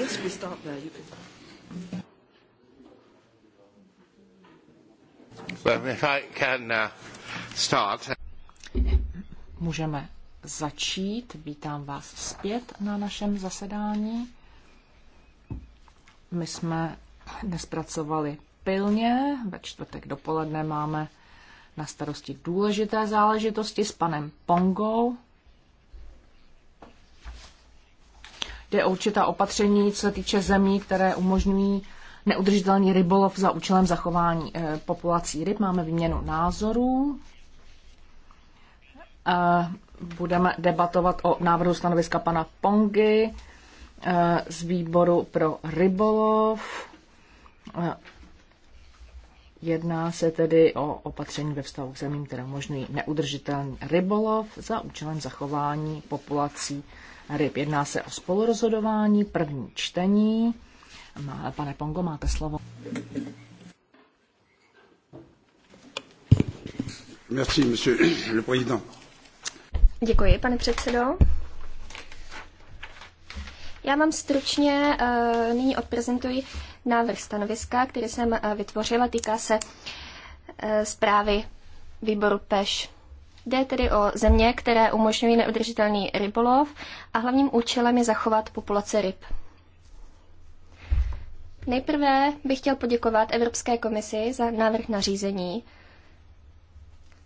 Yes, we start there. You can. Well, if I can uh, start. Můžeme začít. Vítám vás zpět na našem zasedání. My jsme dnes pracovali pilně. Ve čtvrtek dopoledne máme na starosti důležité záležitosti s panem Pongou, Jde o určitá opatření, co se týče zemí, které umožňují neudržitelný rybolov za účelem zachování eh, populací ryb. Máme výměnu názorů. Eh, budeme debatovat o návrhu stanoviska pana Pongy eh, z výboru pro rybolov. Jedná se tedy o opatření ve vztahu k zemím, které umožňují neudržitelný rybolov za účelem zachování populací ryb. Jedná se o spolurozhodování, první čtení. Pane Pongo, máte slovo. Merci, monsieur le président. Děkuji, pane předsedo. Já vám stručně uh, nyní odprezentuji návrh stanoviska, který jsem uh, vytvořila. Týká se uh, zprávy výboru PEŠ Jde tedy o země, které umožňují neudržitelný rybolov a hlavním účelem je zachovat populace ryb. Nejprve bych chtěl poděkovat Evropské komisi za návrh nařízení.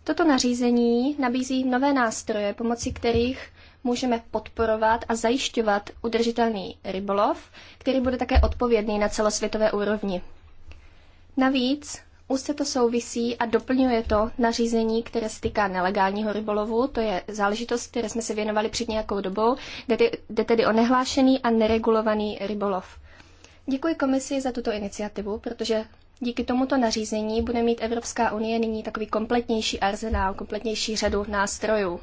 Toto nařízení nabízí nové nástroje, pomocí kterých můžeme podporovat a zajišťovat udržitelný rybolov, který bude také odpovědný na celosvětové úrovni. Navíc už se to souvisí a doplňuje to nařízení, které se týká nelegálního rybolovu. To je záležitost, které jsme se věnovali před nějakou dobou. Jde, jde tedy o nehlášený a neregulovaný rybolov. Děkuji komisi za tuto iniciativu, protože díky tomuto nařízení bude mít Evropská unie nyní takový kompletnější arzenál, kompletnější řadu nástrojů.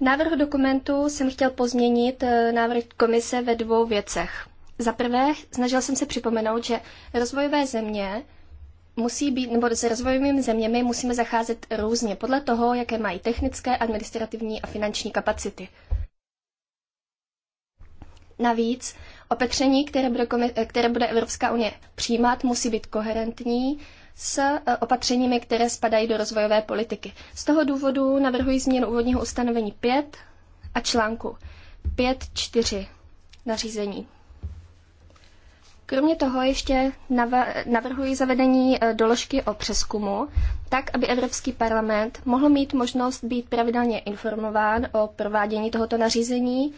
Návrh dokumentu jsem chtěl pozměnit eh, návrh komise ve dvou věcech. Za prvé, snažil jsem se připomenout, že rozvojové země musí být, nebo s rozvojovými zeměmi musíme zacházet různě podle toho, jaké mají technické, administrativní a finanční kapacity. Navíc opatření, které bude, které bude Evropská unie přijímat, musí být koherentní s e, opatřeními, které spadají do rozvojové politiky. Z toho důvodu navrhuji změnu úvodního ustanovení 5 a článku 5.4 nařízení Kromě toho ještě navrhuji zavedení e, doložky o přeskumu, tak aby Evropský parlament mohl mít možnost být pravidelně informován o provádění tohoto nařízení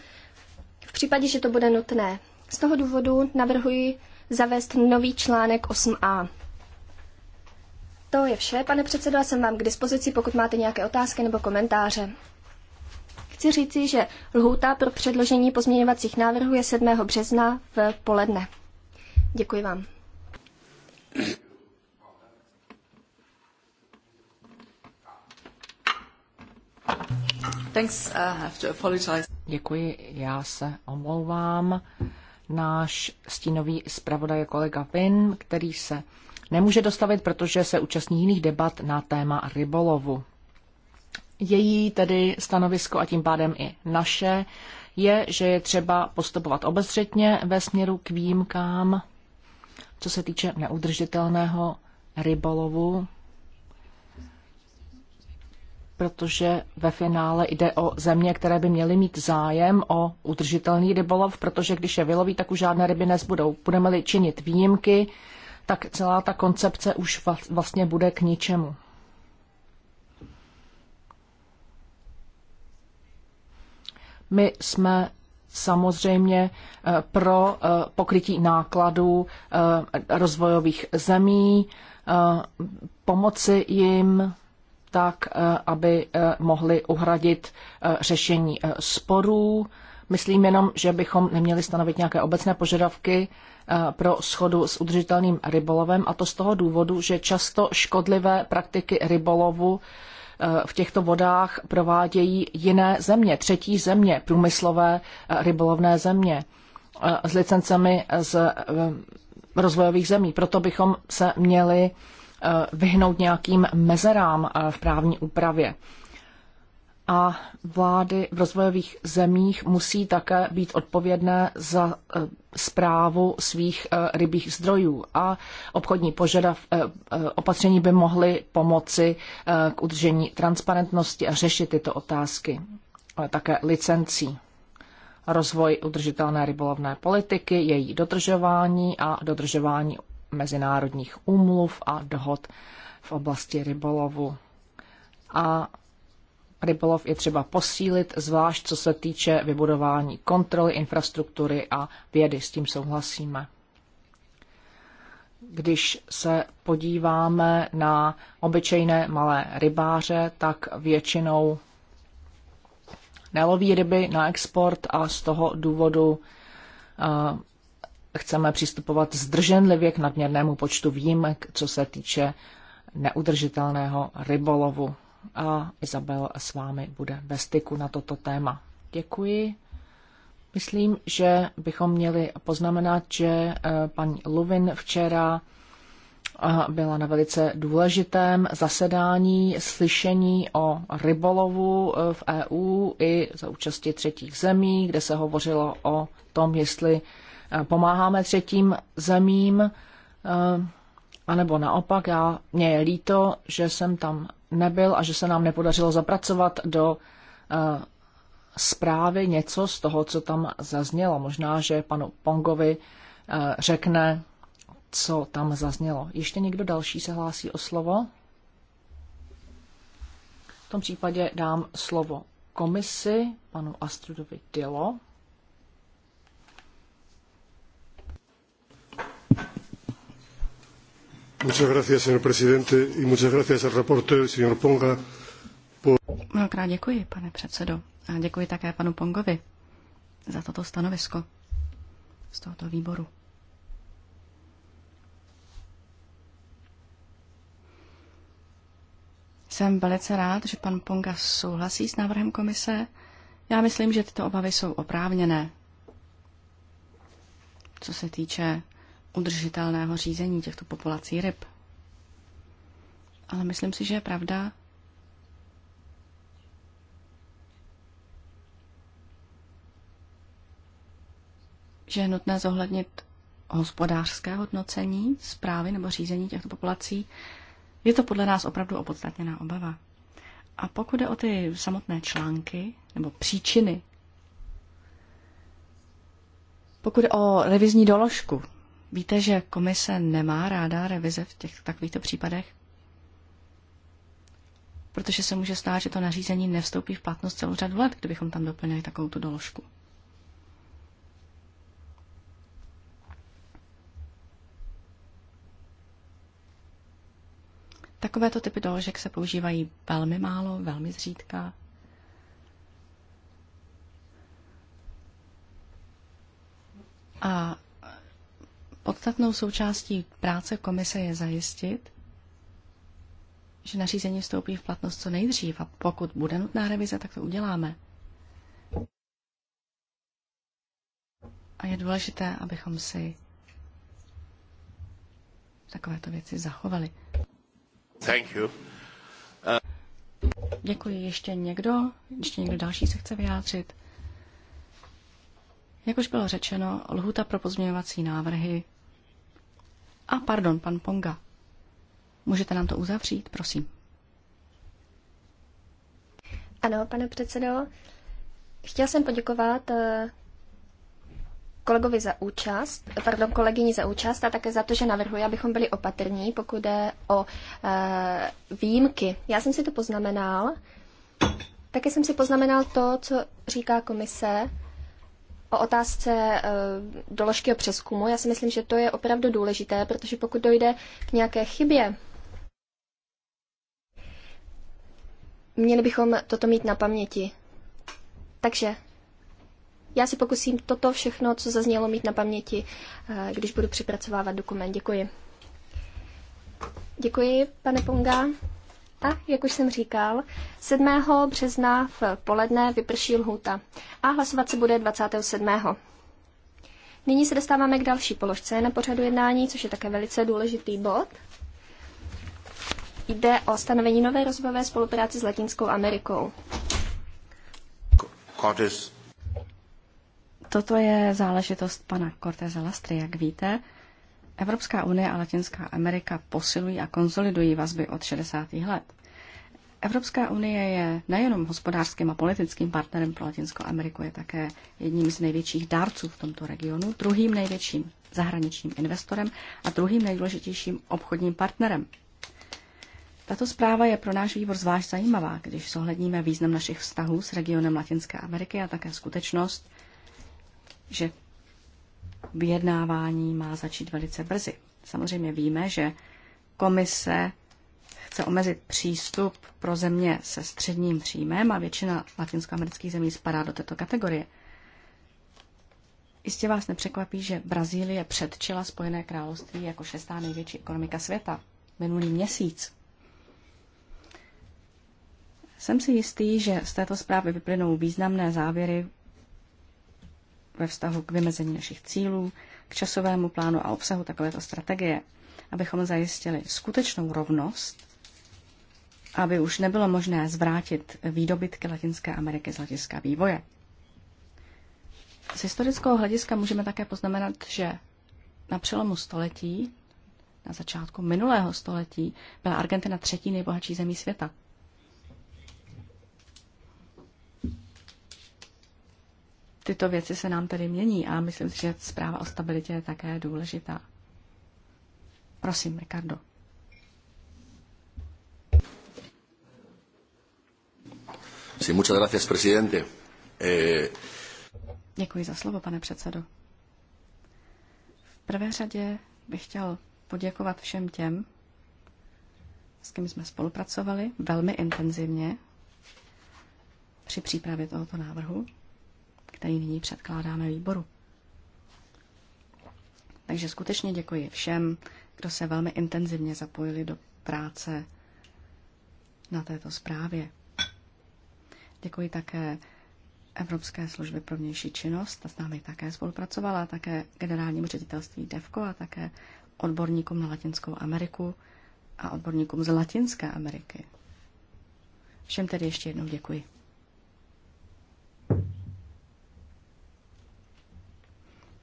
v případě, že to bude nutné. Z toho důvodu navrhuji zavést nový článek 8a. To je vše, pane předsedo, a jsem vám k dispozici, pokud máte nějaké otázky nebo komentáře. Chci říci, že lhůta pro předložení pozměňovacích návrhů je 7. března v poledne. Děkuji vám. Thanks, uh, I have to apologize. Děkuji, já se omlouvám. Náš stínový zpravodaj je kolega Vin, který se nemůže dostavit, protože se účastní jiných debat na téma rybolovu. Její tedy stanovisko a tím pádem i naše je, že je třeba postupovat obezřetně ve směru k výjimkám co se týče neudržitelného rybolovu, protože ve finále jde o země, které by měly mít zájem o udržitelný rybolov, protože když je vyloví, tak už žádné ryby nezbudou. Budeme-li činit výjimky, tak celá ta koncepce už vlastně bude k ničemu. My jsme samozřejmě eh, pro eh, pokrytí nákladů eh, rozvojových zemí, pomoci jim tak, aby mohli uhradit řešení sporů. Myslím jenom, že bychom neměli stanovit nějaké obecné požadavky pro schodu s udržitelným rybolovem a to z toho důvodu, že často škodlivé praktiky rybolovu v těchto vodách provádějí jiné země, třetí země, průmyslové eh, rybolovné země eh, s licencemi z eh, rozvojových zemí. Proto bychom se měli vyhnout nějakým mezerám v právní úpravě a vlády v rozvojových zemích musí také být odpovědné za zprávu e, svých e, rybích zdrojů a obchodní požadav, e, opatření by mohly pomoci k udržení transparentnosti a řešit tyto otázky, ale také licencí rozvoj udržitelné rybolovné politiky, její dodržování a dodržování mezinárodních úmluv a dohod v oblasti rybolovu a rybolov je třeba posílit, zvlášť co se týče vybudování kontroly, infrastruktury a vědy. S tím souhlasíme. Když se podíváme na obyčejné malé rybáře, tak většinou neloví ryby na export a z toho důvodu eh, chceme přistupovat zdrženlivě k nadměrnému počtu výjimek, co se týče neudržitelného rybolovu a Izabel s vámi bude ve styku na toto téma. Děkuji. Myslím, že bychom měli poznamenat, že eh, paní Luvin včera eh, byla na velice důležitém zasedání slyšení o rybolovu eh, v EU i za účasti třetích zemí, kde se hovořilo o tom, jestli pomáháme třetím zemím, anebo naopak. Já, mě je líto, že jsem tam nebyl a že se nám nepodařilo zapracovat do eh, zprávy něco z toho, co tam zaznělo. Možná, že panu Pongovi eh, řekne, co tam zaznělo. Ještě někdo další se hlásí o slovo? V tom případě dám slovo komisi, panu Astrudovi Dilo. Muchas gracias, señor presidente, y muchas gracias al señor Ponga. Por... Mnohokrát děkuji, pane předsedo, a děkuji také panu Pongovi za toto stanovisko z tohoto výboru. Jsem velice rád, že pan Ponga souhlasí s návrhem komise. Já myslím, že tyto obavy jsou oprávněné. Co se týče udržitelného řízení těchto populací ryb. Ale myslím si, že je pravda, že je nutné zohlednit hospodářské hodnocení, zprávy nebo řízení těchto populací. Je to podle nás opravdu opodstatněná obava. A pokud jde o ty samotné články nebo příčiny, pokud jde o revizní doložku, Víte, že komise nemá ráda revize v těch takovýchto případech? Protože se může stát, že to nařízení nevstoupí v platnost celou řadu let, kdybychom tam doplnili takovou tu doložku. Takovéto typy doložek se používají velmi málo, velmi zřídka. A Podstatnou součástí práce komise je zajistit, že nařízení vstoupí v platnost co nejdřív a pokud bude nutná revize, tak to uděláme. A je důležité, abychom si takovéto věci zachovali. Thank you. Uh... Děkuji. Ještě někdo? Ještě někdo další se chce vyjádřit? Jak už bylo řečeno, lhuta pro pozměňovací návrhy a pardon, pan Ponga. Můžete nám to uzavřít, prosím. Ano, pane předsedo. Chtěl jsem poděkovat eh, kolegovi za účast, pardon, kolegyni za účast a také za to, že navrhuji, abychom byli opatrní, pokud jde o e, výjimky. Já jsem si to poznamenal. Také jsem si poznamenal to, co říká komise o otázce eh, doložky o přeskumu. Já si myslím, že to je opravdu důležité, protože pokud dojde k nějaké chybě, měli bychom toto mít na paměti. Takže já si pokusím toto všechno, co zaznělo, mít na paměti, eh, když budu připracovávat dokument. Děkuji. Děkuji, pane Ponga. A jak už jsem říkal, 7. března v poledne vyprší lhůta a hlasovat se bude 27. Nyní se dostáváme k další položce na pořadu jednání, což je také velice důležitý bod. Jde o stanovení nové rozvojové spolupráce s Latinskou Amerikou. Cortez. Toto je záležitost pana Corteza Lastry, jak víte. Evropská unie a Latinská Amerika posilují a konzolidují vazby od 60. let. Evropská unie je nejenom hospodářským a politickým partnerem pro Latinskou Ameriku, je také jedním z největších dárců v tomto regionu, druhým největším zahraničním investorem a druhým nejdůležitějším obchodním partnerem. Tato zpráva je pro náš výbor zvlášť zajímavá, když zohledníme význam našich vztahů s regionem Latinské Ameriky a také skutečnost, že vyjednávání má začít velice brzy. Samozřejmě víme, že komise chce omezit přístup pro země se středním příjmem a většina latinskoamerických zemí spadá do této kategorie. Jistě vás nepřekvapí, že Brazílie předčila Spojené království jako šestá největší ekonomika světa minulý měsíc. Jsem si jistý, že z této zprávy vyplynou významné závěry ve vztahu k vymezení našich cílů, k časovému plánu a obsahu takovéto strategie, abychom zajistili skutečnou rovnost, aby už nebylo možné zvrátit výdobytky Latinské Ameriky z hlediska vývoje. Z historického hlediska můžeme také poznamenat, že na přelomu století, na začátku minulého století, byla Argentina třetí nejbohatší zemí světa. Tyto věci se nám tedy mění a myslím si, že zpráva o stabilitě je také důležitá. Prosím, Ricardo. Sí, muchas gracias, presidente. Eh... Děkuji za slovo, pane předsedo. V prvé řadě bych chtěl poděkovat všem těm, s kým jsme spolupracovali velmi intenzivně při přípravě tohoto návrhu který nyní předkládáme výboru. Takže skutečně děkuji všem, kdo se velmi intenzivně zapojili do práce na této zprávě. Děkuji také Evropské služby pro vnější činnost, ta s námi také spolupracovala, také generálnímu ředitelství DEVKO a také odborníkům na Latinskou Ameriku a odborníkům z Latinské Ameriky. Všem tedy ještě jednou děkuji.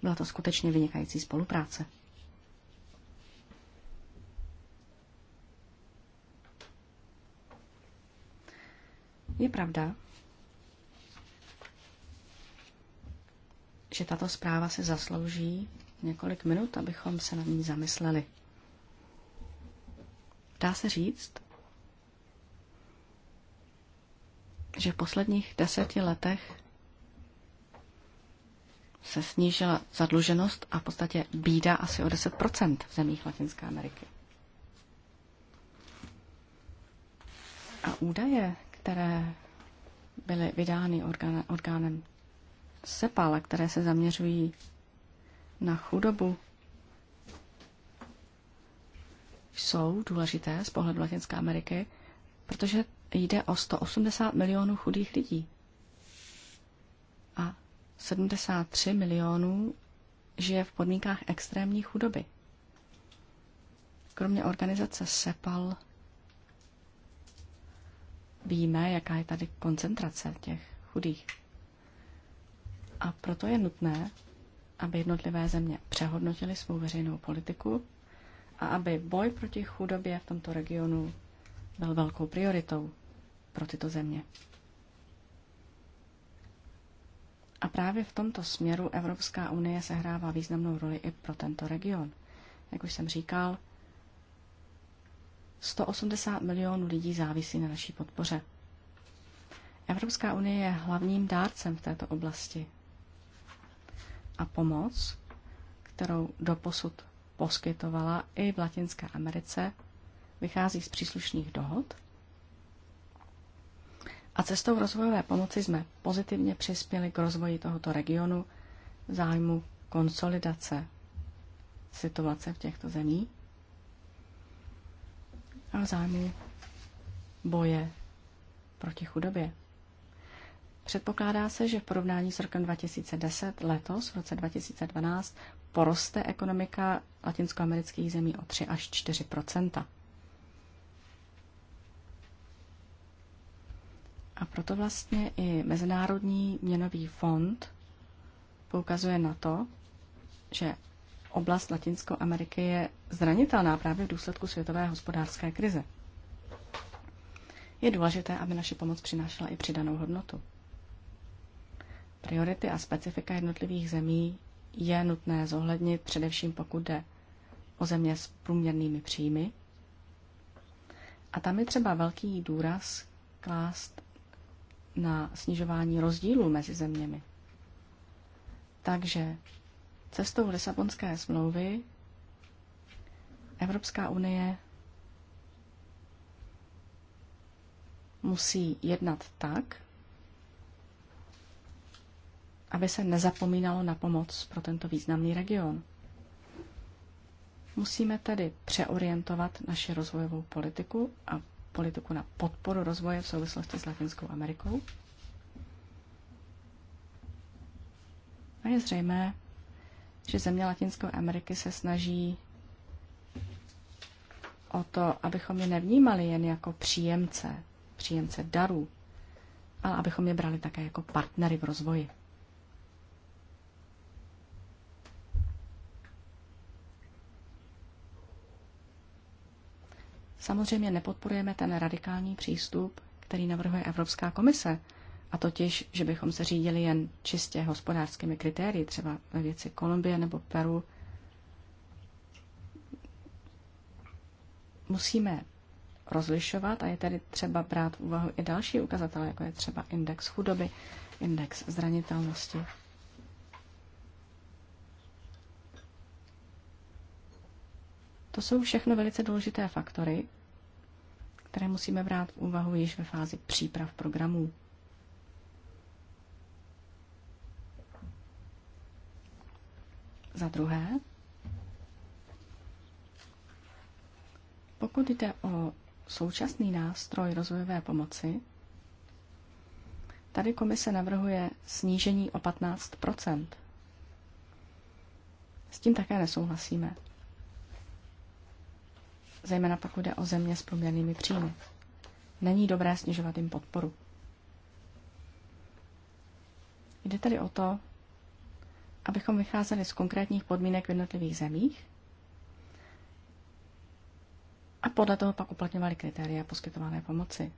Byla to skutečně vynikající spolupráce. Je pravda, že tato zpráva se zaslouží několik minut, abychom se nad ní zamysleli. Dá se říct, že v posledních deseti letech se snížila zadluženost a v podstatě bída asi o 10 v zemích Latinské Ameriky. A údaje, které byly vydány orgánem, orgánem SEPAL, které se zaměřují na chudobu, jsou důležité z pohledu Latinské Ameriky, protože jde o 180 milionů chudých lidí. A 73 milionů žije v podmínkách extrémní chudoby. Kromě organizace SEPAL víme, jaká je tady koncentrace těch chudých. A proto je nutné, aby jednotlivé země přehodnotily svou veřejnou politiku a aby boj proti chudobě v tomto regionu byl velkou prioritou pro tyto země. právě v tomto směru Evropská unie sehrává významnou roli i pro tento region. Jak už jsem říkal, 180 milionů lidí závisí na naší podpoře. Evropská unie je hlavním dárcem v této oblasti. A pomoc, kterou doposud poskytovala i v Latinské Americe, vychází z příslušných dohod a cestou rozvojové pomoci jsme pozitivně přispěli k rozvoji tohoto regionu v zájmu konsolidace situace v těchto zemí a v zájmu boje proti chudobě. Předpokládá se, že v porovnání s rokem 2010 letos, v roce 2012, poroste ekonomika latinskoamerických zemí o 3 až 4 A proto vlastně i Mezinárodní měnový fond poukazuje na to, že oblast Latinské Ameriky je zranitelná právě v důsledku světové hospodářské krize. Je důležité, aby naše pomoc přinášela i přidanou hodnotu. Priority a specifika jednotlivých zemí je nutné zohlednit především pokud jde o země s průměrnými příjmy. A tam je třeba velký důraz klást na snižování rozdílů mezi zeměmi. Takže cestou Lisabonské smlouvy Evropská unie musí jednat tak, aby se nezapomínalo na pomoc pro tento významný region. Musíme tedy přeorientovat naši rozvojovou politiku a politiku na podporu rozvoje v souvislosti s Latinskou Amerikou. A je zřejmé, že země Latinské Ameriky se snaží o to, abychom je nevnímali jen jako příjemce, příjemce darů, ale abychom je brali také jako partnery v rozvoji. Samozřejmě nepodporujeme ten radikální přístup, který navrhuje Evropská komise, a totiž, že bychom se řídili jen čistě hospodářskými kritérii, třeba ve věci Kolumbie nebo Peru. Musíme rozlišovat a je tedy třeba brát v úvahu i další ukazatele, jako je třeba index chudoby, index zranitelnosti To jsou všechno velice důležité faktory, které musíme brát v úvahu již ve fázi příprav programů. Za druhé, pokud jde o současný nástroj rozvojové pomoci, tady komise navrhuje snížení o 15 S tím také nesouhlasíme zejména pokud jde o země s průměrnými příjmy. Není dobré snižovat jim podporu. Jde tedy o to, abychom vycházeli z konkrétních podmínek v jednotlivých zemích a podle toho pak uplatňovali kritéria poskytované pomoci.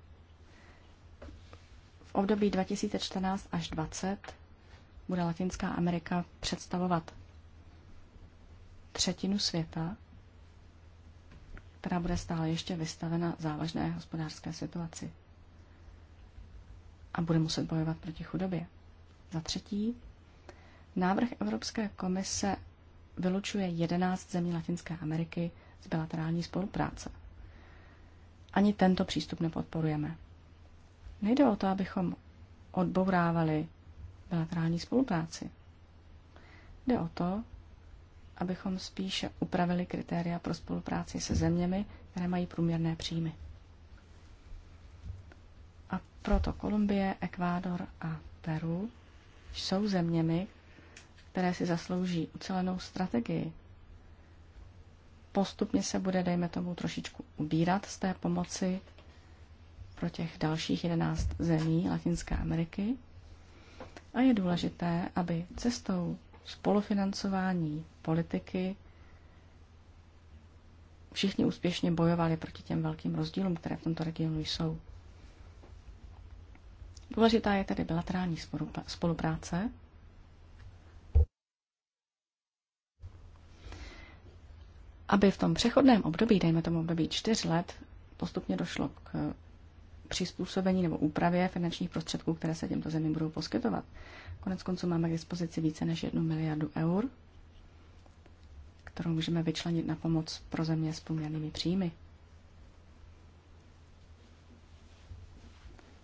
V období 2014 až 2020 bude Latinská Amerika představovat třetinu světa která bude stále ještě vystavena závažné hospodářské situaci a bude muset bojovat proti chudobě. Za třetí, návrh Evropské komise vylučuje 11 zemí Latinské Ameriky z bilaterální spolupráce. Ani tento přístup nepodporujeme. Nejde o to, abychom odbourávali bilaterální spolupráci. Jde o to, abychom spíše upravili kritéria pro spolupráci se zeměmi, které mají průměrné příjmy. A proto Kolumbie, Ekvádor a Peru jsou zeměmi, které si zaslouží ucelenou strategii. Postupně se bude, dejme tomu, trošičku ubírat z té pomoci pro těch dalších 11 zemí Latinské Ameriky. A je důležité, aby cestou spolufinancování politiky všichni úspěšně bojovali proti těm velkým rozdílům, které v tomto regionu jsou. Důležitá je tedy bilaterální spolupráce. Aby v tom přechodném období, dejme tomu období čtyř let, postupně došlo k přizpůsobení nebo úpravě finančních prostředků, které se těmto zemím budou poskytovat. Konec konců máme k dispozici více než jednu miliardu eur, kterou můžeme vyčlenit na pomoc pro země s poměrnými příjmy.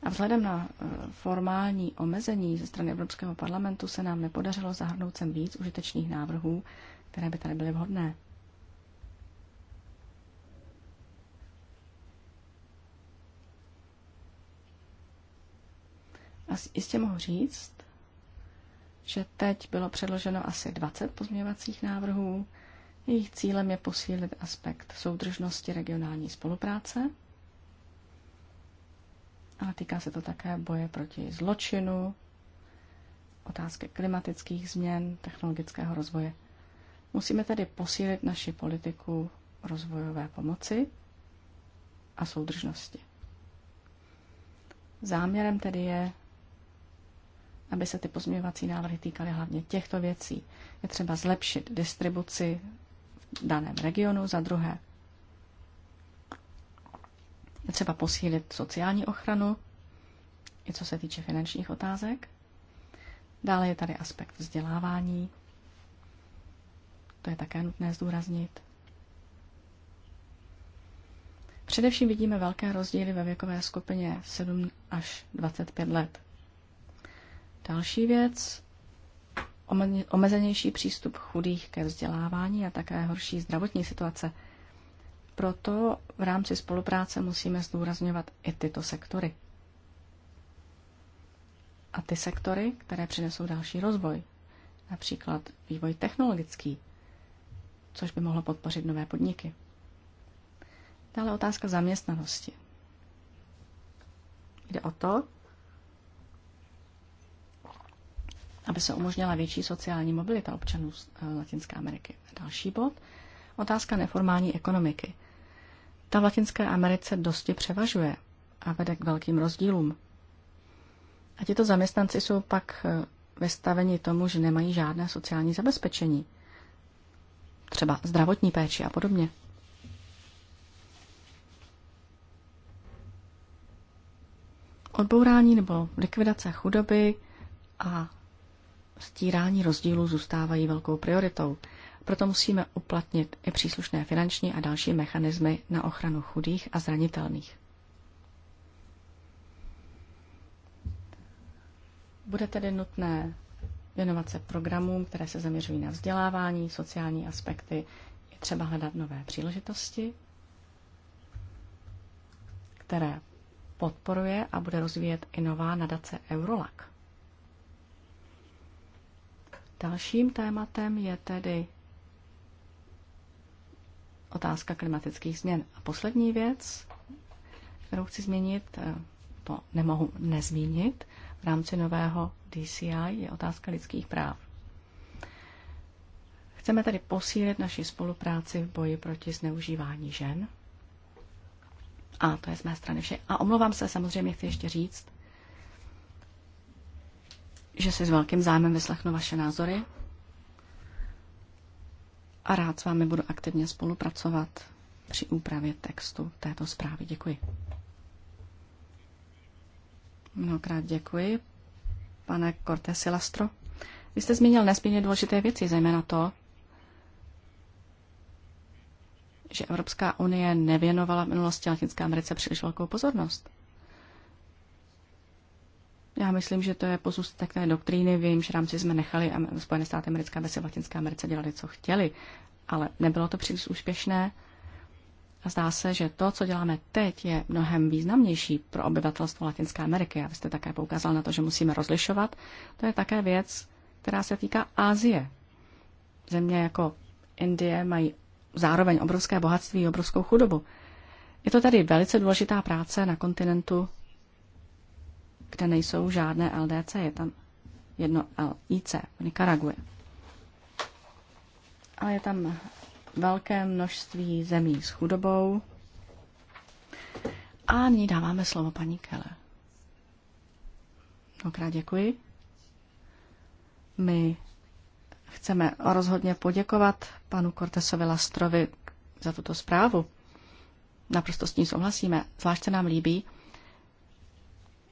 A vzhledem na e, formální omezení ze strany Evropského parlamentu se nám nepodařilo zahrnout sem víc užitečných návrhů, které by tady byly vhodné. A jistě mohu říct, že teď bylo předloženo asi 20 pozměňovacích návrhů. Jejich cílem je posílit aspekt soudržnosti regionální spolupráce, ale týká se to také boje proti zločinu, otázky klimatických změn, technologického rozvoje. Musíme tedy posílit naši politiku rozvojové pomoci a soudržnosti. Záměrem tedy je aby se ty pozměňovací návrhy týkaly hlavně těchto věcí. Je třeba zlepšit distribuci v daném regionu, za druhé je třeba posílit sociální ochranu, i co se týče finančních otázek. Dále je tady aspekt vzdělávání. To je také nutné zdůraznit. Především vidíme velké rozdíly ve věkové skupině 7 až 25 let. Další věc, omezenější přístup chudých ke vzdělávání a také horší zdravotní situace. Proto v rámci spolupráce musíme zdůrazňovat i tyto sektory. A ty sektory, které přinesou další rozvoj, například vývoj technologický, což by mohlo podpořit nové podniky. Dále otázka zaměstnanosti. Jde o to, aby se umožnila větší sociální mobilita občanů z eh, Latinské Ameriky. Další bod. Otázka neformální ekonomiky. Ta v Latinské Americe dosti převažuje a vede k velkým rozdílům. A tito zaměstnanci jsou pak eh, vystaveni tomu, že nemají žádné sociální zabezpečení, třeba zdravotní péči a podobně. Odbourání nebo likvidace chudoby a stírání rozdílů zůstávají velkou prioritou. Proto musíme uplatnit i příslušné finanční a další mechanismy na ochranu chudých a zranitelných. Bude tedy nutné věnovat se programům, které se zaměřují na vzdělávání, sociální aspekty, je třeba hledat nové příležitosti, které podporuje a bude rozvíjet i nová nadace Eurolac. Dalším tématem je tedy otázka klimatických změn. A poslední věc, kterou chci změnit, eh, to nemohu nezmínit, v rámci nového DCI je otázka lidských práv. Chceme tedy posílit naši spolupráci v boji proti zneužívání žen. A to je z mé strany vše. A omlouvám se, samozřejmě chci ještě říct, že si s velkým zájmem vyslechnu vaše názory a rád s vámi budu aktivně spolupracovat při úpravě textu této zprávy. Děkuji. Mnohokrát děkuji. Pane Corte Silastro, vy jste zmínil nesmírně důležité věci, zejména to, že Evropská unie nevěnovala v minulosti Latinské Americe příliš velkou pozornost. Já myslím, že to je pozůstatek té doktríny. V jejímž rámci jsme nechali a Spojené státy americké ve v Latinské Americe dělali, co chtěli, ale nebylo to příliš úspěšné. A zdá se, že to, co děláme teď, je mnohem významnější pro obyvatelstvo Latinské Ameriky. A vy jste také poukázal na to, že musíme rozlišovat. To je také věc, která se týká Asie. Země jako Indie mají zároveň obrovské bohatství a obrovskou chudobu. Je to tady velice důležitá práce na kontinentu, kde nejsou žádné LDC, je tam jedno LIC v Nikaraguji. Ale je tam velké množství zemí s chudobou. A nyní dáváme slovo paní Kele. Mnohokrát děkuji. My chceme rozhodně poděkovat panu Cortesovi Lastrovi za tuto zprávu. Naprosto s ní souhlasíme. Zvlášť se nám líbí,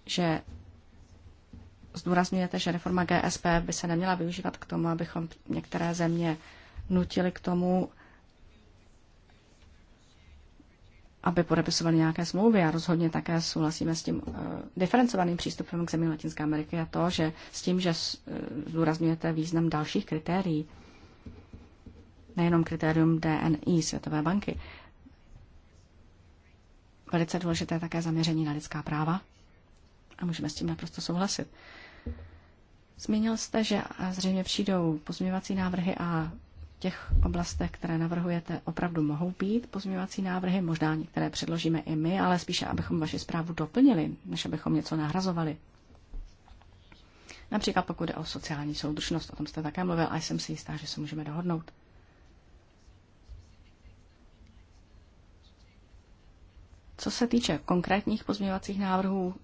že zdůrazňujete, že reforma GSP by se neměla využívat k tomu, abychom některé země nutili k tomu, aby podepisovali nějaké smlouvy a rozhodně také souhlasíme s tím uh, diferencovaným přístupem k zemím Latinské Ameriky a to, že s tím, že eh, zdůrazňujete význam dalších kritérií, nejenom kritérium DNI Světové banky, velice důležité také zaměření na lidská práva a můžeme s tím naprosto souhlasit. Zmínil jste, že a zřejmě přijdou pozměňovací návrhy a v těch oblastech, které navrhujete, opravdu mohou být pozměňovací návrhy. Možná některé předložíme i my, ale spíše, abychom vaši zprávu doplnili, než abychom něco nahrazovali. Například pokud jde o sociální soudržnost, o tom jste také mluvil a jsem si jistá, že se můžeme dohodnout. Co se týče konkrétních pozměňovacích návrhů,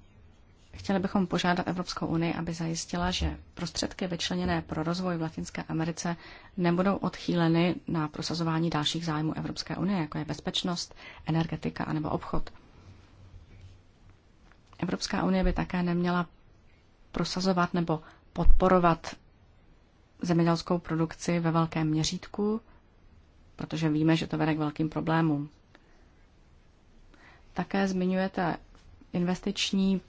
Chtěli bychom požádat Evropskou unii, aby zajistila, že prostředky vyčleněné pro rozvoj v Latinské Americe nebudou odchýleny na prosazování dalších zájmů Evropské unie, jako je bezpečnost, energetika anebo obchod. Evropská unie by také neměla prosazovat nebo podporovat zemědělskou produkci ve velkém měřítku, protože víme, že to vede k velkým problémům. Také zmiňujete investiční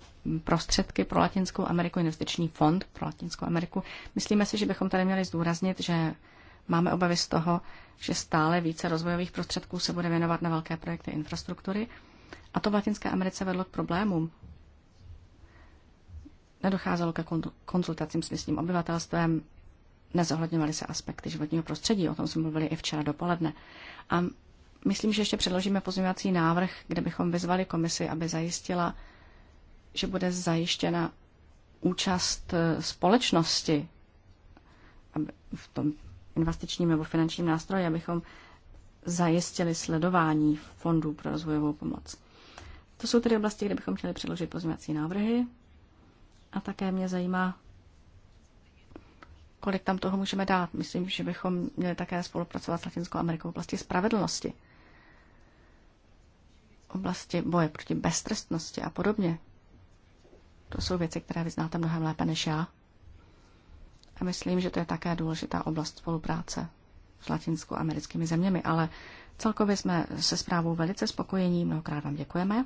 prostředky pro Latinskou Ameriku, investiční fond pro Latinskou Ameriku. Myslíme si, že bychom tady měli zdůraznit, že máme obavy z toho, že stále více rozvojových prostředků se bude věnovat na velké projekty infrastruktury. A to v Latinské Americe vedlo k problémům. Nedocházelo ke konzultacím s místním obyvatelstvem, nezohledňovaly se aspekty životního prostředí, o tom jsme mluvili i včera dopoledne. A Myslím, že ještě předložíme pozměňovací návrh, kde bychom vyzvali komisi, aby zajistila, že bude zajištěna účast eh, společnosti v tom investičním nebo finančním nástroji, abychom zajistili sledování fondů pro rozvojovou pomoc. To jsou tedy oblasti, kde bychom chtěli předložit pozměňovací návrhy. A také mě zajímá, kolik tam toho můžeme dát. Myslím, že bychom měli také spolupracovat s Latinskou Amerikou v oblasti spravedlnosti oblasti boje proti beztrestnosti a podobně. To jsou věci, které vy znáte mnohem lépe než já. A myslím, že to je také důležitá oblast spolupráce s americkými zeměmi, ale celkově jsme se zprávou velice spokojení, mnohokrát vám děkujeme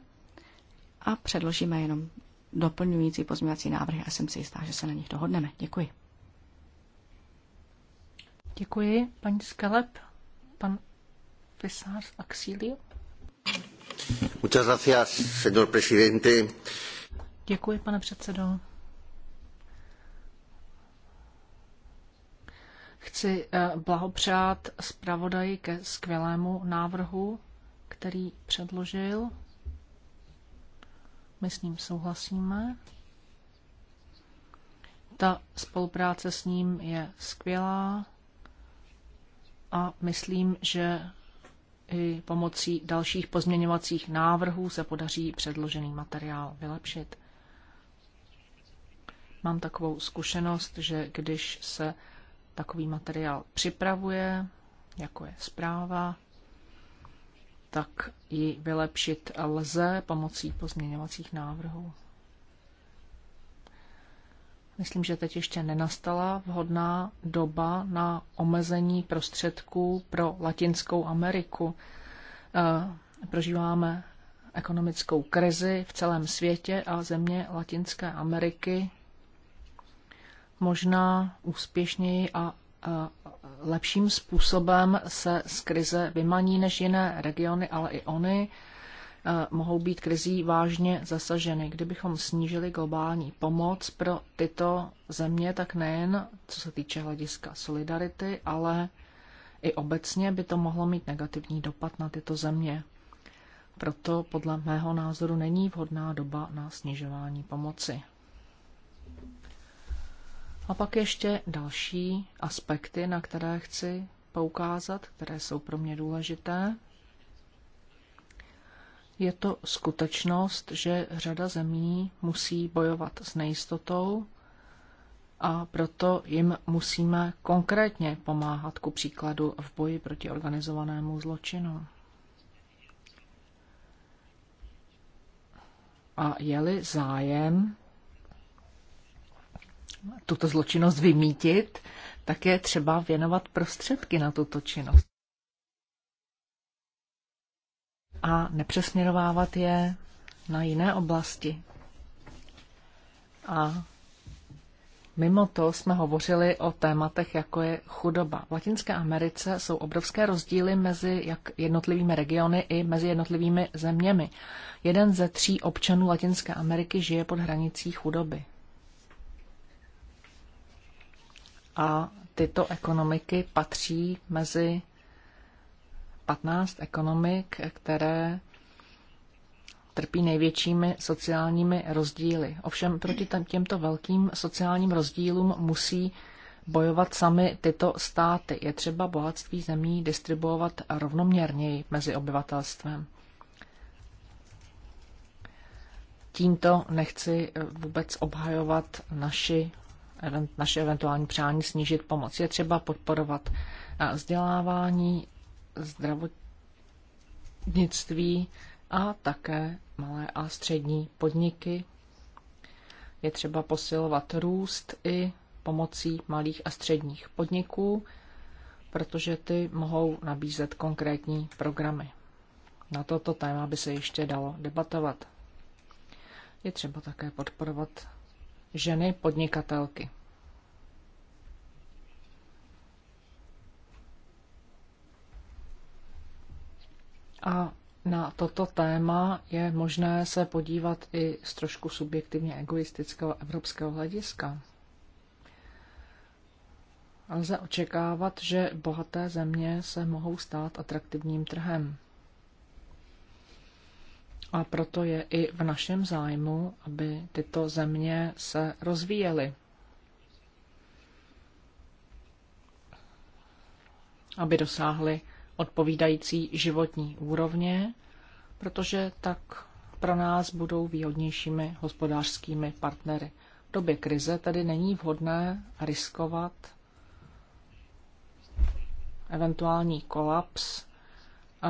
a předložíme jenom doplňující pozměňovací návrhy a jsem si jistá, že se na nich dohodneme. Děkuji. Děkuji, paní Skelep, pan Pisář Axilio. Děkuji, pane předsedo. Chci eh, blahopřát zpravodaji ke skvělému návrhu, který předložil. My s ním souhlasíme. Ta spolupráce s ním je skvělá a myslím, že i pomocí dalších pozměňovacích návrhů se podaří předložený materiál vylepšit. Mám takovou zkušenost, že když se takový materiál připravuje, jako je zpráva, tak ji vylepšit lze pomocí pozměňovacích návrhů. Myslím, že teď ještě nenastala vhodná doba na omezení prostředků pro Latinskou Ameriku. Eh, prožíváme ekonomickou krizi v celém světě a země Latinské Ameriky možná úspěšněji a eh, lepším způsobem se z krize vymaní než jiné regiony, ale i ony. Eh, mohou být krizí vážně zasaženy. Kdybychom snížili globální pomoc pro tyto země, tak nejen co se týče hlediska solidarity, ale i obecně by to mohlo mít negativní dopad na tyto země. Proto podle mého názoru není vhodná doba na snižování pomoci. A pak ještě další aspekty, na které chci poukázat, které jsou pro mě důležité je to skutečnost, že řada zemí musí bojovat s nejistotou a proto jim musíme konkrétně pomáhat ku příkladu v boji proti organizovanému zločinu. A je-li zájem tuto zločinnost vymítit, tak je třeba věnovat prostředky na tuto činnost. a nepřesměrovávat je na jiné oblasti. A mimo to jsme hovořili o tématech, jako je chudoba. V Latinské Americe jsou obrovské rozdíly mezi jak jednotlivými regiony i mezi jednotlivými zeměmi. Jeden ze tří občanů Latinské Ameriky žije pod hranicí chudoby. A tyto ekonomiky patří mezi 15 ekonomik, které trpí největšími sociálními rozdíly. Ovšem proti těmto velkým sociálním rozdílům musí bojovat sami tyto státy. Je třeba bohatství zemí distribuovat rovnoměrněji mezi obyvatelstvem. Tímto nechci vůbec obhajovat naši, naše eventuální přání snížit pomoc. Je třeba podporovat eh, vzdělávání, zdravotnictví a také malé a střední podniky. Je třeba posilovat růst i pomocí malých a středních podniků, protože ty mohou nabízet konkrétní programy. Na toto téma by se ještě dalo debatovat. Je třeba také podporovat ženy podnikatelky. A na toto téma je možné se podívat i z trošku subjektivně egoistického evropského hlediska. Lze očekávat, že bohaté země se mohou stát atraktivním trhem. A proto je i v našem zájmu, aby tyto země se rozvíjely. Aby dosáhly odpovídající životní úrovně, protože tak pro nás budou výhodnějšími hospodářskými partnery. V době krize tedy není vhodné riskovat eventuální kolaps eh,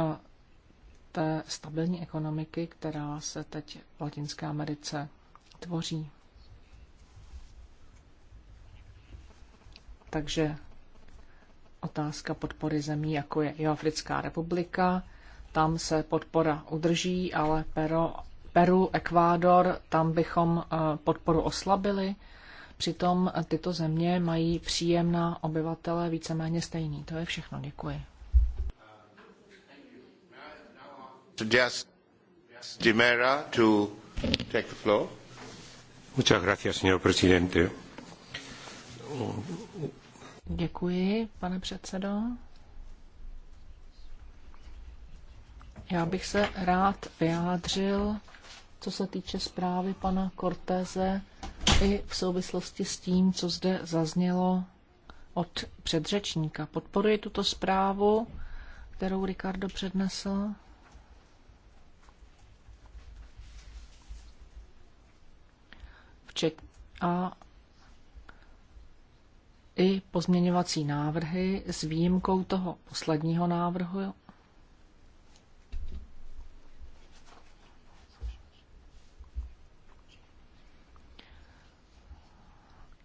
té stabilní ekonomiky, která se teď v Latinské Americe tvoří. Takže otázka podpory zemí, jako je Jihoafrická republika. Tam se podpora udrží, ale Peru, Peru, Ekvádor, tam bychom eh, podporu oslabili. Přitom tyto země mají příjem na obyvatele víceméně stejný. To je všechno. Děkuji. Just to Muchas gracias, señor presidente Děkuji, pane předsedo. Já bych se rád vyjádřil, co se týče zprávy pana Cortéze i v souvislosti s tím, co zde zaznělo od předřečníka. Podporuji tuto zprávu, kterou Ricardo přednesl. a i pozměňovací návrhy s výjimkou toho posledního návrhu.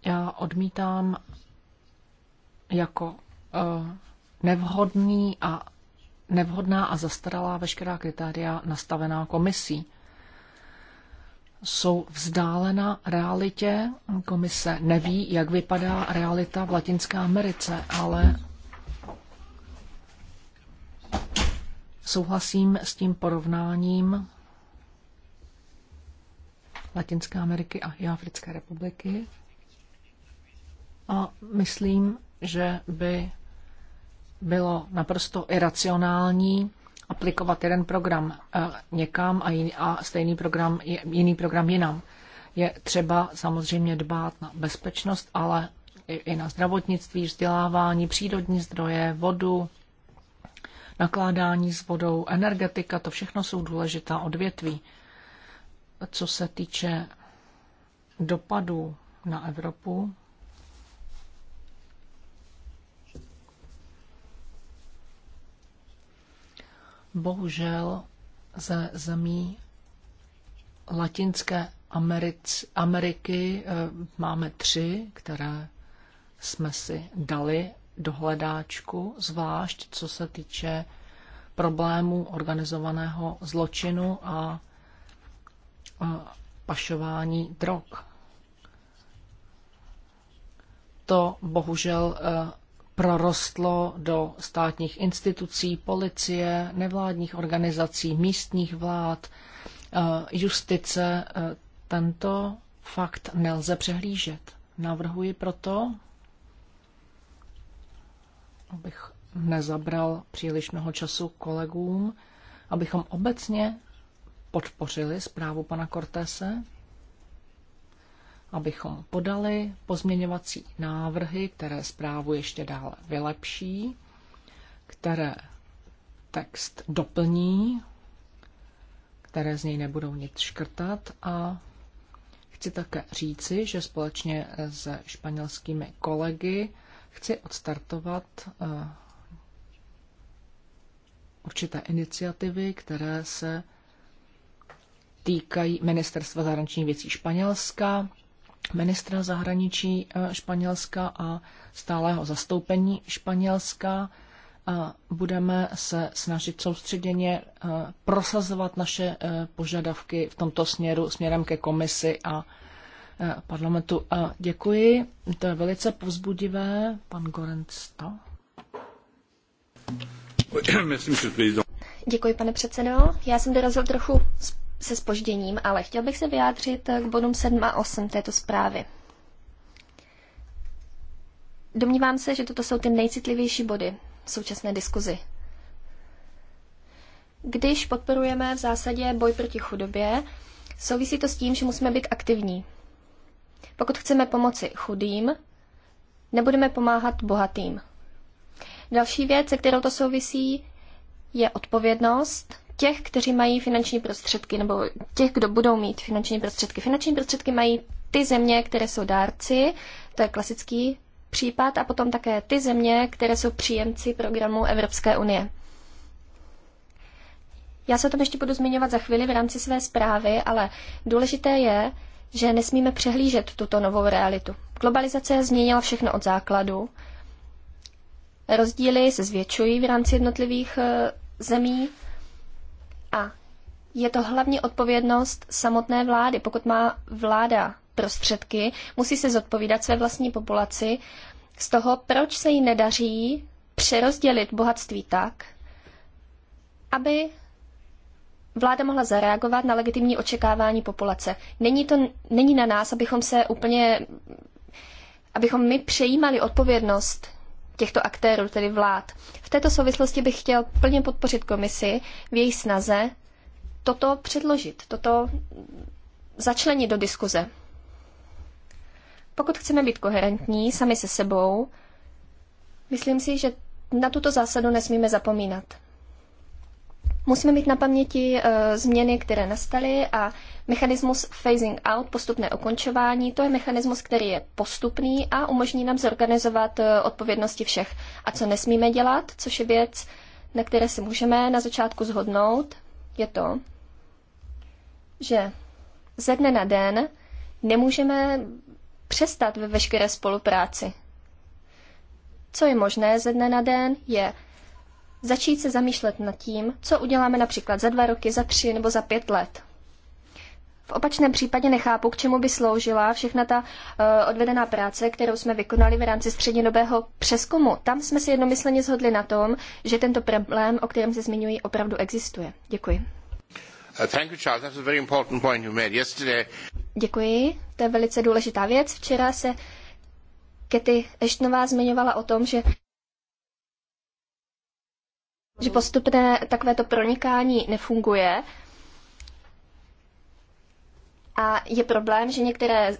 Já odmítám jako eh, nevhodný a nevhodná a zastaralá veškerá kritéria nastavená komisí jsou vzdálena realitě. Komise neví, jak vypadá realita v Latinské Americe, ale souhlasím s tím porovnáním Latinské Ameriky a Africké republiky. A myslím, že by bylo naprosto iracionální aplikovat jeden program eh, někam a, jiný, a stejný program, jiný program jinam. Je třeba samozřejmě dbát na bezpečnost, ale i na zdravotnictví, vzdělávání, přírodní zdroje, vodu, nakládání s vodou, energetika, to všechno jsou důležitá odvětví. Co se týče dopadů na Evropu, bohužel ze zemí Latinské Americ, Ameriky eh, máme tři, které jsme si dali do hledáčku, zvlášť co se týče problémů organizovaného zločinu a, a pašování drog. To bohužel eh, prorostlo do státních institucí, policie, nevládních organizací, místních vlád, eh, justice. Eh, tento fakt nelze přehlížet. Navrhuji proto, abych nezabral příliš mnoho času kolegům, abychom obecně podpořili zprávu pana Cortese abychom podali pozměňovací návrhy, které zprávu ještě dále vylepší, které text doplní, které z něj nebudou nic škrtat a chci také říci, že společně se španělskými kolegy chci odstartovat eh, určité iniciativy, které se týkají Ministerstva zahraničních věcí Španělska, ministra zahraničí eh, Španělska a stálého zastoupení Španělska. Eh, budeme se snažit soustředěně eh, prosazovat naše požadavky v tomto směru směrem ke komisi a parlamentu. Děkuji, to je velice povzbudivé. Pan Gorenc to. Děkuji, pane předsedo. Já jsem dorazil trochu se spožděním, ale chtěl bych se vyjádřit eh, k bodům 7 a 8 této zprávy. Domnívám se, že toto jsou ty nejcitlivější body v současné diskuzi. Když podporujeme v zásadě boj proti chudobě, souvisí to s tím, že musíme být aktivní. Pokud chceme pomoci chudým, nebudeme pomáhat bohatým. Další věc, se kterou to souvisí, je odpovědnost těch, kteří mají finanční prostředky, nebo těch, kdo budou mít finanční prostředky. Finanční prostředky mají ty země, které jsou dárci, to je klasický případ, a potom také ty země, které jsou příjemci programu Evropské unie. Já se o tom ještě budu zmiňovat za chvíli v rámci své zprávy, ale důležité je, že nesmíme přehlížet tuto novou realitu. Globalizace změnila všechno od základu. Rozdíly se zvětšují v rámci jednotlivých eh, zemí a je to hlavně odpovědnost samotné vlády. Pokud má vláda prostředky, musí se zodpovídat své vlastní populaci z toho, proč se jí nedaří přerozdělit bohatství tak, aby vláda mohla zareagovat na legitimní očekávání populace. Není, to, není na nás, abychom se úplně abychom my přejímali odpovědnost těchto aktérů, tedy vlád. V této souvislosti bych chtěl plně podpořit komisi v její snaze toto předložit, toto začlenit do diskuze. Pokud chceme být koherentní sami se sebou, myslím si, že na tuto zásadu nesmíme zapomínat. Musíme mít na paměti e, změny, které nastaly a mechanismus phasing out, postupné ukončování, to je mechanismus, který je postupný a umožní nám zorganizovat e, odpovědnosti všech. A co nesmíme dělat, což je věc, na které si můžeme na začátku zhodnout, je to, že ze dne na den nemůžeme přestat ve veškeré spolupráci. Co je možné ze dne na den, je začít se zamýšlet nad tím, co uděláme například za dva roky, za tři nebo za pět let. V opačném případě nechápu, k čemu by sloužila všechna ta uh, odvedená práce, kterou jsme vykonali v rámci střednědobého přeskumu. Tam jsme si jednomyslně zhodli na tom, že tento problém, o kterém se zmiňují, opravdu existuje. Děkuji. Uh, Děkuji, to je velice důležitá věc. Včera se Kety Eštnová zmiňovala o tom, že že postupné takovéto pronikání nefunguje. A je problém, že některé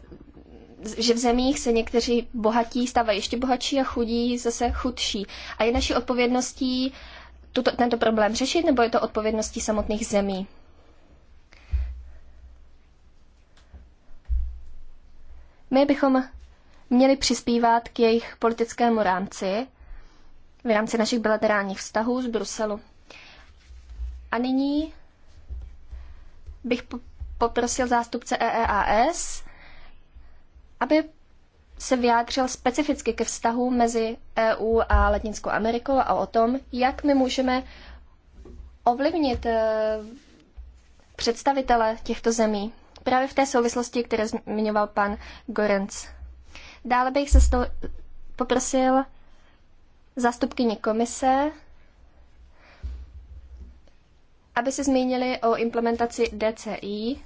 že v zemích se někteří bohatí stávají ještě bohatší a chudí zase chudší. A je naší odpovědností tuto, tento problém řešit, nebo je to odpovědností samotných zemí? My bychom měli přispívat k jejich politickému rámci v rámci našich bilaterálních vztahů z Bruselu. A nyní bych poprosil zástupce EEAS, aby se vyjádřil specificky ke vztahu mezi EU a Latinskou Amerikou a o tom, jak my můžeme ovlivnit e, představitele těchto zemí. Právě v té souvislosti, které zmiňoval pan Gorenc. Dále bych se z toho poprosil zástupkyně komise, aby se zmínili o implementaci DCI.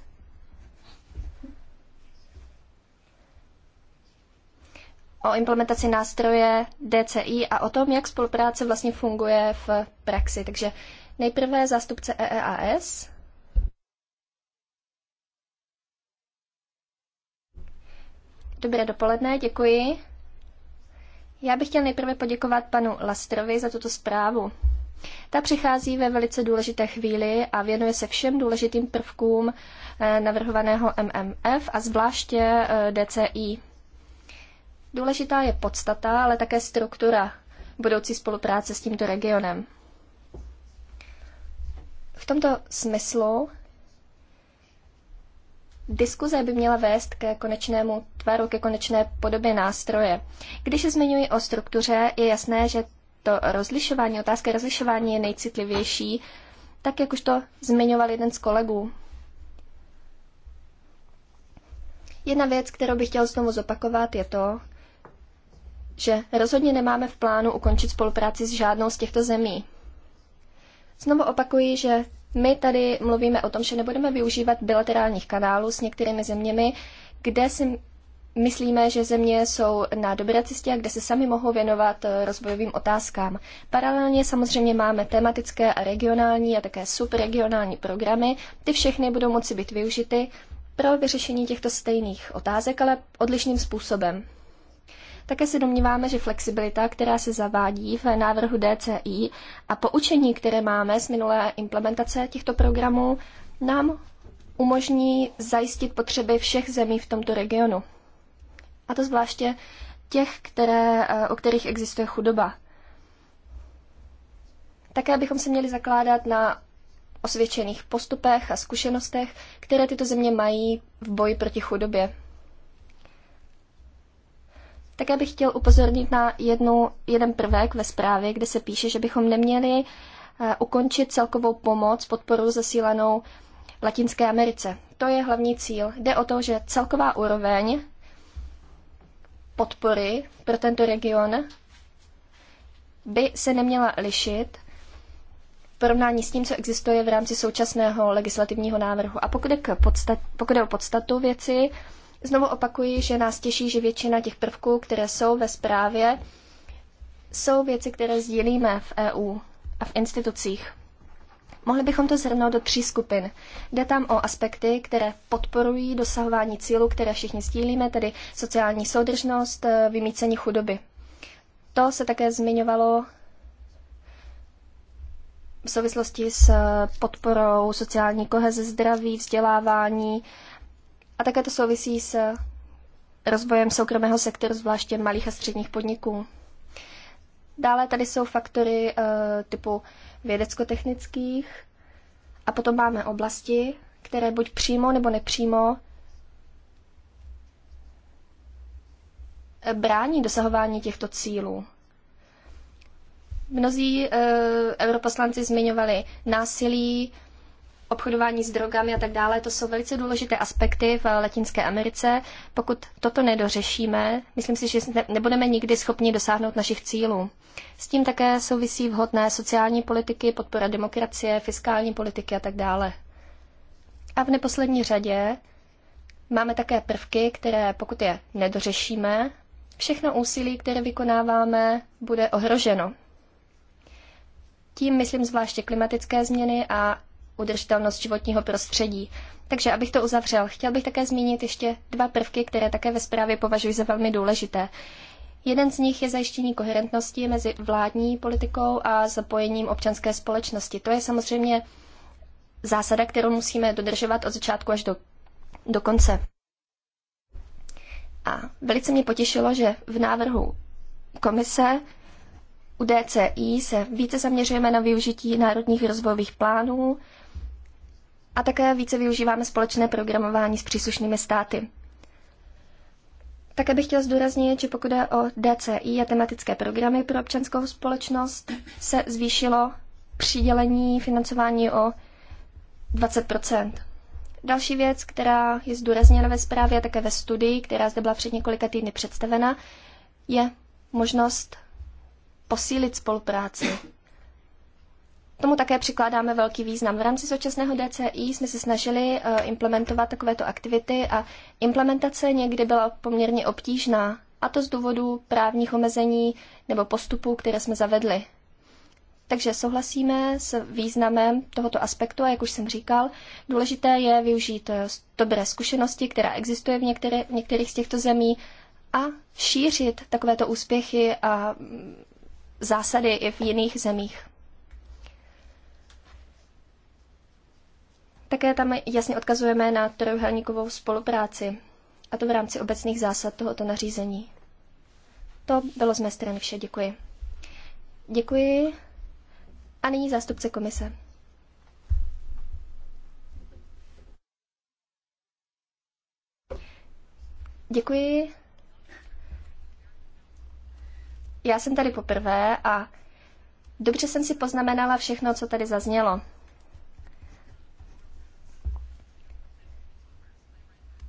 o implementaci nástroje DCI a o tom, jak spolupráce vlastně funguje v praxi. Takže nejprve zástupce EEAS. Dobré dopoledne, děkuji. Já bych chtěl nejprve poděkovat panu Lastrovi za tuto zprávu. Ta přichází ve velice důležité chvíli a věnuje se všem důležitým prvkům eh, navrhovaného MMF a zvláště eh, DCI. Důležitá je podstata, ale také struktura budoucí spolupráce s tímto regionem. V tomto smyslu Diskuze by měla vést ke konečnému tvaru, ke konečné podobě nástroje. Když se zmiňuji o struktuře, je jasné, že to rozlišování, otázka rozlišování je nejcitlivější, tak jak už to zmiňoval jeden z kolegů. Jedna věc, kterou bych chtěl znovu zopakovat, je to, že rozhodně nemáme v plánu ukončit spolupráci s žádnou z těchto zemí. Znovu opakuji, že my tady mluvíme o tom, že nebudeme využívat bilaterálních kanálů s některými zeměmi, kde si myslíme, že země jsou na dobré cestě a kde se sami mohou věnovat eh, rozvojovým otázkám. Paralelně samozřejmě máme tematické a regionální a také subregionální programy. Ty všechny budou moci být využity pro vyřešení těchto stejných otázek, ale odlišným způsobem. Také se domníváme, že flexibilita, která se zavádí v návrhu DCI a poučení, které máme z minulé implementace těchto programů, nám umožní zajistit potřeby všech zemí v tomto regionu. A to zvláště těch, které, eh, o kterých existuje chudoba. Také bychom se měli zakládat na osvědčených postupech a zkušenostech, které tyto země mají v boji proti chudobě. Také bych chtěl upozornit na jednu, jeden prvek ve zprávě, kde se píše, že bychom neměli eh, ukončit celkovou pomoc, podporu zasílanou Latinské Americe. To je hlavní cíl. Jde o to, že celková úroveň podpory pro tento region by se neměla lišit v porovnání s tím, co existuje v rámci současného legislativního návrhu. A pokud je, k podstat, pokud je o podstatu věci, Znovu opakuji, že nás těší, že většina těch prvků, které jsou ve zprávě, jsou věci, které sdílíme v EU a v institucích. Mohli bychom to zhrnout do tří skupin. Jde tam o aspekty, které podporují dosahování cílů, které všichni sdílíme, tedy sociální soudržnost, eh, vymícení chudoby. To se také zmiňovalo v souvislosti s podporou sociální koheze, zdraví, vzdělávání, a také to souvisí s rozvojem soukromého sektoru, zvláště malých a středních podniků. Dále tady jsou faktory e, typu vědecko-technických a potom máme oblasti, které buď přímo nebo nepřímo eh, brání dosahování těchto cílů. Mnozí e, europoslanci zmiňovali násilí, obchodování s drogami a tak dále, to jsou velice důležité aspekty v Latinské Americe. Pokud toto nedořešíme, myslím si, že nebudeme nikdy schopni dosáhnout našich cílů. S tím také souvisí vhodné sociální politiky, podpora demokracie, fiskální politiky a tak dále. A v neposlední řadě máme také prvky, které pokud je nedořešíme, všechno úsilí, které vykonáváme, bude ohroženo. Tím myslím zvláště klimatické změny a udržitelnost životního prostředí. Takže abych to uzavřel, chtěl bych také zmínit ještě dva prvky, které také ve zprávě považuji za velmi důležité. Jeden z nich je zajištění koherentnosti mezi vládní politikou a zapojením občanské společnosti. To je samozřejmě zásada, kterou musíme dodržovat od začátku až do, do konce. A velice mě potěšilo, že v návrhu komise u DCI se více zaměřujeme na využití národních rozvojových plánů, a také více využíváme společné programování s příslušnými státy. Také bych chtěl zdůraznit, že pokud je o DCI a tematické programy pro občanskou společnost, se zvýšilo přidělení financování o 20 Další věc, která je zdůrazněna ve zprávě a také ve studii, která zde byla před několika týdny představena, je možnost posílit spolupráci tomu také přikládáme velký význam. V rámci současného DCI jsme se snažili eh, implementovat takovéto aktivity a implementace někdy byla poměrně obtížná, a to z důvodu právních omezení nebo postupů, které jsme zavedli. Takže souhlasíme s významem tohoto aspektu a jak už jsem říkal, důležité je využít eh, dobré zkušenosti, která existuje v, některé, v některých z těchto zemí a šířit takovéto úspěchy a mm, zásady i v jiných zemích. Také tam jasně odkazujeme na trojuhelníkovou spolupráci, a to v rámci obecných zásad tohoto nařízení. To bylo z mé strany vše, děkuji. Děkuji. A nyní zástupce komise. Děkuji. Já jsem tady poprvé a dobře jsem si poznamenala všechno, co tady zaznělo.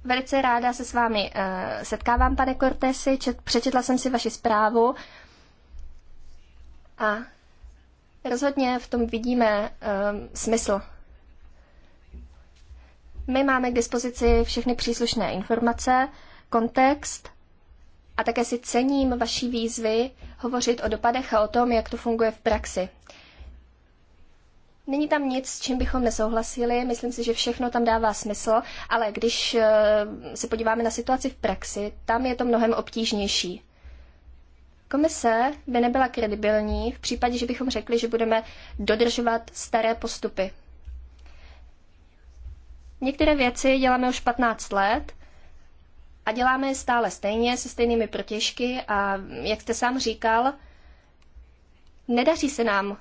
Velice ráda se s vámi eh, setkávám, pane Cortesi. Čet, přečetla jsem si vaši zprávu a rozhodně v tom vidíme eh, smysl. My máme k dispozici všechny příslušné informace, kontext a také si cením vaší výzvy hovořit o dopadech a o tom, jak to funguje v praxi. Není tam nic, s čím bychom nesouhlasili, myslím si, že všechno tam dává smysl, ale když eh, se podíváme na situaci v praxi, tam je to mnohem obtížnější. Komise by nebyla kredibilní v případě, že bychom řekli, že budeme dodržovat staré postupy. Některé věci děláme už 15 let a děláme je stále stejně, se stejnými protěžky a, jak jste sám říkal, Nedaří se nám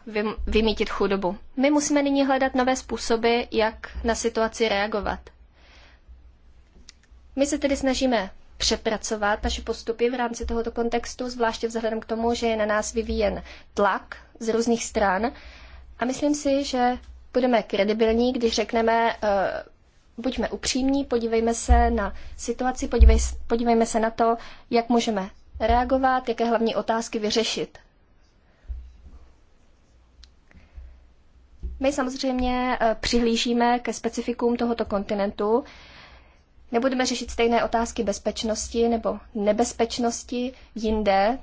vymítit chudobu. My musíme nyní hledat nové způsoby, jak na situaci reagovat. My se tedy snažíme přepracovat naše postupy v rámci tohoto kontextu, zvláště vzhledem k tomu, že je na nás vyvíjen tlak z různých stran. A myslím si, že budeme kredibilní, když řekneme, uh, buďme upřímní, podívejme se na situaci, podívej, podívejme se na to, jak můžeme reagovat, jaké hlavní otázky vyřešit. My samozřejmě eh, přihlížíme ke specifikům tohoto kontinentu. Nebudeme řešit stejné otázky bezpečnosti nebo nebezpečnosti jinde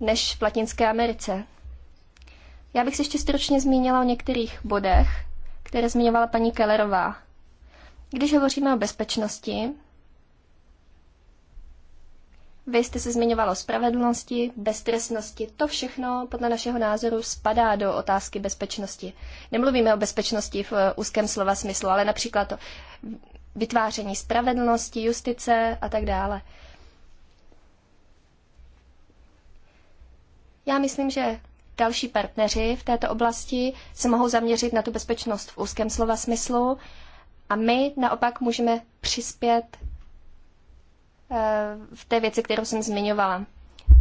než v Latinské Americe. Já bych se ještě stručně zmínila o některých bodech, které zmiňovala paní Kellerová. Když hovoříme o bezpečnosti, vy jste se zmiňovalo spravedlnosti, beztresnosti, To všechno podle našeho názoru spadá do otázky bezpečnosti. Nemluvíme o bezpečnosti v eh, úzkém slova smyslu, ale například to vytváření spravedlnosti, justice a tak dále. Já myslím, že další partneři v této oblasti se mohou zaměřit na tu bezpečnost v úzkém slova smyslu a my naopak můžeme přispět Eh, v té věci, kterou jsem zmiňovala.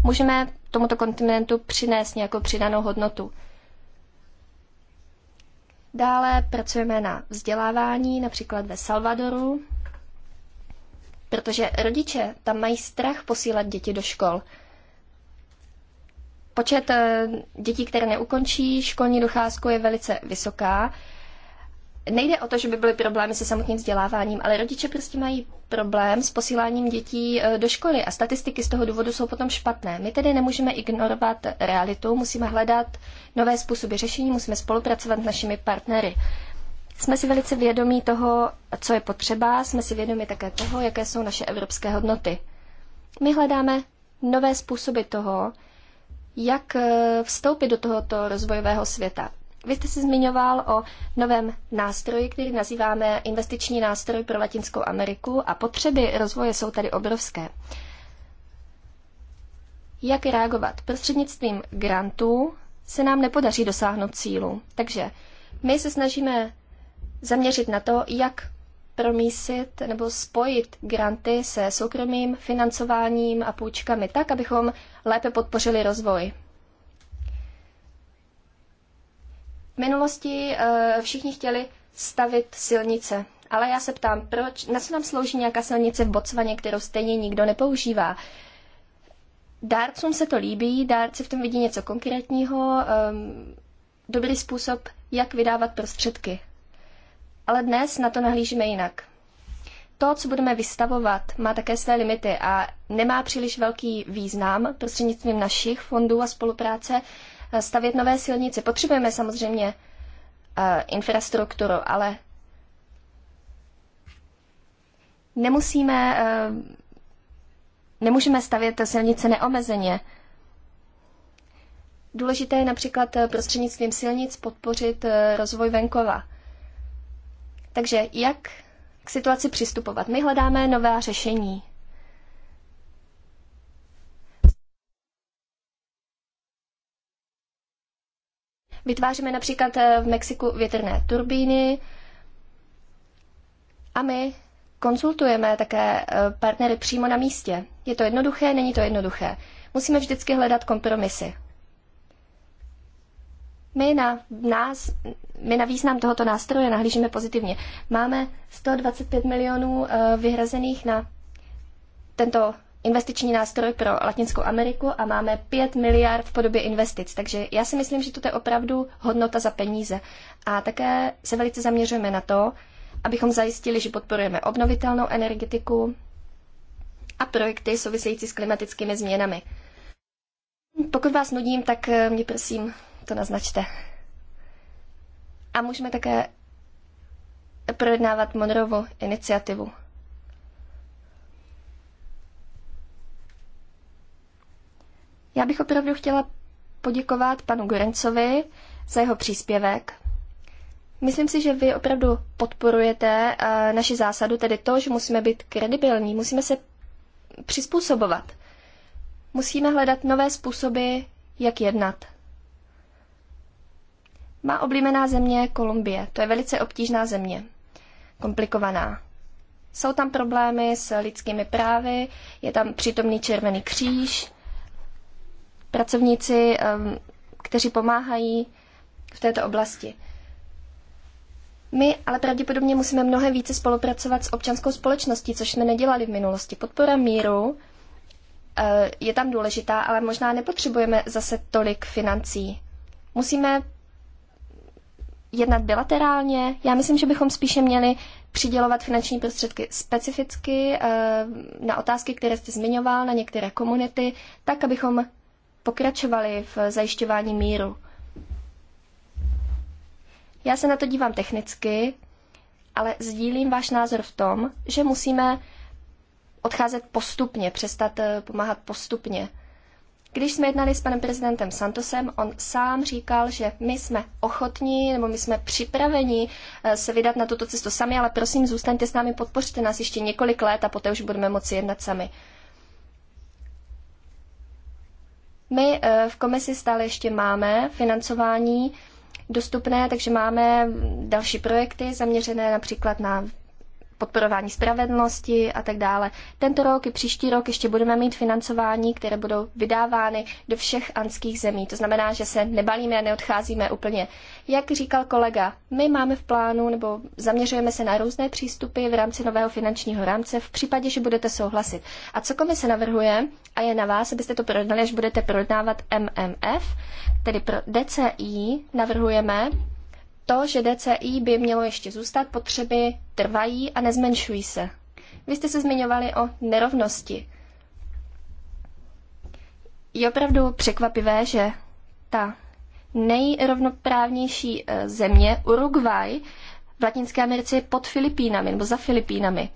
Můžeme tomuto kontinentu přinést nějakou přidanou hodnotu. Dále pracujeme na vzdělávání, například ve Salvadoru, protože rodiče tam mají strach posílat děti do škol. Počet eh, dětí, které neukončí školní docházku, je velice vysoká nejde o to, že by byly problémy se samotným vzděláváním, ale rodiče prostě mají problém s posíláním dětí e, do školy a statistiky z toho důvodu jsou potom špatné. My tedy nemůžeme ignorovat realitu, musíme hledat nové způsoby řešení, musíme spolupracovat s našimi partnery. Jsme si velice vědomí toho, co je potřeba, jsme si vědomi také toho, jaké jsou naše evropské hodnoty. My hledáme nové způsoby toho, jak e, vstoupit do tohoto rozvojového světa. Vy jste se zmiňoval o novém nástroji, který nazýváme investiční nástroj pro Latinskou Ameriku a potřeby rozvoje jsou tady obrovské. Jak reagovat? Prostřednictvím grantů se nám nepodaří dosáhnout cílu. Takže my se snažíme zaměřit na to, jak promísit nebo spojit granty se soukromým financováním a půjčkami tak, abychom lépe podpořili rozvoj. minulosti eh, všichni chtěli stavit silnice. Ale já se ptám, proč, na co nám slouží nějaká silnice v Botswaně, kterou stejně nikdo nepoužívá? Dárcům se to líbí, dárci v tom vidí něco konkrétního, um, dobrý způsob, jak vydávat prostředky. Ale dnes na to nahlížíme jinak. To, co budeme vystavovat, má také své limity a nemá příliš velký význam prostřednictvím našich fondů a spolupráce stavět nové silnice. Potřebujeme samozřejmě eh, infrastrukturu, ale nemusíme, eh, nemůžeme stavět silnice neomezeně. Důležité je například eh, prostřednictvím silnic podpořit rozvoj venkova. Takže jak k situaci přistupovat? My hledáme nová řešení. Vytváříme například eh, v Mexiku větrné turbíny a my konzultujeme také eh, partnery přímo na místě. Je to jednoduché, není to jednoduché. Musíme vždycky hledat kompromisy. My na, nás, my na význam tohoto nástroje nahlížíme pozitivně. Máme 125 milionů eh, vyhrazených na tento investiční nástroj pro Latinskou Ameriku a máme 5 miliard v podobě investic. Takže já si myslím, že to je opravdu hodnota za peníze. A také se velice zaměřujeme na to, abychom zajistili, že podporujeme obnovitelnou energetiku a projekty související s klimatickými změnami. Pokud vás nudím, tak eh, mě prosím to naznačte. A můžeme také projednávat Monrovu iniciativu. Já bych opravdu chtěla poděkovat panu Gorencovi za jeho příspěvek. Myslím si, že vy opravdu podporujete eh, naši zásadu, tedy to, že musíme být kredibilní, musíme se přizpůsobovat. Musíme hledat nové způsoby, jak jednat. Má oblíbená země Kolumbie. To je velice obtížná země. Komplikovaná. Jsou tam problémy s lidskými právy, je tam přítomný Červený kříž, pracovníci, kteří pomáhají v této oblasti. My ale pravděpodobně musíme mnohem více spolupracovat s občanskou společností, což jsme nedělali v minulosti. Podpora míru eh, je tam důležitá, ale možná nepotřebujeme zase tolik financí. Musíme jednat bilaterálně. Já myslím, že bychom spíše měli přidělovat finanční prostředky specificky eh, na otázky, které jste zmiňoval, na některé komunity, tak, abychom pokračovali v zajišťování míru. Já se na to dívám technicky, ale sdílím váš názor v tom, že musíme odcházet postupně, přestat eh, pomáhat postupně. Když jsme jednali s panem prezidentem Santosem, on sám říkal, že my jsme ochotní nebo my jsme připraveni eh, se vydat na tuto cestu sami, ale prosím, zůstaňte s námi, podpořte nás ještě několik let a poté už budeme moci jednat sami. My eh, v komisi stále ještě máme financování dostupné, takže máme další projekty zaměřené například na podporování spravedlnosti a tak dále. Tento rok i příští rok ještě budeme mít financování, které budou vydávány do všech anských zemí. To znamená, že se nebalíme a neodcházíme úplně. Jak říkal kolega, my máme v plánu nebo zaměřujeme se na různé přístupy v rámci nového finančního rámce v případě, že budete souhlasit. A co komise navrhuje, a je na vás, abyste to projednali, až budete projednávat MMF, tedy pro DCI navrhujeme to, že DCI by mělo ještě zůstat, potřeby trvají a nezmenšují se. Vy jste se zmiňovali o nerovnosti. Je opravdu překvapivé, že ta nejrovnoprávnější e, země, Uruguay, v Latinské Americe je pod Filipínami nebo za Filipínami.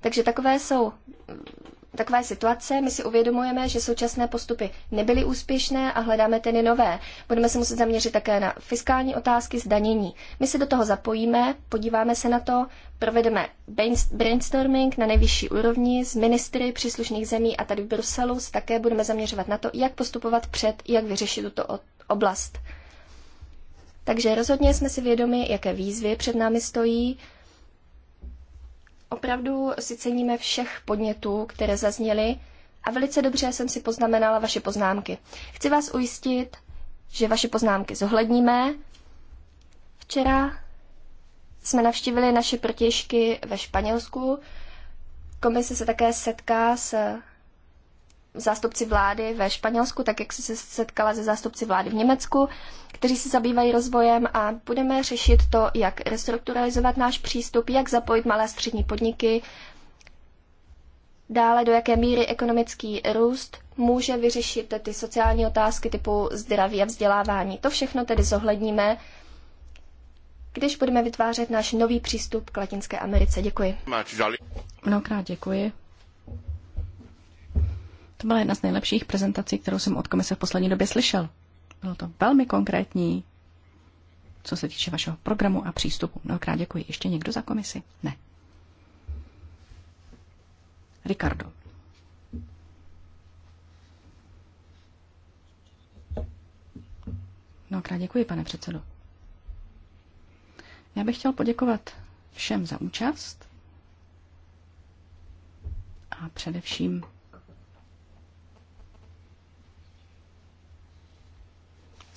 Takže takové jsou takové situace my si uvědomujeme, že současné postupy nebyly úspěšné a hledáme tedy nové. Budeme se muset zaměřit také na fiskální otázky zdanění. My se do toho zapojíme, podíváme se na to, provedeme brainstorming na nejvyšší úrovni s ministry příslušných zemí a tady v Bruselu se také budeme zaměřovat na to, jak postupovat před, jak vyřešit tuto oblast. Takže rozhodně jsme si vědomi, jaké výzvy před námi stojí, Opravdu si ceníme všech podnětů, které zazněly a velice dobře jsem si poznamenala vaše poznámky. Chci vás ujistit, že vaše poznámky zohledníme. Včera jsme navštívili naše protěžky ve Španělsku. Komise se také setká s zástupci vlády ve Španělsku, tak jak jsi se setkala se zástupci vlády v Německu, kteří se zabývají rozvojem a budeme řešit to, jak restrukturalizovat náš přístup, jak zapojit malé a střední podniky, dále do jaké míry ekonomický růst může vyřešit ty sociální otázky typu zdraví a vzdělávání. To všechno tedy zohledníme, když budeme vytvářet náš nový přístup k Latinské Americe. Děkuji. Mnohokrát děkuji. To byla jedna z nejlepších prezentací, kterou jsem od komise v poslední době slyšel. Bylo to velmi konkrétní, co se týče vašeho programu a přístupu. Mnohokrát děkuji. Ještě někdo za komisi? Ne. Ricardo. Mnohokrát děkuji, pane předsedo. Já bych chtěl poděkovat všem za účast a především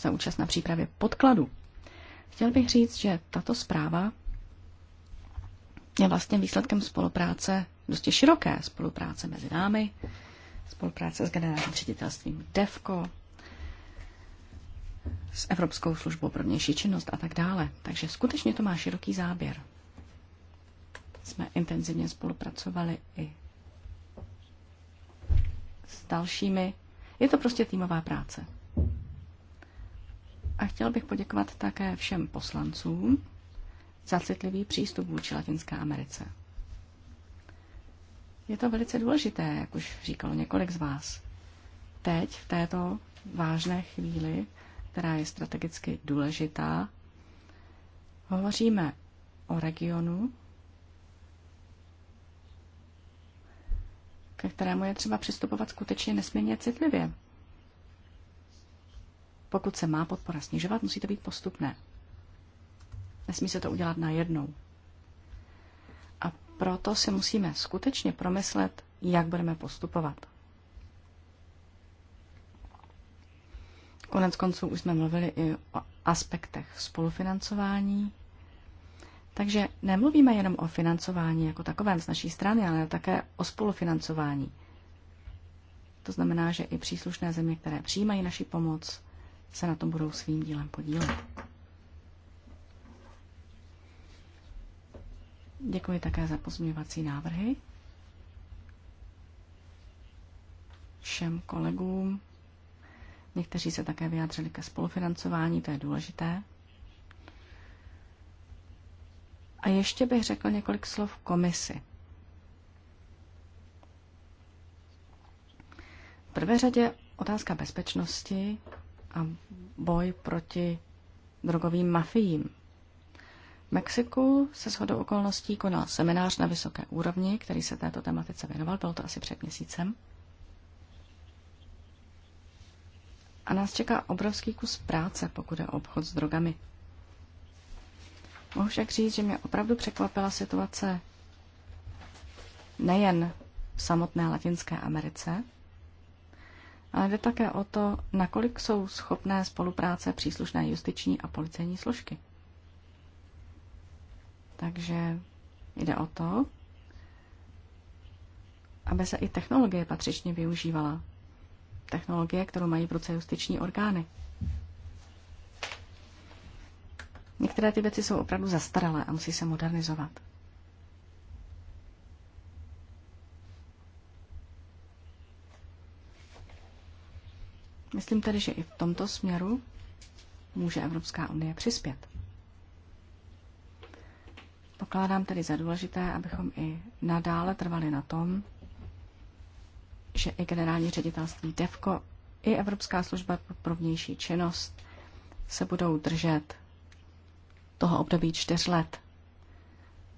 za účast na přípravě podkladu. Chtěl bych říct, že tato zpráva je vlastně výsledkem spolupráce, dosti široké spolupráce mezi námi, spolupráce s generálním ředitelstvím DEVKO, s Evropskou službou pro vnější činnost a tak dále. Takže skutečně to má široký záběr. Jsme intenzivně spolupracovali i s dalšími. Je to prostě týmová práce. A chtěl bych poděkovat také všem poslancům za citlivý přístup vůči Latinské Americe. Je to velice důležité, jak už říkalo několik z vás. Teď, v této vážné chvíli, která je strategicky důležitá, hovoříme o regionu, ke kterému je třeba přistupovat skutečně nesmírně citlivě. Pokud se má podpora snižovat, musí to být postupné. Nesmí se to udělat najednou. A proto si musíme skutečně promyslet, jak budeme postupovat. Konec konců už jsme mluvili i o aspektech spolufinancování. Takže nemluvíme jenom o financování jako takovém z naší strany, ale také o spolufinancování. To znamená, že i příslušné země, které přijímají naši pomoc, se na tom budou svým dílem podílet. Děkuji také za pozměňovací návrhy. Všem kolegům. Někteří se také vyjádřili ke spolufinancování, to je důležité. A ještě bych řekl několik slov komisi. V prvé řadě otázka bezpečnosti a boj proti drogovým mafiím. V Mexiku se shodou okolností konal seminář na vysoké úrovni, který se této tematice věnoval, bylo to asi před měsícem. A nás čeká obrovský kus práce, pokud je obchod s drogami. Mohu však říct, že mě opravdu překvapila situace nejen v samotné Latinské Americe, ale jde také o to, nakolik jsou schopné spolupráce příslušné justiční a policejní složky. Takže jde o to, aby se i technologie patřičně využívala. Technologie, kterou mají v ruce justiční orgány. Některé ty věci jsou opravdu zastaralé a musí se modernizovat. Myslím tedy, že i v tomto směru může Evropská unie přispět. Pokládám tedy za důležité, abychom i nadále trvali na tom, že i generální ředitelství DEVKO, i Evropská služba pro vnější činnost se budou držet toho období čtyř let.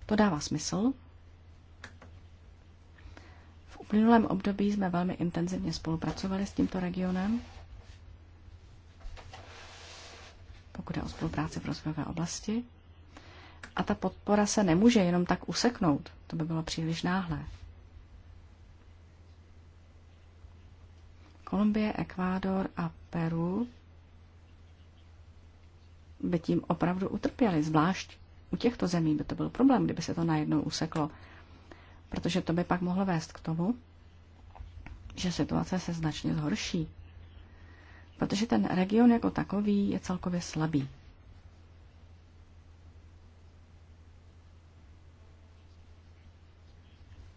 To dává smysl. V uplynulém období jsme velmi intenzivně spolupracovali s tímto regionem pokud je o spolupráci v rozvojové oblasti. A ta podpora se nemůže jenom tak useknout. To by bylo příliš náhlé. Kolumbie, Ekvádor a Peru by tím opravdu utrpěli. Zvlášť u těchto zemí by to byl problém, kdyby se to najednou useklo. Protože to by pak mohlo vést k tomu, že situace se značně zhorší protože ten region jako takový je celkově slabý.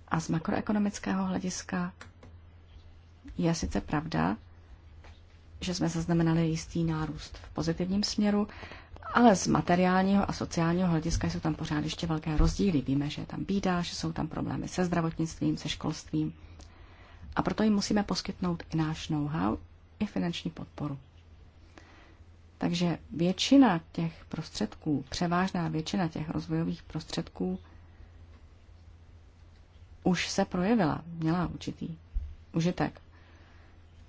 A z makroekonomického hlediska je sice pravda, že jsme zaznamenali jistý nárůst v pozitivním směru, ale z materiálního a sociálního hlediska jsou tam pořád ještě velké rozdíly. Víme, že je tam bída, že jsou tam problémy se zdravotnictvím, se školstvím. A proto jim musíme poskytnout i náš know-how i finanční podporu. Takže většina těch prostředků, převážná většina těch rozvojových prostředků už se projevila, měla určitý užitek.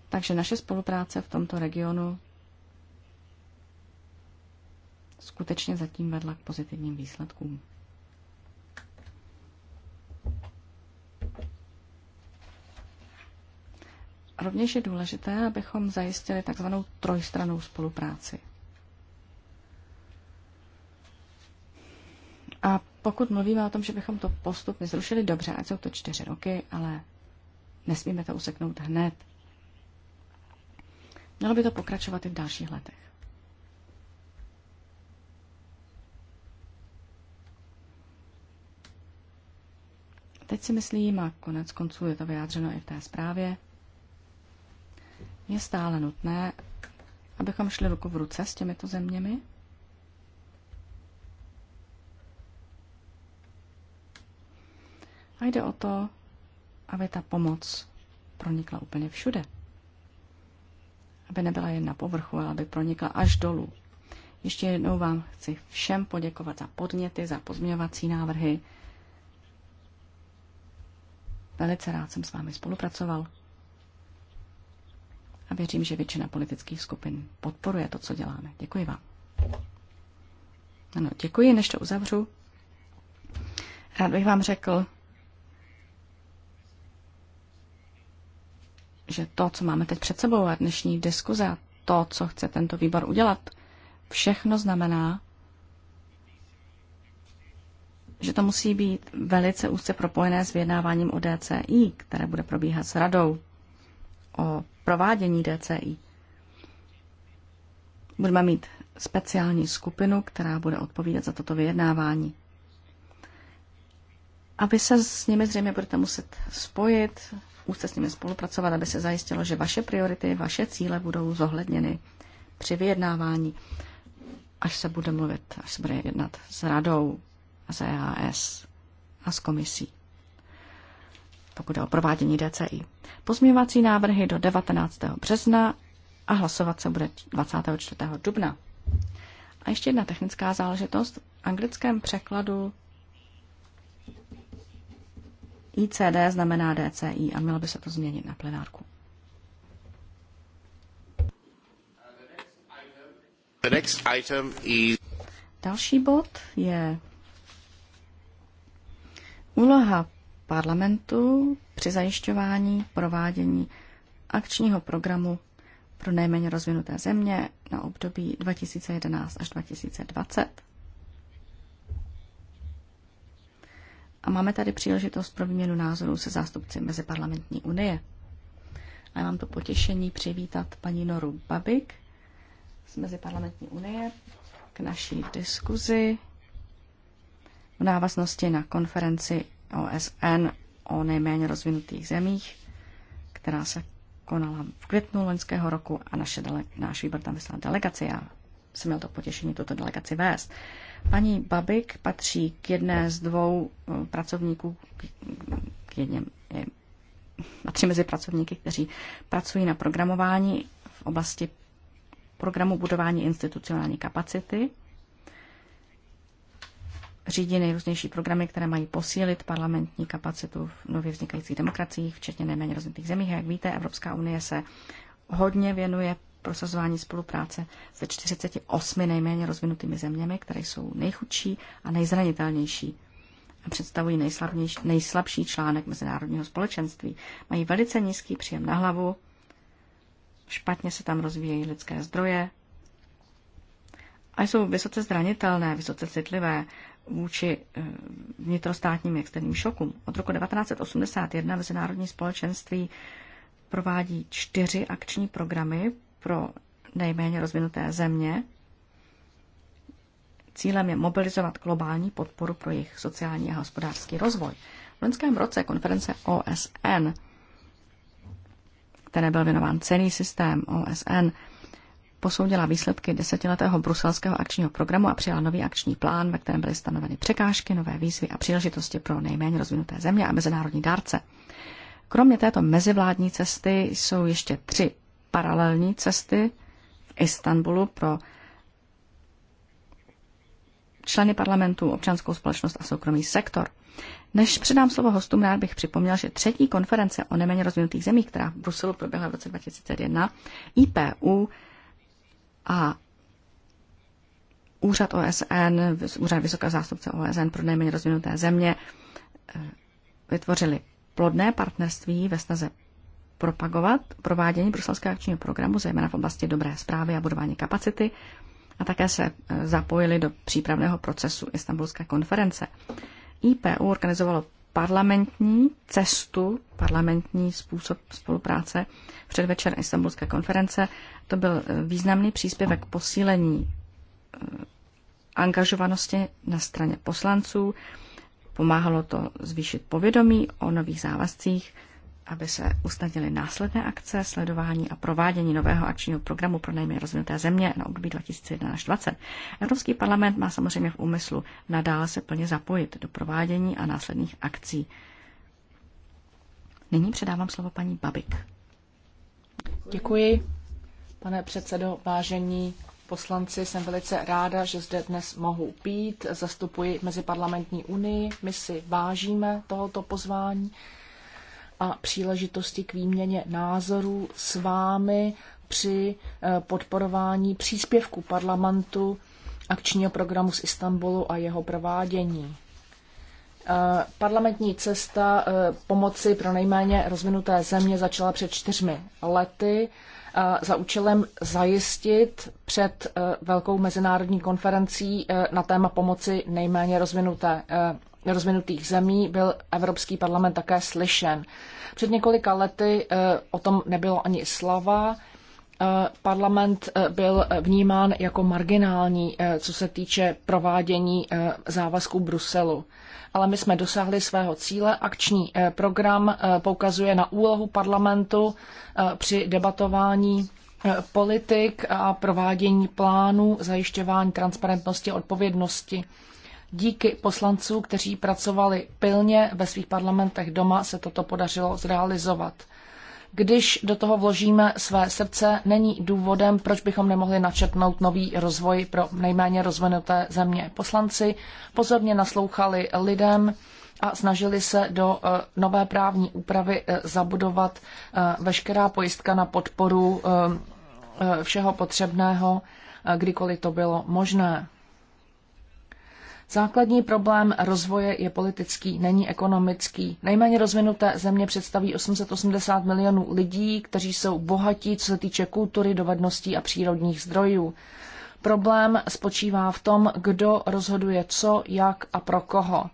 Takže naše spolupráce v tomto regionu skutečně zatím vedla k pozitivním výsledkům. Rovněž je důležité, abychom zajistili takzvanou trojstranou spolupráci. A pokud mluvíme o tom, že bychom to postupně zrušili, dobře, ať jsou to čtyři roky, ale nesmíme to useknout hned. Mělo by to pokračovat i v dalších letech. Teď si myslím, a konec konců je to vyjádřeno i v té zprávě, je stále nutné, abychom šli ruku v ruce s těmito zeměmi. A jde o to, aby ta pomoc pronikla úplně všude. Aby nebyla jen na povrchu, ale aby pronikla až dolů. Ještě jednou vám chci všem poděkovat za podněty, za pozměňovací návrhy. Velice rád jsem s vámi spolupracoval a věřím, že většina politických skupin podporuje to, co děláme. Děkuji vám. Ano, děkuji, než to uzavřu. Rád bych vám řekl, že to, co máme teď před sebou a dnešní diskuze a to, co chce tento výbor udělat, všechno znamená, že to musí být velice úzce propojené s vyjednáváním o DCI, které bude probíhat s radou o provádění DCI. Budeme mít speciální skupinu, která bude odpovídat za toto vyjednávání. A vy se s nimi zřejmě budete muset spojit, musíte s nimi spolupracovat, aby se zajistilo, že vaše priority, vaše cíle budou zohledněny při vyjednávání, až se bude mluvit, až se bude jednat s radou, s EAS a s komisí pokud je o provádění DCI. Pozměňovací návrhy do 19. března a hlasovat se bude 24. dubna. A ještě jedna technická záležitost. V anglickém překladu ICD znamená DCI a mělo by se to změnit na plenárku. The next item is... Další bod je úloha parlamentu při zajišťování provádění akčního programu pro nejméně rozvinuté země na období 2011 až 2020. A máme tady příležitost pro výměnu názorů se zástupci Meziparlamentní unie. A já mám to potěšení přivítat paní Noru Babik z Meziparlamentní unie k naší diskuzi v návaznosti na konferenci OSN o nejméně rozvinutých zemích, která se konala v květnu loňského roku a naše dele, náš výbor tam vyslal delegaci. Já jsem měl to potěšení tuto delegaci vést. Paní Babik patří k jedné z dvou eh, pracovníků, k jedním, je, patří mezi pracovníky, kteří pracují na programování v oblasti programu budování institucionální kapacity řídí nejrůznější programy, které mají posílit parlamentní kapacitu v nově vznikajících demokraciích, včetně nejméně rozvinutých zemích. A jak víte, Evropská unie se hodně věnuje prosazování spolupráce se 48 nejméně rozvinutými zeměmi, které jsou nejchudší a nejzranitelnější a představují nejslabší článek mezinárodního společenství. Mají velice nízký příjem na hlavu, špatně se tam rozvíjejí lidské zdroje a jsou vysoce zranitelné, vysoce citlivé vůči eh, vnitrostátním externím šokům. Od roku 1981 Mezinárodní společenství provádí čtyři akční programy pro nejméně rozvinuté země. Cílem je mobilizovat globální podporu pro jejich sociální a hospodářský rozvoj. V loňském roce konference OSN, které byl věnován celý systém OSN, posoudila výsledky desetiletého bruselského akčního programu a přijala nový akční plán, ve kterém byly stanoveny překážky, nové výzvy a příležitosti pro nejméně rozvinuté země a mezinárodní dárce. Kromě této mezivládní cesty jsou ještě tři paralelní cesty v Istanbulu pro členy parlamentu, občanskou společnost a soukromý sektor. Než předám slovo hostům, rád bych připomněl, že třetí konference o neméně rozvinutých zemích, která v Bruselu proběhla v roce 2001, IPU a úřad OSN, úřad Vysokého zástupce OSN pro nejméně rozvinuté země eh, vytvořili plodné partnerství ve snaze propagovat provádění bruselského akčního programu, zejména v oblasti dobré zprávy a budování kapacity, a také se eh, zapojili do přípravného procesu Istanbulské konference. IPU organizovalo parlamentní cestu, parlamentní způsob spolupráce předvečer Istanbulské konference. To byl eh, významný příspěvek posílení eh, angažovanosti na straně poslanců. Pomáhalo to zvýšit povědomí o nových závazcích aby se usnadnily následné akce, sledování a provádění nového akčního programu pro nejméně rozvinuté země na období 2021 až 2020. Evropský parlament má samozřejmě v úmyslu nadále se plně zapojit do provádění a následných akcí. Nyní předávám slovo paní Babik. Děkuji, pane předsedo, vážení poslanci, jsem velice ráda, že zde dnes mohu být. Zastupuji Meziparlamentní unii, my si vážíme tohoto pozvání a příležitosti k výměně názorů s vámi při eh, podporování příspěvku parlamentu akčního programu z Istanbulu a jeho provádění. Eh, parlamentní cesta eh, pomoci pro nejméně rozvinuté země začala před čtyřmi lety za účelem zajistit před velkou mezinárodní konferencí na téma pomoci nejméně rozvinuté rozvinutých zemí byl Evropský parlament také slyšen. Před několika lety eh, o tom nebylo ani slava. Eh, parlament eh, byl vnímán jako marginální, co se týče provádění závazků Bruselu. Ale my jsme dosáhli svého cíle. Akční program poukazuje na úlohu parlamentu při debatování politik a provádění plánů, zajišťování transparentnosti a odpovědnosti. Díky poslancům, kteří pracovali pilně ve svých parlamentech doma, se toto podařilo zrealizovat. Když do toho vložíme své srdce, není důvodem, proč bychom nemohli načetnout nový rozvoj pro nejméně rozvinuté země. Poslanci pozorně naslouchali lidem a snažili se do eh, nové právní úpravy eh, zabudovat eh, veškerá pojistka na podporu všeho potřebného, kdykoliv to bylo možné. Základní problém rozvoje je politický, není ekonomický. Nejméně rozvinuté země představí 880 milionů lidí, kteří jsou bohatí, co se týče kultury, dovedností a přírodních zdrojů. Problém spočívá v tom, kdo rozhoduje co, jak a pro koho.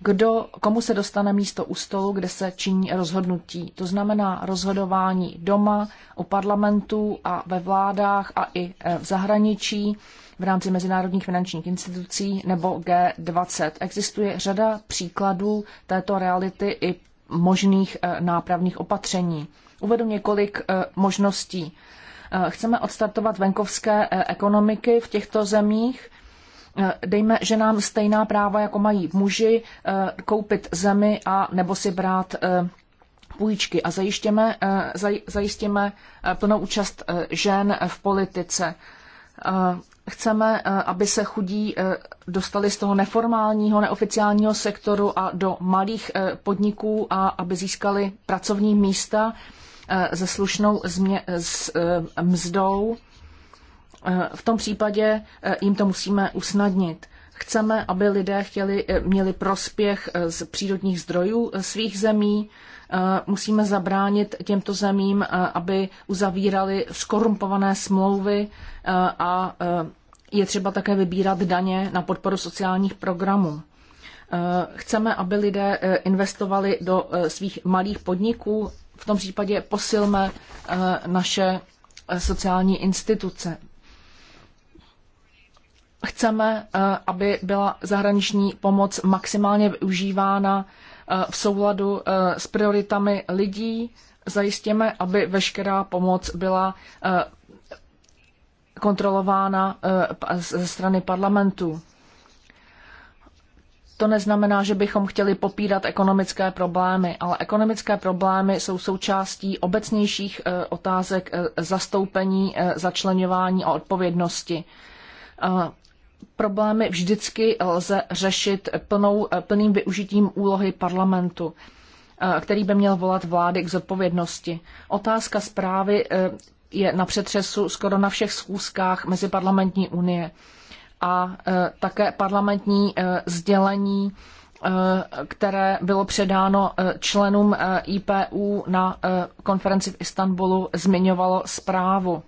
Kdo, komu se dostane místo u stolu, kde se činí rozhodnutí. To znamená rozhodování doma, u parlamentů a ve vládách a i eh, v zahraničí v rámci mezinárodních finančních institucí nebo G20. Existuje řada příkladů této reality i možných eh, nápravných opatření. Uvedu několik eh, možností. Eh, chceme odstartovat venkovské ekonomiky v těchto zemích. Dejme, že nám stejná práva, jako mají muži, koupit zemi a nebo si brát půjčky a zajištěme, zajistíme plnou účast žen v politice. Chceme, eh, aby se chudí eh, dostali z toho neformálního, neoficiálního sektoru a do malých eh, podniků a aby získali pracovní místa se slušnou s mzdou. V tom případě jim to musíme usnadnit. Chceme, aby lidé chtěli, měli prospěch z přírodních zdrojů svých zemí, Eh, musíme zabránit těmto zemím, eh, aby uzavírali skorumpované smlouvy eh, a je třeba také vybírat daně na podporu sociálních programů. Chceme, aby lidé investovali do svých malých podniků, v tom případě posilme naše sociální instituce. Chceme, aby byla zahraniční pomoc maximálně využívána Eh, v souladu eh, s prioritami lidí. Zajistěme, aby veškerá pomoc byla eh, kontrolována ze strany parlamentu. To neznamená, že bychom chtěli popírat ekonomické problémy, ale ekonomické problémy jsou součástí obecnějších otázek zastoupení, začlenování a odpovědnosti problémy vždycky lze řešit plnou, plným využitím úlohy parlamentu eh, který by měl volat vlády k zodpovědnosti. Otázka zprávy eh, je na přetřesu skoro na všech schůzkách Meziparlamentní unie a eh, také parlamentní sdělení, které bylo předáno členům IPU na konferenci v Istanbulu, zmiňovalo zprávu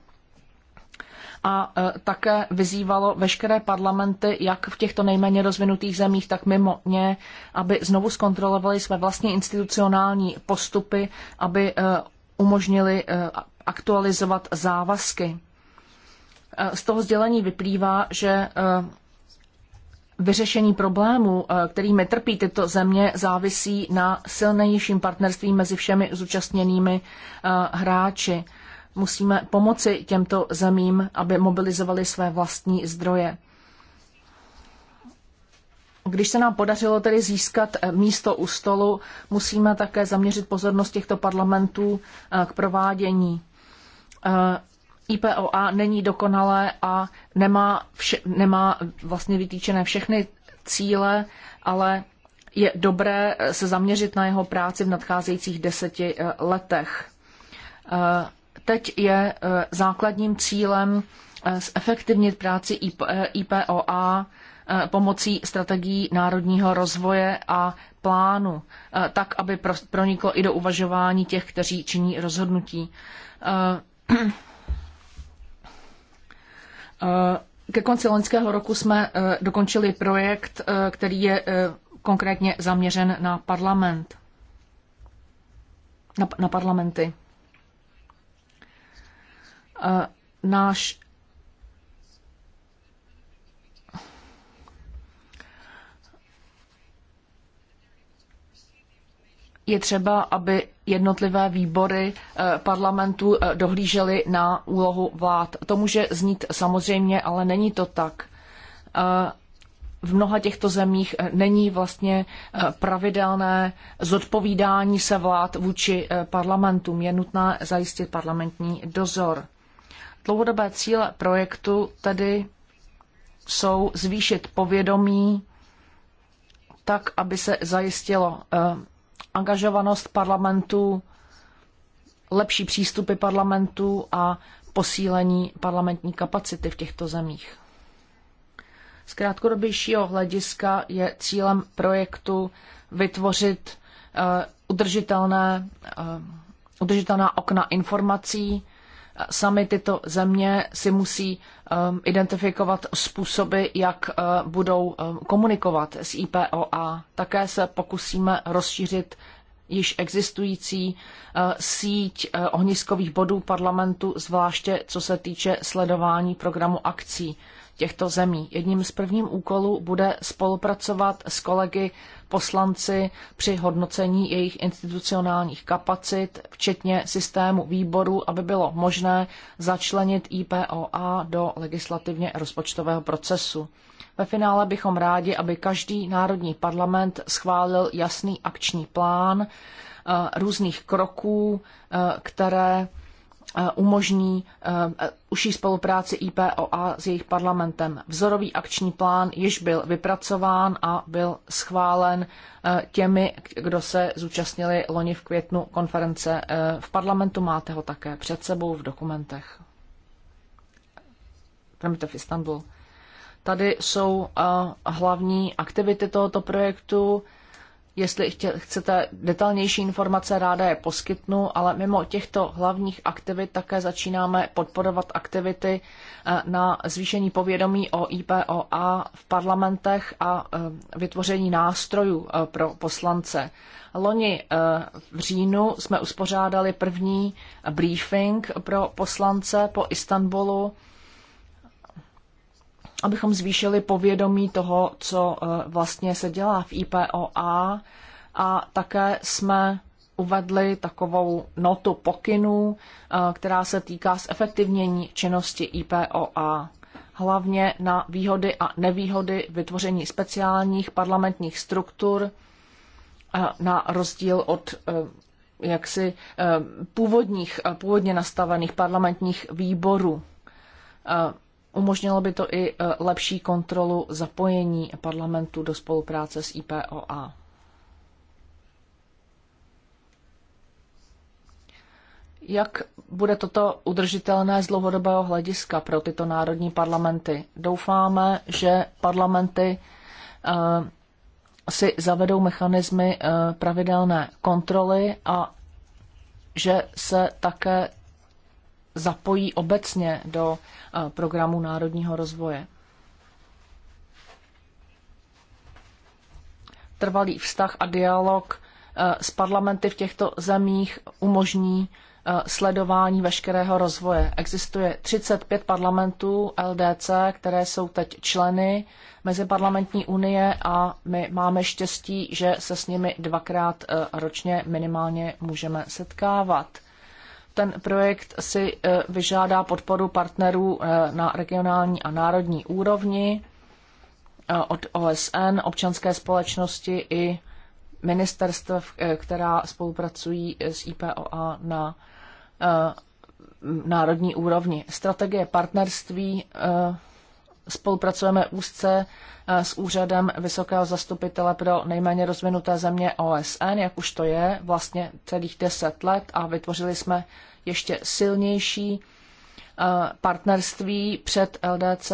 a e, také vyzývalo veškeré parlamenty, jak v těchto nejméně rozvinutých zemích, tak mimo ně, aby znovu zkontrolovali své vlastní institucionální postupy, aby e, umožnili e, aktualizovat závazky. Z toho sdělení vyplývá, že vyřešení problémů, kterými trpí tyto země, závisí na silnějším partnerství mezi všemi zúčastněnými hráči musíme pomoci těmto zemím, aby mobilizovali své vlastní zdroje. Když se nám podařilo tedy získat eh, místo u stolu, musíme také zaměřit pozornost těchto parlamentů eh, k provádění. Eh, IPOA není dokonalé a nemá, vše, nemá vlastně vytýčené všechny cíle, ale je dobré se zaměřit na jeho práci v nadcházejících deseti letech. Teď je e, základním cílem e, zefektivnit práci IPOA e, pomocí strategií národního rozvoje a plánu, tak, aby proniklo i do uvažování těch, kteří činí rozhodnutí. Ke konci loňského roku jsme dokončili projekt, který je konkrétně zaměřen na parlament. Na, na parlamenty. Eh, náš je třeba, aby jednotlivé výbory eh, parlamentu eh, dohlížely na úlohu vlád. To může znít samozřejmě, ale není to tak. V mnoha těchto zemích není vlastně pravidelné zodpovídání se vlád vůči parlamentům. Je nutné zajistit parlamentní dozor. Dlouhodobé cíle projektu tedy jsou zvýšit povědomí tak, aby se zajistilo eh, angažovanost parlamentu, lepší přístupy parlamentu a posílení parlamentní kapacity v těchto zemích. Z krátkodobějšího hlediska je cílem projektu vytvořit eh, udržitelné, eh, udržitelná okna informací Sami tyto země si musí um, identifikovat způsoby, jak uh, budou um, komunikovat s IPO a také se pokusíme rozšířit již existující uh, síť uh, ohniskových bodů parlamentu, zvláště co se týče sledování programu akcí těchto zemí. Jedním z prvním úkolů bude spolupracovat s kolegy poslanci při hodnocení jejich institucionálních kapacit, včetně systému výboru, aby bylo možné začlenit IPOA do legislativně rozpočtového procesu. Ve finále bychom rádi, aby každý národní parlament schválil jasný akční plán eh, různých kroků, eh, které umožní užší spolupráci a s jejich parlamentem. Vzorový akční plán již byl vypracován a byl schválen těmi, kdo se zúčastnili loni v květnu konference v parlamentu. Máte ho také před sebou v dokumentech. Promiňte v Istanbul. Tady jsou hlavní aktivity tohoto projektu Jestli chcete detailnější informace, ráda je poskytnu, ale mimo těchto hlavních aktivit také začínáme podporovat aktivity eh, na zvýšení povědomí o IPOA v parlamentech a eh, vytvoření nástrojů eh, pro poslance. Loni v říjnu jsme uspořádali první briefing pro poslance po Istanbulu abychom zvýšili povědomí toho, co eh, vlastně se dělá v IPOA a také jsme uvedli takovou notu pokynů, eh, která se týká zefektivnění činnosti IPOA, hlavně na výhody a nevýhody vytvoření speciálních parlamentních struktur eh, na rozdíl od jaksi původních, původně nastavených parlamentních výborů Umožnilo by to i e, lepší kontrolu zapojení parlamentu do spolupráce s IPOA. Jak bude toto udržitelné z dlouhodobého hlediska pro tyto národní parlamenty? Doufáme, že parlamenty e, si zavedou mechanismy e, pravidelné kontroly a že se také zapojí obecně do eh, programu národního rozvoje. Trvalý vztah a dialog eh, s parlamenty v těchto zemích umožní eh, sledování veškerého rozvoje. Existuje 35 parlamentů LDC, které jsou teď členy Meziparlamentní unie a my máme štěstí, že se s nimi dvakrát ročně minimálně můžeme setkávat ten projekt si eh, vyžádá podporu partnerů eh, na regionální a národní úrovni eh, od OSN, občanské společnosti i ministerstv, která spolupracují s IPOA na národní úrovni. Strategie partnerství spolupracujeme úzce eh, s úřadem Vysokého zastupitele pro nejméně rozvinuté země OSN, jak už to je, vlastně celých deset let a vytvořili jsme ještě silnější eh, partnerství před LDC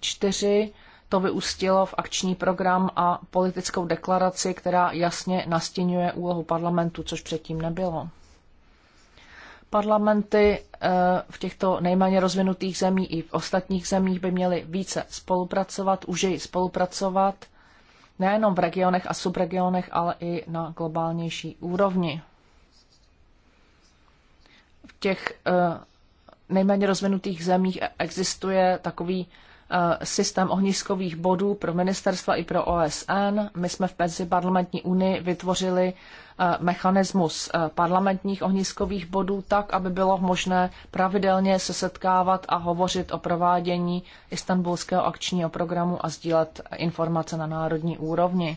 4. To vyústilo v akční program a politickou deklaraci, která jasně nastínuje úlohu parlamentu, což předtím nebylo. Parlamenty eh, v těchto nejméně rozvinutých zemích i v ostatních zemích by měly více spolupracovat, i spolupracovat, nejenom v regionech a subregionech, ale i na globálnější úrovni. V těch eh, nejméně rozvinutých zemích existuje takový Eh, systém ohniskových bodů pro ministerstva i pro OSN. My jsme v Pezi parlamentní unii vytvořili eh, mechanismus eh, parlamentních ohniskových bodů tak, aby bylo možné pravidelně se setkávat a hovořit o provádění istanbulského akčního programu a sdílet informace na národní úrovni.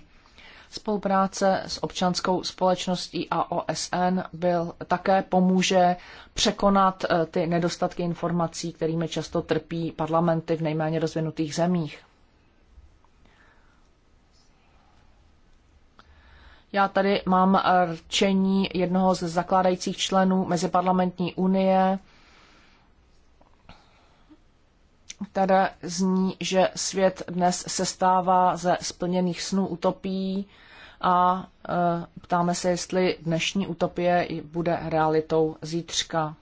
Spolupráce s občanskou společností a OSN byl, také pomůže překonat eh, ty nedostatky informací, kterými často trpí parlamenty v nejméně rozvinutých zemích. Já tady mám eh, rčení jednoho ze zakládajících členů Meziparlamentní unie, které zní, že svět dnes se stává ze splněných snů utopií a e, ptáme se, jestli dnešní utopie bude realitou zítřka.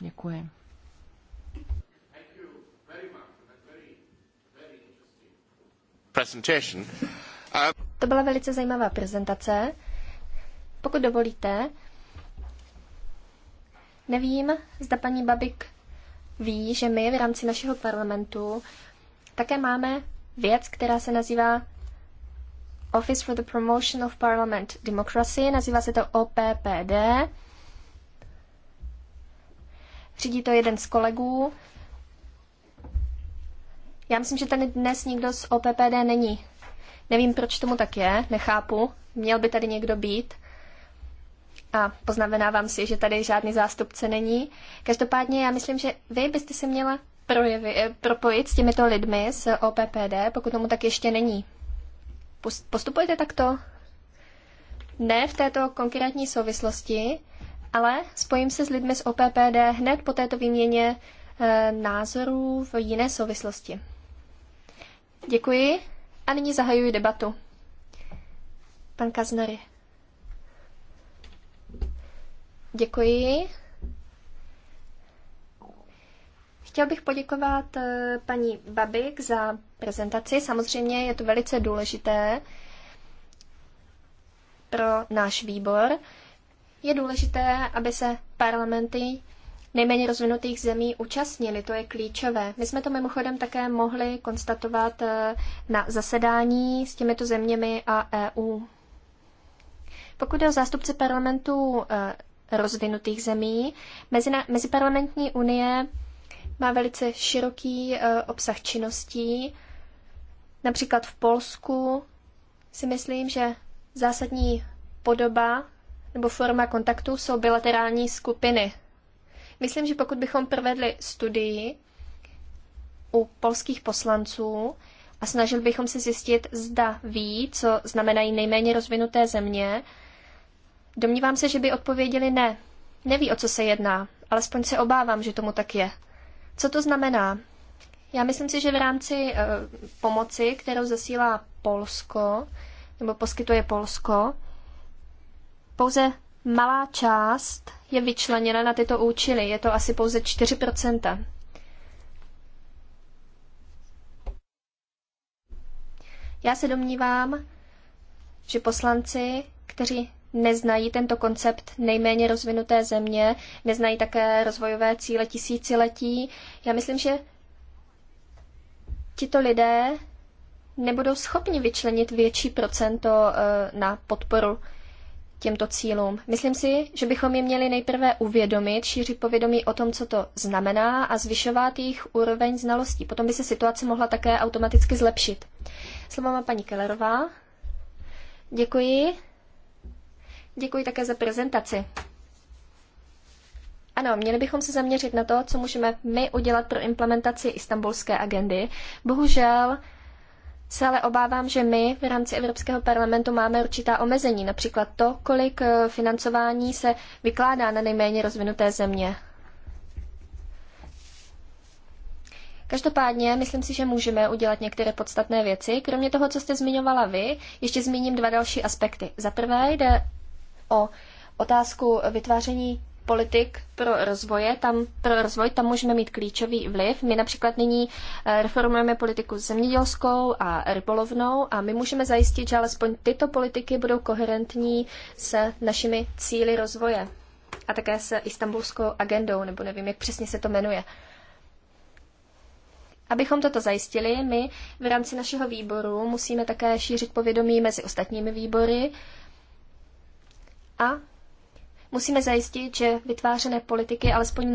Děkuji. To byla velice zajímavá prezentace. Pokud dovolíte, Nevím, zda paní Babik ví, že my v rámci našeho parlamentu také máme věc, která se nazývá Office for the Promotion of Parliament Democracy, nazývá se to OPPD. Řídí to jeden z kolegů. Já myslím, že tady dnes nikdo z OPPD není. Nevím, proč tomu tak je, nechápu. Měl by tady někdo být a poznamenávám si, že tady žádný zástupce není. Každopádně já myslím, že vy byste se měla projevy, eh, propojit s těmito lidmi z OPPD, pokud tomu tak ještě není. Postupujete takto? Ne v této konkrétní souvislosti, ale spojím se s lidmi z OPPD hned po této výměně e, názorů v jiné souvislosti. Děkuji a nyní zahajuji debatu. Pan Kaznary. Děkuji. Chtěl bych poděkovat eh, paní Babik za prezentaci. Samozřejmě je to velice důležité pro náš výbor. Je důležité, aby se parlamenty nejméně rozvinutých zemí účastnili, to je klíčové. My jsme to mimochodem také mohli konstatovat eh, na zasedání s těmito zeměmi a EU. Pokud je o zástupce parlamentu eh, rozvinutých zemí. Mezina, meziparlamentní unie má velice široký eh, obsah činností. Například v Polsku si myslím, že zásadní podoba nebo forma kontaktu jsou bilaterální skupiny. Myslím, že pokud bychom provedli studii u polských poslanců a snažili bychom se zjistit, zda ví, co znamenají nejméně rozvinuté země, Domnívám se, že by odpověděli ne. Neví, o co se jedná. Alespoň se obávám, že tomu tak je. Co to znamená? Já myslím si, že v rámci e, pomoci, kterou zasílá Polsko, nebo poskytuje Polsko, pouze malá část je vyčleněna na tyto účely. Je to asi pouze 4 Já se domnívám, že poslanci, kteří neznají tento koncept nejméně rozvinuté země, neznají také rozvojové cíle tisíciletí. Já myslím, že tito lidé nebudou schopni vyčlenit větší procento e, na podporu těmto cílům. Myslím si, že bychom je měli nejprve uvědomit, šířit povědomí o tom, co to znamená a zvyšovat jejich úroveň znalostí. Potom by se situace mohla také automaticky zlepšit. Slovo má paní Kellerová. Děkuji. Děkuji také za prezentaci. Ano, měli bychom se zaměřit na to, co můžeme my udělat pro implementaci istambulské agendy. Bohužel se ale obávám, že my v rámci Evropského parlamentu máme určitá omezení, například to, kolik eh, financování se vykládá na nejméně rozvinuté země. Každopádně, myslím si, že můžeme udělat některé podstatné věci. Kromě toho, co jste zmiňovala vy, ještě zmíním dva další aspekty. Za prvé jde o otázku vytváření politik pro, rozvoje, tam, pro rozvoj, tam můžeme mít klíčový vliv. My například nyní eh, reformujeme politiku zemědělskou a rybolovnou a my můžeme zajistit, že alespoň tyto politiky budou koherentní se našimi cíly rozvoje a také se istambulskou agendou, nebo nevím, jak přesně se to jmenuje. Abychom toto zajistili, my v rámci našeho výboru musíme také šířit povědomí mezi ostatními výbory, a musíme zajistit, že vytvářené politiky alespoň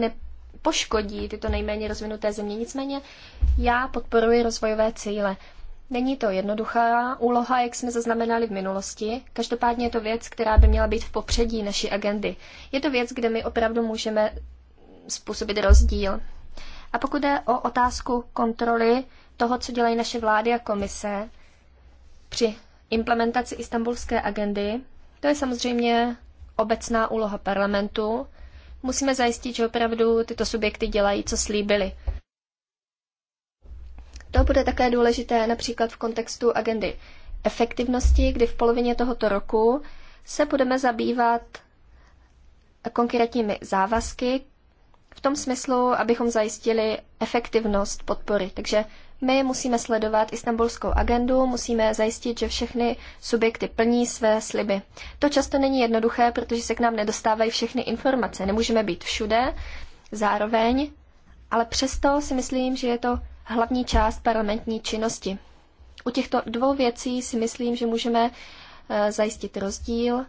nepoškodí tyto nejméně rozvinuté země. Nicméně já podporuji rozvojové cíle. Není to jednoduchá úloha, jak jsme zaznamenali v minulosti, každopádně je to věc, která by měla být v popředí naší agendy. Je to věc, kde my opravdu můžeme způsobit rozdíl. A pokud jde o otázku kontroly toho, co dělají naše vlády a komise při implementaci istambulské agendy, to je samozřejmě obecná úloha parlamentu. Musíme zajistit, že opravdu tyto subjekty dělají, co slíbili. To bude také důležité například v kontextu agendy efektivnosti, kdy v polovině tohoto roku se budeme zabývat konkrétními závazky v tom smyslu, abychom zajistili efektivnost podpory. Takže my musíme sledovat istambulskou agendu, musíme zajistit, že všechny subjekty plní své sliby. To často není jednoduché, protože se k nám nedostávají všechny informace. Nemůžeme být všude zároveň, ale přesto si myslím, že je to hlavní část parlamentní činnosti. U těchto dvou věcí si myslím, že můžeme eh, zajistit rozdíl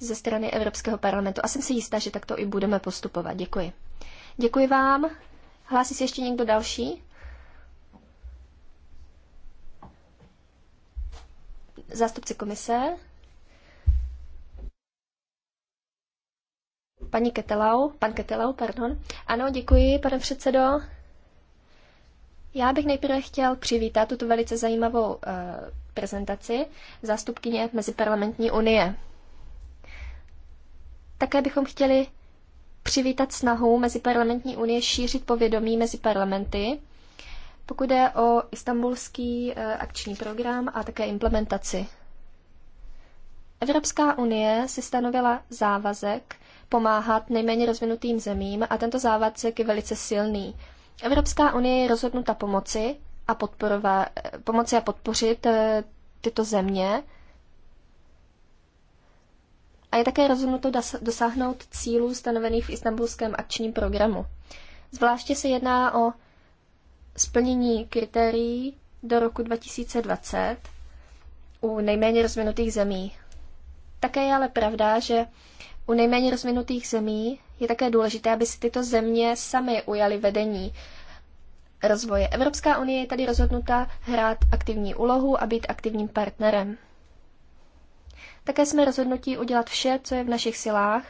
ze strany Evropského parlamentu. A jsem si jistá, že takto i budeme postupovat. Děkuji. Děkuji vám. Hlásí se ještě někdo další? Zástupce komise. Paní Ketelau, pan Ketelau, pardon. Ano, děkuji, pane předsedo. Já bych nejprve chtěl přivítat tuto velice zajímavou uh, prezentaci zástupkyně Meziparlamentní unie. Také bychom chtěli přivítat snahu Meziparlamentní unie šířit povědomí mezi parlamenty, pokud je o istambulský eh, akční program a také implementaci. Evropská unie si stanovila závazek pomáhat nejméně rozvinutým zemím a tento závazek je velice silný. Evropská unie je rozhodnuta pomoci a, eh, pomoci a podpořit eh, tyto země je také rozhodnuto dosáhnout cílů stanovených v istambulském akčním programu. Zvláště se jedná o splnění kritérií do roku 2020 u nejméně rozvinutých zemí. Také je ale pravda, že u nejméně rozvinutých zemí je také důležité, aby si tyto země samy ujaly vedení rozvoje. Evropská unie je tady rozhodnuta hrát aktivní úlohu a být aktivním partnerem. Také jsme rozhodnutí udělat vše, co je v našich silách,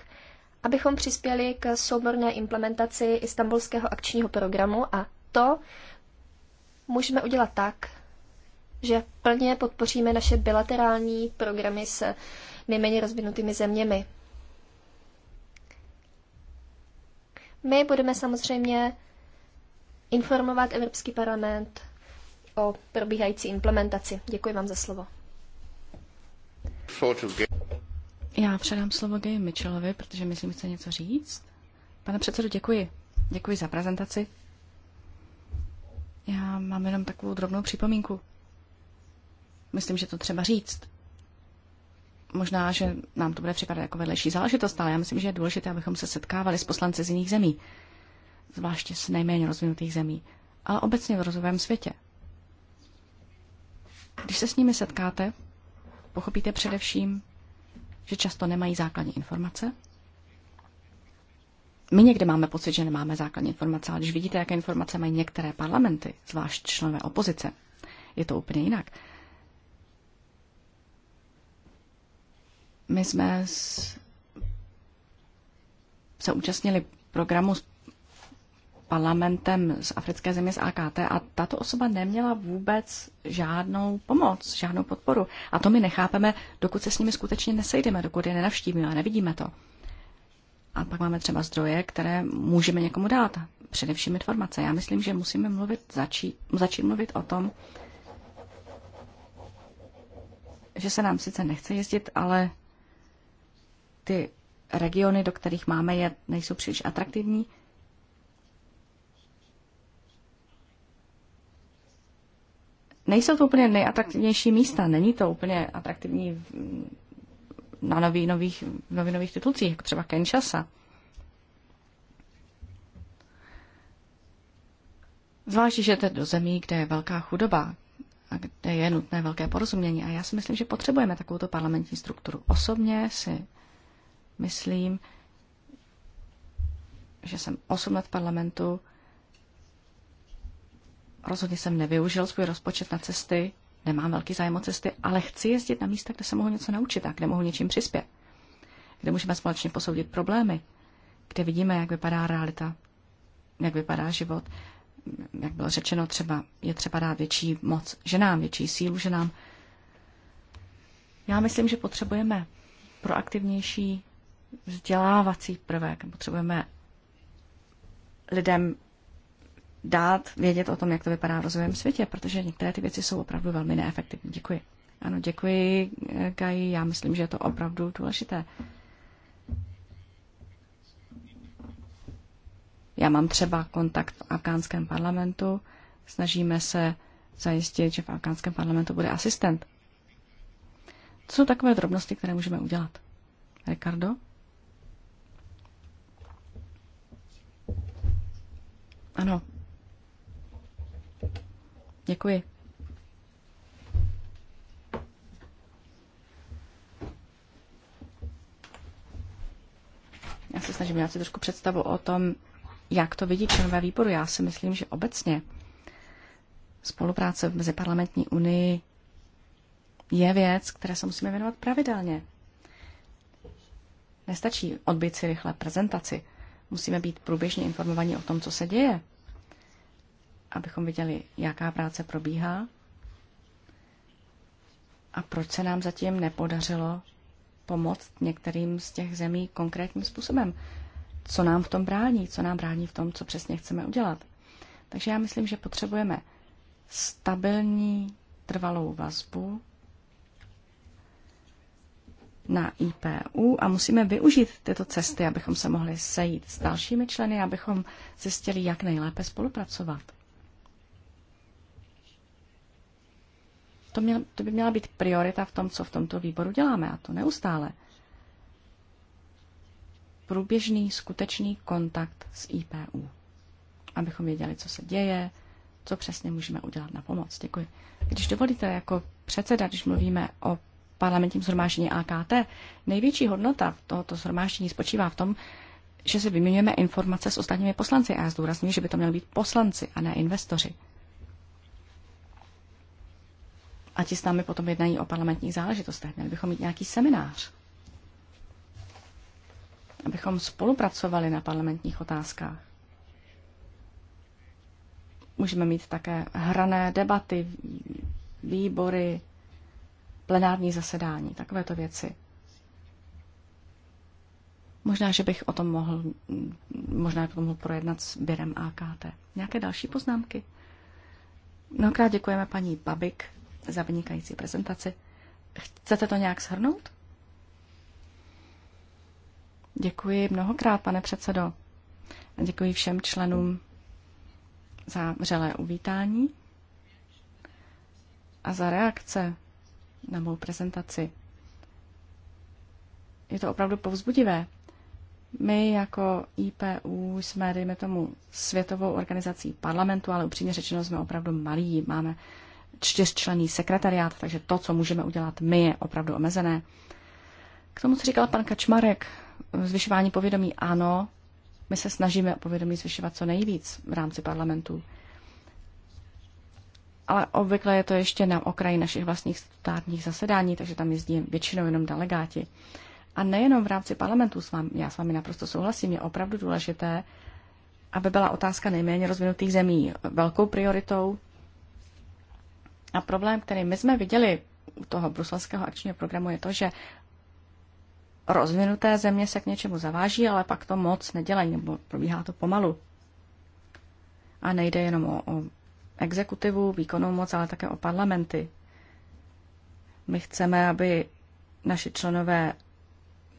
abychom přispěli k souborné implementaci Istanbulského akčního programu a to můžeme udělat tak, že plně podpoříme naše bilaterální programy s nejméně rozvinutými zeměmi. My budeme samozřejmě informovat Evropský parlament o probíhající implementaci. Děkuji vám za slovo. Já předám slovo Gay Mitchellovi, protože myslím, že chce něco říct. Pane předsedo, děkuji. Děkuji za prezentaci. Já mám jenom takovou drobnou připomínku. Myslím, že to třeba říct. Možná, že nám to bude připadat jako vedlejší záležitost, ale já myslím, že je důležité, abychom se setkávali s poslanci z jiných zemí, zvláště z nejméně rozvinutých zemí, ale obecně v rozvojovém světě. Když se s nimi setkáte, Pochopíte především, že často nemají základní informace. My někde máme pocit, že nemáme základní informace, ale když vidíte, jaké informace mají některé parlamenty, zvlášť členové opozice, je to úplně jinak. My jsme se účastnili programu parlamentem z africké země z AKT a tato osoba neměla vůbec žádnou pomoc, žádnou podporu. A to my nechápeme, dokud se s nimi skutečně nesejdeme, dokud je nenavštívíme a nevidíme to. A pak máme třeba zdroje, které můžeme někomu dát, především informace. Já myslím, že musíme mluvit, začít, začít mluvit o tom, že se nám sice nechce jezdit, ale ty regiony, do kterých máme jet, nejsou příliš atraktivní nejsou to úplně nejatraktivnější místa, není to úplně atraktivní na nový, nových, novinových titulcích, jako třeba Kinshasa. Zvlášť, že to do zemí, kde je velká chudoba a kde je nutné velké porozumění. A já si myslím, že potřebujeme takovouto parlamentní strukturu. Osobně si myslím, že jsem 8 let v parlamentu Rozhodně jsem nevyužil svůj rozpočet na cesty, nemám velký zájem o cesty, ale chci jezdit na místa, kde se mohu něco naučit a kde mohu něčím přispět. Kde můžeme společně posoudit problémy, kde vidíme, jak vypadá realita, jak vypadá život. Jak bylo řečeno, třeba je třeba dát větší moc ženám, větší sílu ženám. Já myslím, že potřebujeme proaktivnější vzdělávací prvek. Potřebujeme lidem dát vědět o tom, jak to vypadá v rozvojovém světě, protože některé ty věci jsou opravdu velmi neefektivní. Děkuji. Ano, děkuji, Kaji. Eh, Já myslím, že je to opravdu důležité. Já mám třeba kontakt v afgánském parlamentu. Snažíme se zajistit, že v afgánském parlamentu bude asistent. To jsou takové drobnosti, které můžeme udělat. Ricardo? Ano, Děkuji. Já se snažím dát si trošku představu o tom, jak to vidí členové výboru. Já si myslím, že obecně spolupráce v Meziparlamentní unii je věc, které se musíme věnovat pravidelně. Nestačí odbyt si rychle prezentaci. Musíme být průběžně informovaní o tom, co se děje abychom viděli, jaká práce probíhá a proč se nám zatím nepodařilo pomoct některým z těch zemí konkrétním způsobem. Co nám v tom brání, co nám brání v tom, co přesně chceme udělat. Takže já myslím, že potřebujeme stabilní trvalou vazbu na IPU a musíme využít tyto cesty, abychom se mohli sejít s dalšími členy, abychom zjistili, jak nejlépe spolupracovat. To, měl, to by měla být priorita v tom, co v tomto výboru děláme, a to neustále. Průběžný, skutečný kontakt s IPU, abychom věděli, co se děje, co přesně můžeme udělat na pomoc. Děkuji. Když dovolíte, jako předseda, když mluvíme o parlamentním shromáždění AKT, největší hodnota tohoto shromáždění spočívá v tom, že si vyměňujeme informace s ostatními poslanci. A já zdůraznuju, že by to měli být poslanci a ne investoři a ti s námi potom jednají o parlamentních záležitostech. Měli bychom mít nějaký seminář, abychom spolupracovali na parlamentních otázkách. Můžeme mít také hrané debaty, výbory, plenární zasedání, takovéto věci. Možná, že bych o tom mohl, možná to mohl projednat s Birem AKT. Nějaké další poznámky? Mnohokrát děkujeme paní Babik za vynikající prezentaci. Chcete to nějak shrnout? Děkuji mnohokrát, pane předsedo. A děkuji všem členům za vřelé uvítání a za reakce na mou prezentaci. Je to opravdu povzbudivé. My jako IPU jsme, dejme tomu, světovou organizací parlamentu, ale upřímně řečeno jsme opravdu malí. Máme čtyřčlený sekretariát, takže to, co můžeme udělat my, je opravdu omezené. K tomu, co říkal pan Kačmarek, zvyšování povědomí ano, my se snažíme o povědomí zvyšovat co nejvíc v rámci parlamentu. Ale obvykle je to ještě na okraji našich vlastních statutárních zasedání, takže tam jezdí většinou jenom delegáti. A nejenom v rámci parlamentu s vámi, já s vámi naprosto souhlasím, je opravdu důležité, aby byla otázka nejméně rozvinutých zemí velkou prioritou, a problém, který my jsme viděli u toho bruselského akčního programu, je to, že rozvinuté země se k něčemu zaváží, ale pak to moc nedělají, nebo probíhá to pomalu. A nejde jenom o, o exekutivu, výkonnou moc, ale také o parlamenty. My chceme, aby naši členové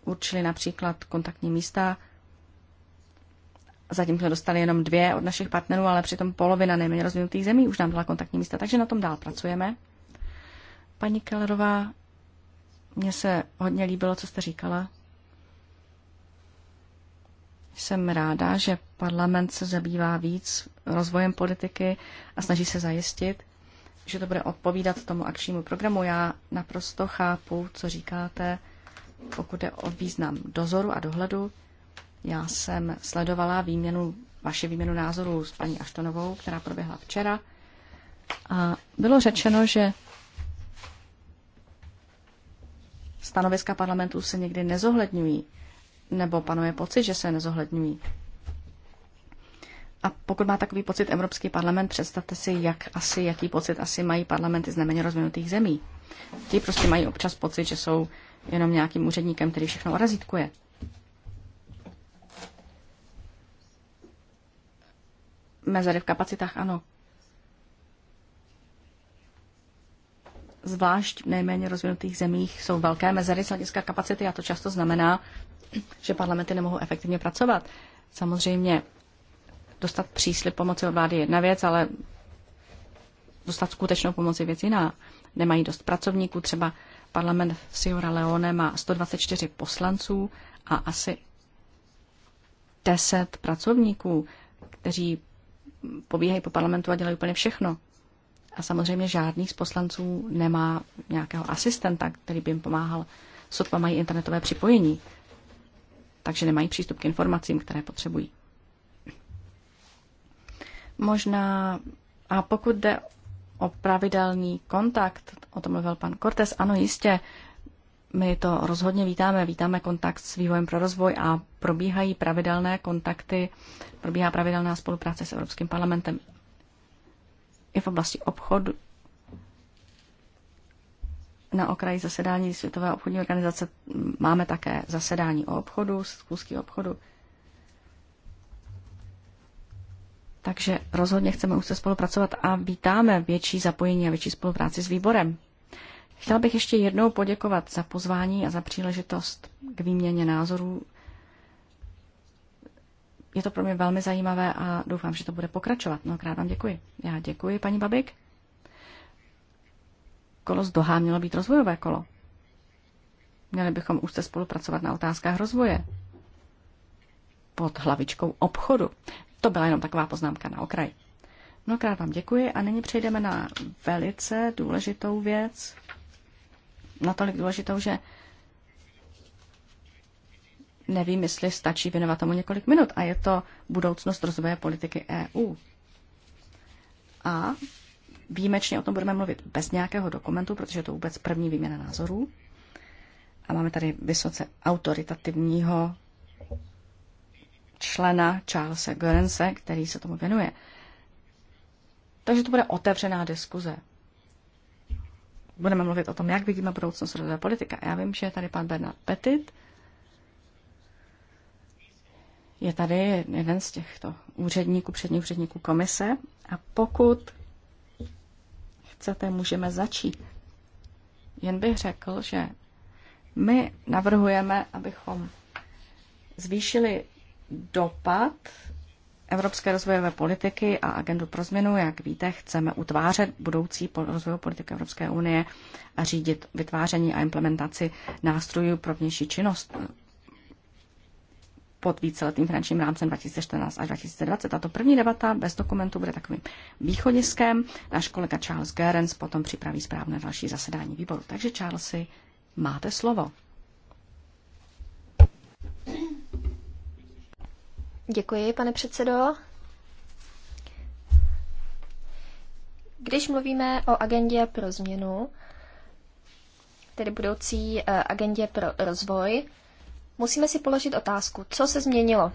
určili například kontaktní místa, Zatím jsme dostali jenom dvě od našich partnerů, ale přitom polovina nejméně rozvinutých zemí už nám dala kontaktní místa, takže na tom dál pracujeme. Paní Kellerová, mně se hodně líbilo, co jste říkala. Jsem ráda, že parlament se zabývá víc rozvojem politiky a snaží se zajistit, že to bude odpovídat tomu akčnímu programu. Já naprosto chápu, co říkáte, pokud je o význam dozoru a dohledu. Já jsem sledovala výměnu, vaši výměnu názorů s paní Aštonovou, která proběhla včera. A bylo řečeno, že stanoviska Parlamentu se někdy nezohledňují, nebo panuje pocit, že se nezohledňují. A pokud má takový pocit Evropský parlament, představte si, jak asi, jaký pocit asi mají parlamenty z neméně rozvinutých zemí. Ti prostě mají občas pocit, že jsou jenom nějakým úředníkem, který všechno razítkuje. Mezery v kapacitách ano. Zvlášť v nejméně rozvinutých zemích jsou velké mezery z hlediska kapacity a to často znamená, že parlamenty nemohou efektivně pracovat. Samozřejmě dostat příslip pomoci od vlády je jedna věc, ale dostat skutečnou pomoci je věc jiná. Nemají dost pracovníků, třeba parlament v Sierra Leone má 124 poslanců a asi 10 pracovníků, kteří pobíhají po parlamentu a dělají úplně všechno. A samozřejmě žádný z poslanců nemá nějakého asistenta, který by jim pomáhal. Sotva mají internetové připojení, takže nemají přístup k informacím, které potřebují. Možná, a pokud jde o pravidelný kontakt, o tom mluvil pan Cortes, ano, jistě, my to rozhodně vítáme. Vítáme kontakt s vývojem pro rozvoj a probíhají pravidelné kontakty, probíhá pravidelná spolupráce s Evropským parlamentem i v oblasti obchodu. Na okraji zasedání Světové obchodní organizace máme také zasedání o obchodu, zkusky obchodu. Takže rozhodně chceme už se spolupracovat a vítáme větší zapojení a větší spolupráci s výborem. Chtěla bych ještě jednou poděkovat za pozvání a za příležitost k výměně názorů. Je to pro mě velmi zajímavé a doufám, že to bude pokračovat. Mnohokrát vám děkuji. Já děkuji, paní Babik. Kolo z Doha mělo být rozvojové kolo. Měli bychom úzce spolupracovat na otázkách rozvoje. Pod hlavičkou obchodu. To byla jenom taková poznámka na okraj. Mnohokrát vám děkuji a nyní přejdeme na velice důležitou věc natolik důležitou, že nevím, jestli stačí věnovat tomu několik minut. A je to budoucnost rozvoje politiky EU. A výjimečně o tom budeme mluvit bez nějakého dokumentu, protože je to vůbec první výměna názorů. A máme tady vysoce autoritativního člena Charlesa Gorense, který se tomu věnuje. Takže to bude otevřená diskuze budeme mluvit o tom, jak vidíme budoucnost rodové politika. Já vím, že je tady pan Bernard Petit. Je tady jeden z těchto úředníků, předních úředníků komise. A pokud chcete, můžeme začít. Jen bych řekl, že my navrhujeme, abychom zvýšili dopad Evropské rozvojové politiky a agendu pro změnu, jak víte, chceme utvářet budoucí rozvojovou politiku Evropské unie a řídit vytváření a implementaci nástrojů pro vnější činnost eh, pod víceletým finančním rámcem 2014 až 2020. Tato první debata bez dokumentu bude takovým východiskem. Náš kolega Charles Gerens potom připraví správné další zasedání výboru. Takže Charlesy, máte slovo. Děkuji, pane předsedo. Když mluvíme o agendě pro změnu, tedy budoucí eh, agendě pro rozvoj, musíme si položit otázku, co se změnilo.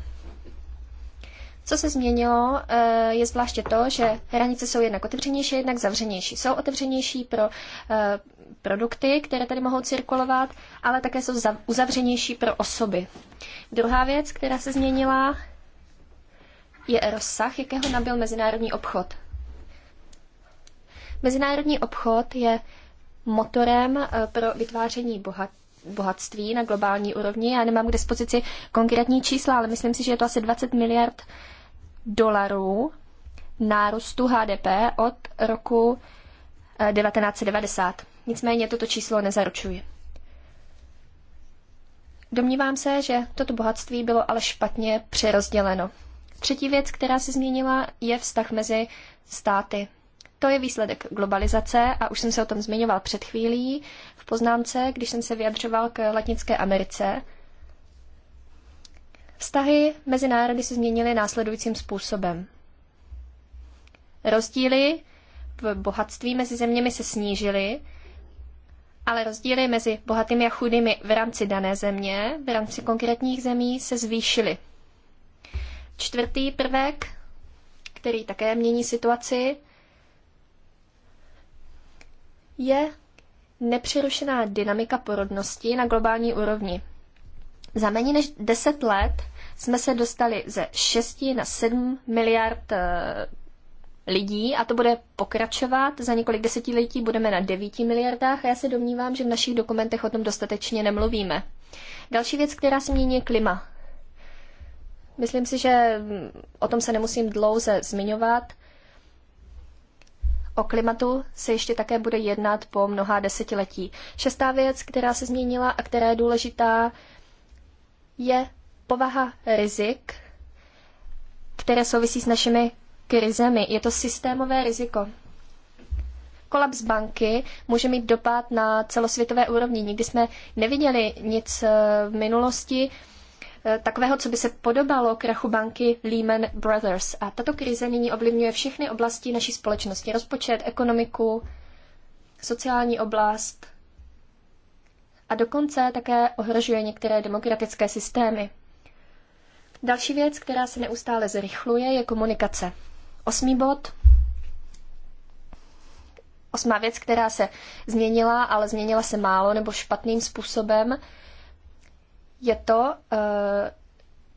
Co se změnilo, eh, je zvláště to, že hranice jsou jednak otevřenější, jednak zavřenější. Jsou otevřenější pro eh, produkty, které tady mohou cirkulovat, ale také jsou uzavřenější pro osoby. Druhá věc, která se změnila, je rozsah, jakého nabil mezinárodní obchod. Mezinárodní obchod je motorem eh, pro vytváření bohat, bohatství na globální úrovni. Já nemám k dispozici konkrétní čísla, ale myslím si, že je to asi 20 miliard dolarů nárůstu HDP od roku 1990. Eh, Nicméně toto číslo nezaručuje. Domnívám se, že toto bohatství bylo ale špatně přerozděleno. Třetí věc, která se změnila, je vztah mezi státy. To je výsledek globalizace a už jsem se o tom zmiňoval před chvílí v poznámce, když jsem se vyjadřoval k Latinské Americe. Vztahy mezi národy se změnily následujícím způsobem. Rozdíly v bohatství mezi zeměmi se snížily, ale rozdíly mezi bohatými a chudými v rámci dané země, v rámci konkrétních zemí se zvýšily. Čtvrtý prvek, který také mění situaci, je nepřerušená dynamika porodnosti na globální úrovni. Za méně než 10 let jsme se dostali ze 6 na 7 miliard eh, lidí a to bude pokračovat. Za několik desetiletí budeme na 9 miliardách a já se domnívám, že v našich dokumentech o tom dostatečně nemluvíme. Další věc, která se mění, je klima. Myslím si, že mm, o tom se nemusím dlouze zmiňovat. O klimatu se ještě také bude jednat po mnoha desetiletí. Šestá věc, která se změnila a která je důležitá, je povaha rizik, které souvisí s našimi krizemi. Je to systémové riziko. Kolaps banky může mít dopad na celosvětové úrovni. Nikdy jsme neviděli nic eh, v minulosti, Eh, takového, co by se podobalo krachu banky Lehman Brothers. A tato krize nyní ovlivňuje všechny oblasti naší společnosti. Rozpočet, ekonomiku, sociální oblast a dokonce také ohrožuje některé demokratické systémy. Další věc, která se neustále zrychluje, je komunikace. Osmý bod. Osmá věc, která se změnila, ale změnila se málo nebo špatným způsobem, je to, eh,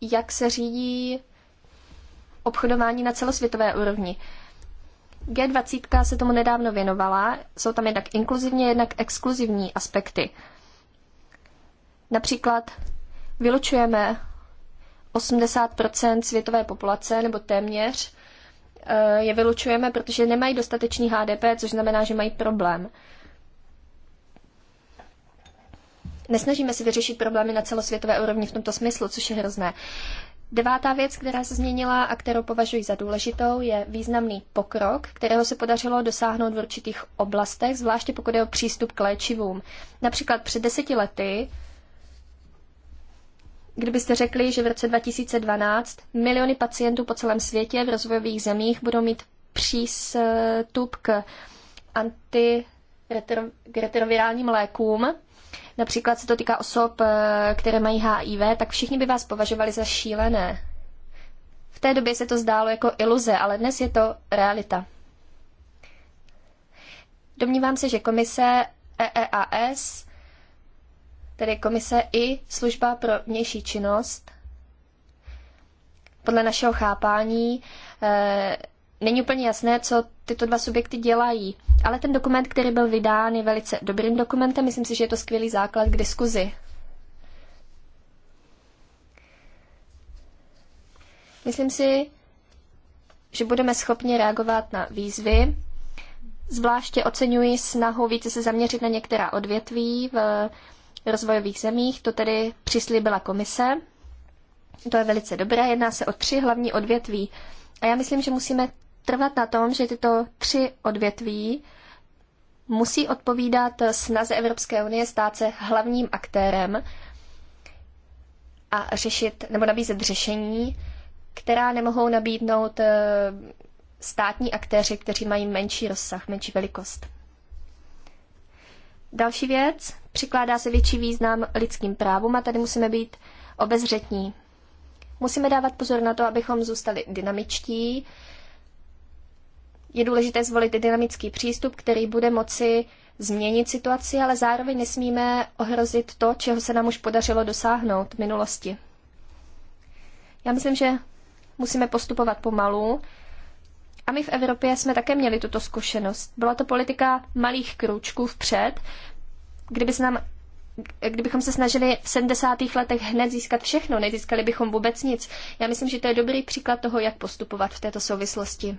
jak se řídí obchodování na celosvětové úrovni. G20 se tomu nedávno věnovala, jsou tam jednak inkluzivně, jednak exkluzivní aspekty. Například vylučujeme 80 světové populace, nebo téměř, eh, je vylučujeme, protože nemají dostatečný HDP, což znamená, že mají problém. Nesnažíme se vyřešit problémy na celosvětové úrovni v tomto smyslu, což je hrozné. Devátá věc, která se změnila a kterou považuji za důležitou, je významný pokrok, kterého se podařilo dosáhnout v určitých oblastech, zvláště pokud je o přístup k léčivům. Například před deseti lety, kdybyste řekli, že v roce 2012 miliony pacientů po celém světě v rozvojových zemích budou mít přístup k antiretrovirálním lékům, například se to týká osob, eh, které mají HIV, tak všichni by vás považovali za šílené. V té době se to zdálo jako iluze, ale dnes je to realita. Domnívám se, že komise EEAS, tedy komise i služba pro vnější činnost, podle našeho chápání eh, není úplně jasné, co tyto dva subjekty dělají. Ale ten dokument, který byl vydán, je velice dobrým dokumentem. Myslím si, že je to skvělý základ k diskuzi. Myslím si, že budeme schopni reagovat na výzvy. Zvláště oceňuji snahu více se zaměřit na některá odvětví v rozvojových zemích. To tedy přislíbila komise. To je velice dobré. Jedná se o tři hlavní odvětví. A já myslím, že musíme trvat na tom, že tyto tři odvětví musí odpovídat snaze Evropské unie stát se hlavním aktérem a řešit nebo nabízet řešení, která nemohou nabídnout eh, státní aktéři, kteří mají menší rozsah, menší velikost. Další věc, přikládá se větší význam lidským právům a tady musíme být obezřetní. Musíme dávat pozor na to, abychom zůstali dynamičtí, je důležité zvolit dynamický přístup, který bude moci změnit situaci, ale zároveň nesmíme ohrozit to, čeho se nám už podařilo dosáhnout v minulosti. Já myslím, že musíme postupovat pomalu. A my v Evropě jsme také měli tuto zkušenost. Byla to politika malých krůčků vpřed. Kdyby se nám, kdybychom se snažili v 70. letech hned získat všechno, nezískali bychom vůbec nic. Já myslím, že to je dobrý příklad toho, jak postupovat v této souvislosti.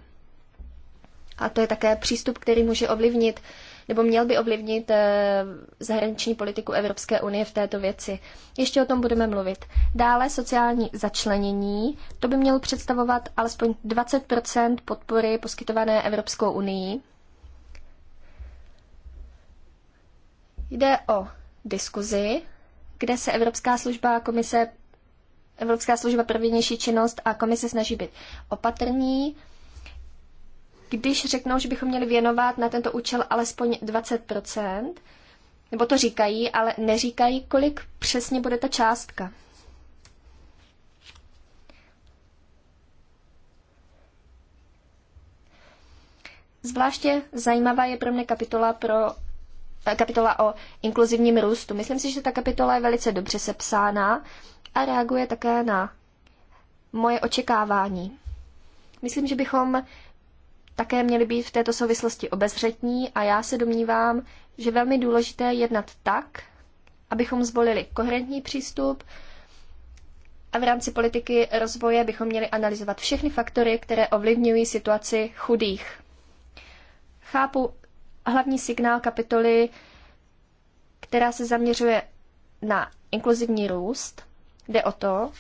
A to je také přístup, který může ovlivnit, nebo měl by ovlivnit eh, zahraniční politiku Evropské unie v této věci. Ještě o tom budeme mluvit. Dále sociální začlenění. To by mělo představovat alespoň 20 podpory poskytované Evropskou unii. Jde o diskuzi, kde se Evropská služba a komise Evropská služba pro vnější činnost a komise snaží být opatrní, když řeknou, že bychom měli věnovat na tento účel alespoň 20%, nebo to říkají, ale neříkají, kolik přesně bude ta částka. Zvláště zajímavá je pro mě kapitola, pro, eh, kapitola o inkluzivním růstu. Myslím si, že ta kapitola je velice dobře sepsána a reaguje také na moje očekávání. Myslím, že bychom také měli být v této souvislosti obezřetní a já se domnívám, že velmi důležité jednat tak, abychom zvolili koherentní přístup a v rámci politiky rozvoje bychom měli analyzovat všechny faktory, které ovlivňují situaci chudých. Chápu hlavní signál kapitoly, která se zaměřuje na inkluzivní růst. Jde o to,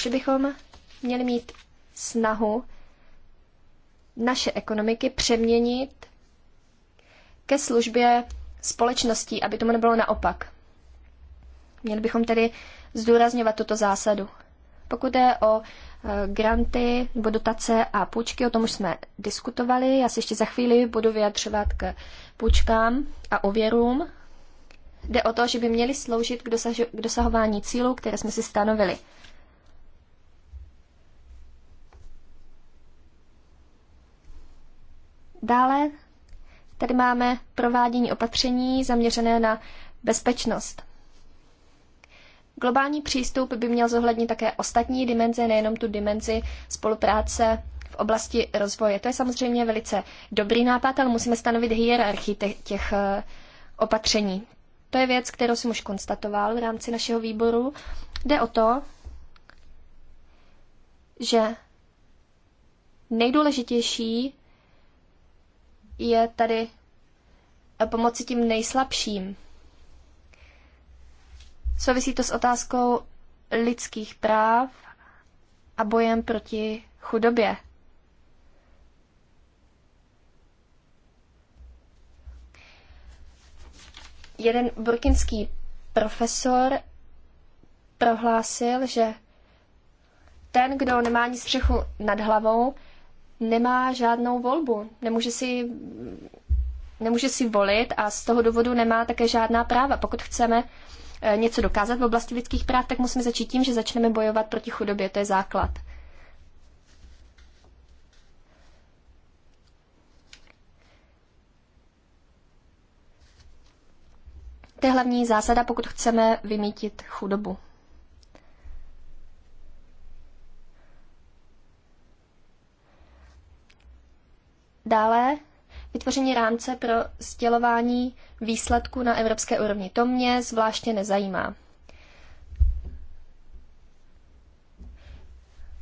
že bychom měli mít snahu naše ekonomiky přeměnit ke službě společností, aby tomu nebylo naopak. Měli bychom tedy zdůrazňovat tuto zásadu. Pokud je o e, granty nebo dotace a půjčky, o tom už jsme diskutovali. Já se ještě za chvíli budu vyjadřovat k půjčkám a úvěrům. Jde o to, že by měly sloužit k dosahování cílů, které jsme si stanovili. Dále tady máme provádění opatření zaměřené na bezpečnost. Globální přístup by měl zohlednit také ostatní dimenze, nejenom tu dimenzi spolupráce v oblasti rozvoje. To je samozřejmě velice dobrý nápad, ale musíme stanovit hierarchii těch eh, opatření. To je věc, kterou jsem už konstatoval v rámci našeho výboru. Jde o to, že nejdůležitější je tady eh, pomoci tím nejslabším. Souvisí to s otázkou lidských práv a bojem proti chudobě. Jeden burkinský profesor prohlásil, že ten, kdo nemá nic střechu nad hlavou, nemá žádnou volbu, nemůže si, nemůže si volit a z toho důvodu nemá také žádná práva. Pokud chceme eh, něco dokázat v oblasti lidských práv, tak musíme začít tím, že začneme bojovat proti chudobě. To je základ. To je hlavní zásada, pokud chceme vymítit chudobu. Dále vytvoření rámce pro sdělování výsledků na evropské úrovni. To mě zvláště nezajímá.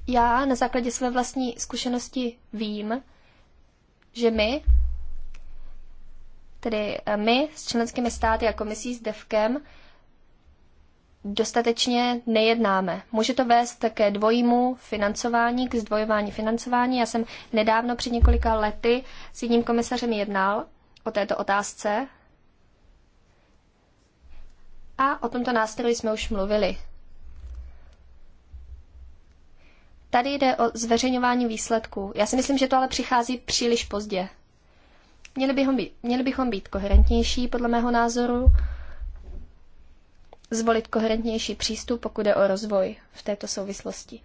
Já na základě své vlastní zkušenosti vím, že my, tedy eh, my s členskými státy a komisí s DEVKem, dostatečně nejednáme. Může to vést také dvojímu financování, k zdvojování financování. Já jsem nedávno před několika lety s jedním komisařem jednal o této otázce a o tomto nástroji jsme už mluvili. Tady jde o zveřejňování výsledků. Já si myslím, že to ale přichází příliš pozdě. Měli bychom být, měli bychom být koherentnější, podle mého názoru zvolit koherentnější přístup, pokud jde o rozvoj v této souvislosti.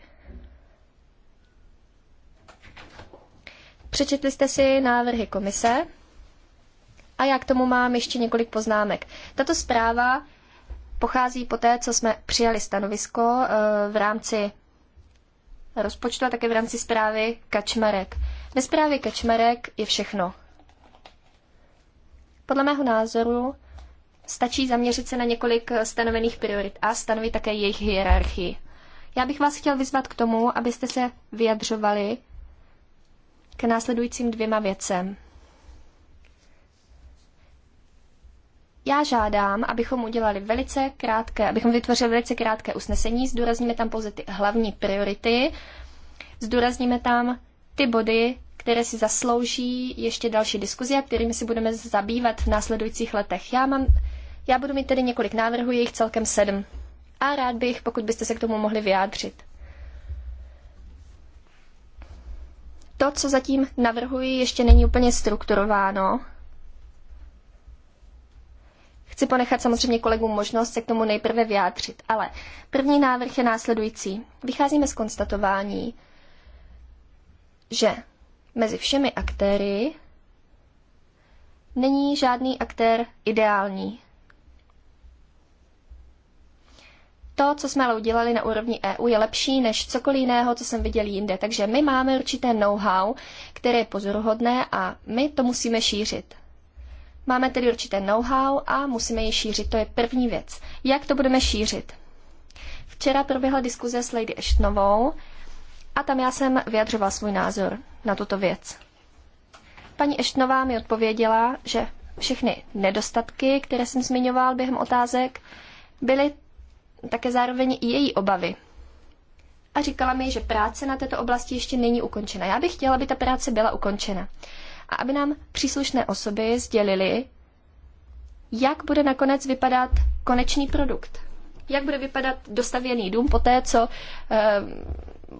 Přečetli jste si návrhy komise a já k tomu mám ještě několik poznámek. Tato zpráva pochází po té, co jsme přijali stanovisko eh, v rámci rozpočtu a také v rámci zprávy Kačmarek. Ve zprávě Kačmarek je všechno. Podle mého názoru Stačí zaměřit se na několik eh, stanovených priorit a stanovit také jejich hierarchii. Já bych vás chtěl vyzvat k tomu, abyste se vyjadřovali k následujícím dvěma věcem. Já žádám, abychom udělali velice krátké, abychom vytvořili velice krátké usnesení, zdůrazníme tam pouze ty hlavní priority, zdůrazníme tam ty body, které si zaslouží ještě další diskuzi a kterými si budeme zabývat v následujících letech. Já mám já budu mít tedy několik návrhů, jejich celkem sedm. A rád bych, pokud byste se k tomu mohli vyjádřit. To, co zatím navrhuji, ještě není úplně strukturováno. Chci ponechat samozřejmě kolegům možnost se k tomu nejprve vyjádřit, ale první návrh je následující. Vycházíme z konstatování, že mezi všemi aktéry není žádný aktér ideální. to, co jsme ale udělali na úrovni EU, je lepší než cokoliv jiného, co jsem viděl jinde. Takže my máme určité know-how, které je pozoruhodné a my to musíme šířit. Máme tedy určité know-how a musíme ji šířit. To je první věc. Jak to budeme šířit? Včera proběhla diskuze s Lady Ashtonovou a tam já jsem vyjadřoval svůj názor na tuto věc. Paní Ashtonová mi odpověděla, že všechny nedostatky, které jsem zmiňoval během otázek, byly také zároveň i její obavy. A říkala mi, že práce na této oblasti ještě není ukončena. Já bych chtěla, aby ta práce byla ukončena. A aby nám příslušné osoby sdělili, jak bude nakonec vypadat konečný produkt. Jak bude vypadat dostavěný dům po té, co e,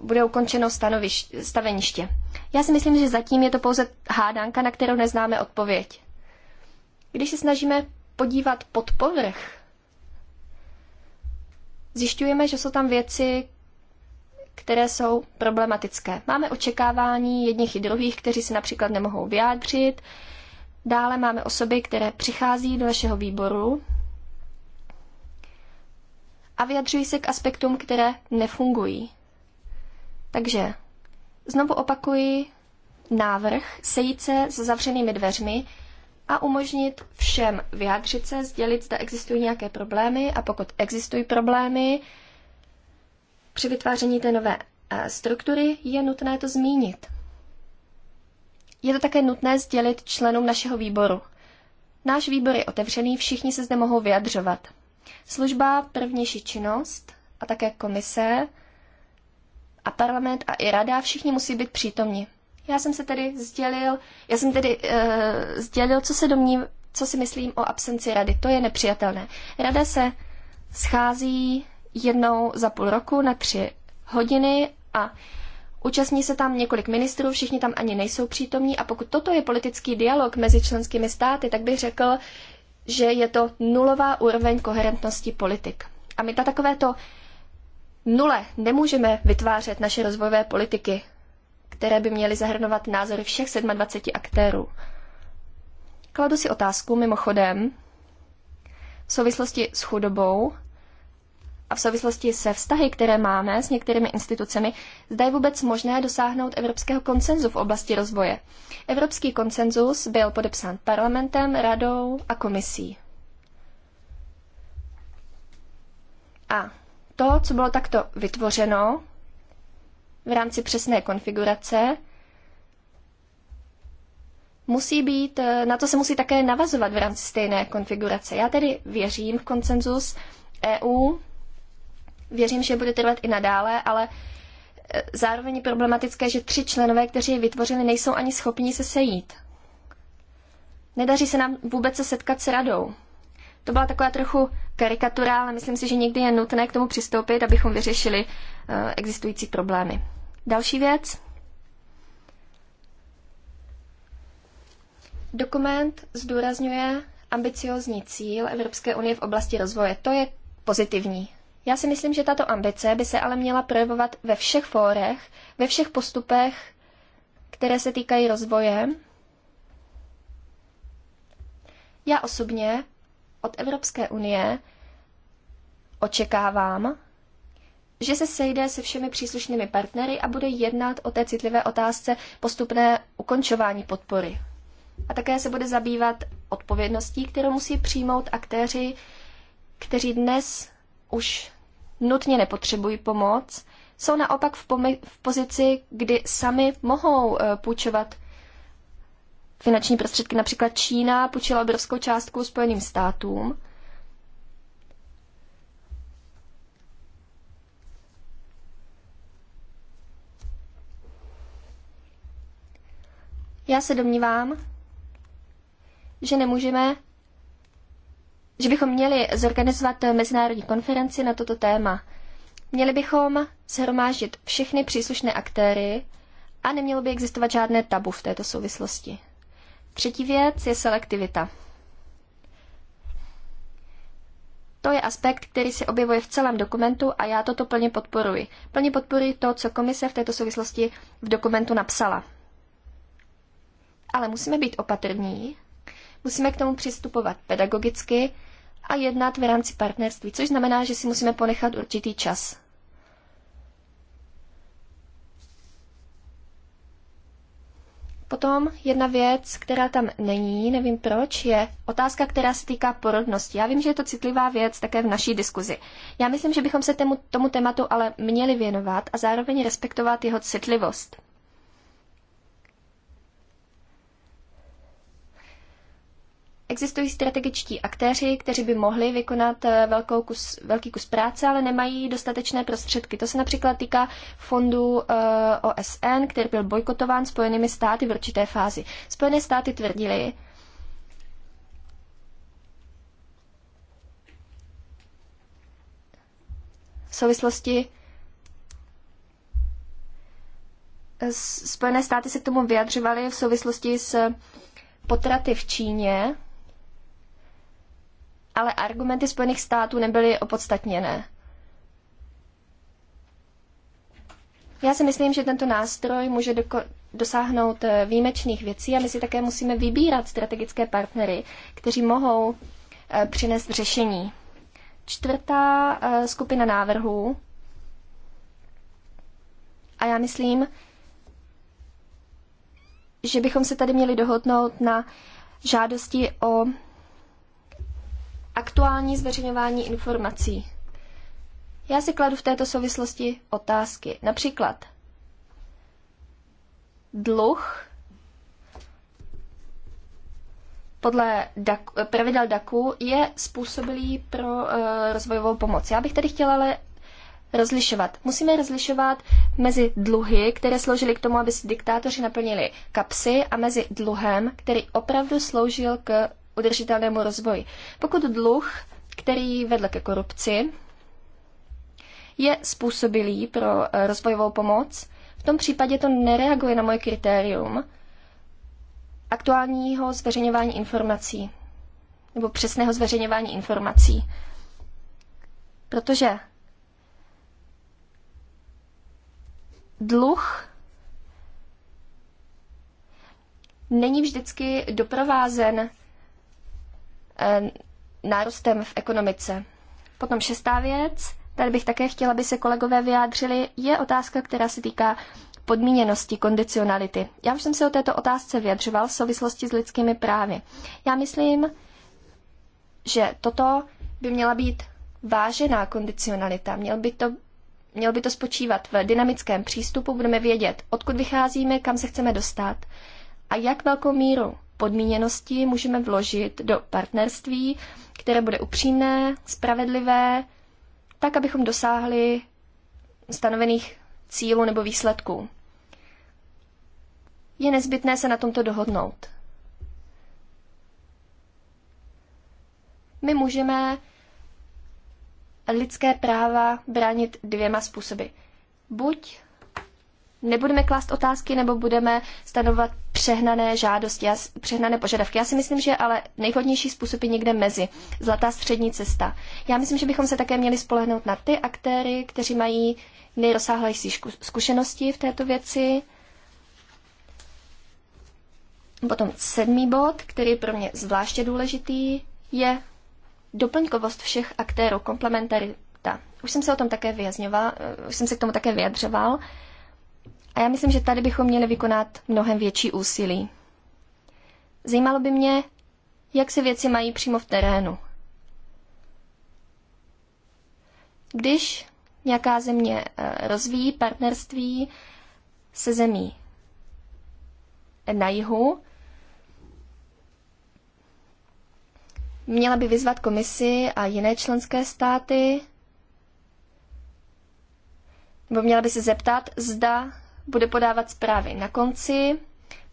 bude ukončeno stanoviš, staveniště. Já si myslím, že zatím je to pouze hádanka, na kterou neznáme odpověď. Když se snažíme podívat pod povrch zjišťujeme, že jsou tam věci, které jsou problematické. Máme očekávání jedních i druhých, kteří se například nemohou vyjádřit. Dále máme osoby, které přichází do našeho výboru a vyjadřují se k aspektům, které nefungují. Takže znovu opakuji návrh sejít se s zavřenými dveřmi a umožnit všem vyjádřit se, sdělit, zda existují nějaké problémy a pokud existují problémy při vytváření té nové eh, struktury, je nutné to zmínit. Je to také nutné sdělit členům našeho výboru. Náš výbor je otevřený, všichni se zde mohou vyjadřovat. Služba prvnější činnost a také komise a parlament a i rada všichni musí být přítomni. Já jsem se tedy sdělil, já jsem tedy uh, sdělil, co se domním, co si myslím o absenci rady. To je nepřijatelné. Rada se schází jednou za půl roku na tři hodiny a Účastní se tam několik ministrů, všichni tam ani nejsou přítomní a pokud toto je politický dialog mezi členskými státy, tak bych řekl, že je to nulová úroveň koherentnosti politik. A my ta takovéto nule nemůžeme vytvářet naše rozvojové politiky které by měly zahrnovat názory všech 27 aktérů. Kladu si otázku mimochodem v souvislosti s chudobou a v souvislosti se vztahy, které máme s některými institucemi, zda je vůbec možné dosáhnout evropského konsenzu v oblasti rozvoje. Evropský konsenzus byl podepsán parlamentem, radou a komisí. A to, co bylo takto vytvořeno, v rámci přesné konfigurace musí být, eh, na to se musí také navazovat v rámci stejné konfigurace. Já tedy věřím v konsenzus EU, věřím, že bude trvat i nadále, ale eh, zároveň je problematické, že tři členové, kteří je vytvořili, nejsou ani schopni se sejít. Nedaří se nám vůbec se setkat s radou. To byla taková trochu karikatura, ale myslím si, že někdy je nutné k tomu přistoupit, abychom vyřešili eh, existující problémy. Další věc. Dokument zdůrazňuje ambiciozní cíl Evropské unie v oblasti rozvoje. To je pozitivní. Já si myslím, že tato ambice by se ale měla projevovat ve všech fórech, ve všech postupech, které se týkají rozvoje. Já osobně od Evropské unie očekávám, že se sejde se všemi příslušnými partnery a bude jednat o té citlivé otázce postupné ukončování podpory. A také se bude zabývat odpovědností, kterou musí přijmout aktéři, kteří dnes už nutně nepotřebují pomoc, jsou naopak v, v pozici, kdy sami mohou eh, půjčovat finanční prostředky. Například Čína půjčila obrovskou částku Spojeným státům. Já se domnívám, že nemůžeme, že bychom měli zorganizovat mezinárodní konferenci na toto téma. Měli bychom shromáždit všechny příslušné aktéry a nemělo by existovat žádné tabu v této souvislosti. Třetí věc je selektivita. To je aspekt, který se objevuje v celém dokumentu a já toto plně podporuji. Plně podporuji to, co komise v této souvislosti v dokumentu napsala. Ale musíme být opatrní, musíme k tomu přistupovat pedagogicky a jednat v rámci partnerství, což znamená, že si musíme ponechat určitý čas. Potom jedna věc, která tam není, nevím proč, je otázka, která se týká porodnosti. Já vím, že je to citlivá věc také v naší diskuzi. Já myslím, že bychom se tému, tomu tématu ale měli věnovat a zároveň respektovat jeho citlivost. Existují strategičtí aktéři, kteří by mohli vykonat eh, velkou kus, velký kus práce, ale nemají dostatečné prostředky. To se například týká fondu eh, OSN, který byl bojkotován Spojenými státy v určité fázi. Spojené státy tvrdili, v souvislosti Spojené státy se k tomu vyjadřovaly v souvislosti s potraty v Číně, ale argumenty Spojených států nebyly opodstatněné. Já si myslím, že tento nástroj může doko- dosáhnout eh, výjimečných věcí a my si také musíme vybírat strategické partnery, kteří mohou eh, přinést řešení. Čtvrtá eh, skupina návrhů. A já myslím, že bychom se tady měli dohodnout na žádosti o aktuální zveřejňování informací. Já si kladu v této souvislosti otázky. Například dluh podle DAC, pravidel DAKu je způsobilý pro uh, rozvojovou pomoc. Já bych tady chtěla ale rozlišovat. Musíme rozlišovat mezi dluhy, které sloužily k tomu, aby si diktátoři naplnili kapsy a mezi dluhem, který opravdu sloužil k udržitelnému rozvoji. Pokud dluh, který vedl ke korupci, je způsobilý pro eh, rozvojovou pomoc, v tom případě to nereaguje na moje kritérium aktuálního zveřejňování informací nebo přesného zveřejňování informací. Protože dluh není vždycky doprovázen Eh, nárůstem v ekonomice. Potom šestá věc, tady bych také chtěla, aby se kolegové vyjádřili, je otázka, která se týká podmíněnosti, kondicionality. Já už jsem se o této otázce vyjadřoval v souvislosti s lidskými právy. Já myslím, že toto by měla být vážená kondicionalita. Měl by to, měl by to spočívat v dynamickém přístupu, budeme vědět, odkud vycházíme, kam se chceme dostat a jak velkou míru podmíněnosti můžeme vložit do partnerství, které bude upřímné, spravedlivé, tak, abychom dosáhli stanovených cílů nebo výsledků. Je nezbytné se na tomto dohodnout. My můžeme lidské práva bránit dvěma způsoby. Buď nebudeme klást otázky, nebo budeme stanovat přehnané žádosti a přehnané požadavky. Já si myslím, že ale nejvhodnější způsob je někde mezi. Zlatá střední cesta. Já myslím, že bychom se také měli spolehnout na ty aktéry, kteří mají nejrozsáhlejší zkušenosti v této věci. Potom sedmý bod, který je pro mě zvláště důležitý, je doplňkovost všech aktérů, komplementarita. Už jsem se o tom také vyjazňoval, eh, už jsem se k tomu také vyjadřoval. A já myslím, že tady bychom měli vykonat mnohem větší úsilí. Zajímalo by mě, jak se věci mají přímo v terénu. Když nějaká země eh, rozvíjí partnerství se zemí na jihu, měla by vyzvat komisi a jiné členské státy, nebo měla by se zeptat, zda bude podávat zprávy na konci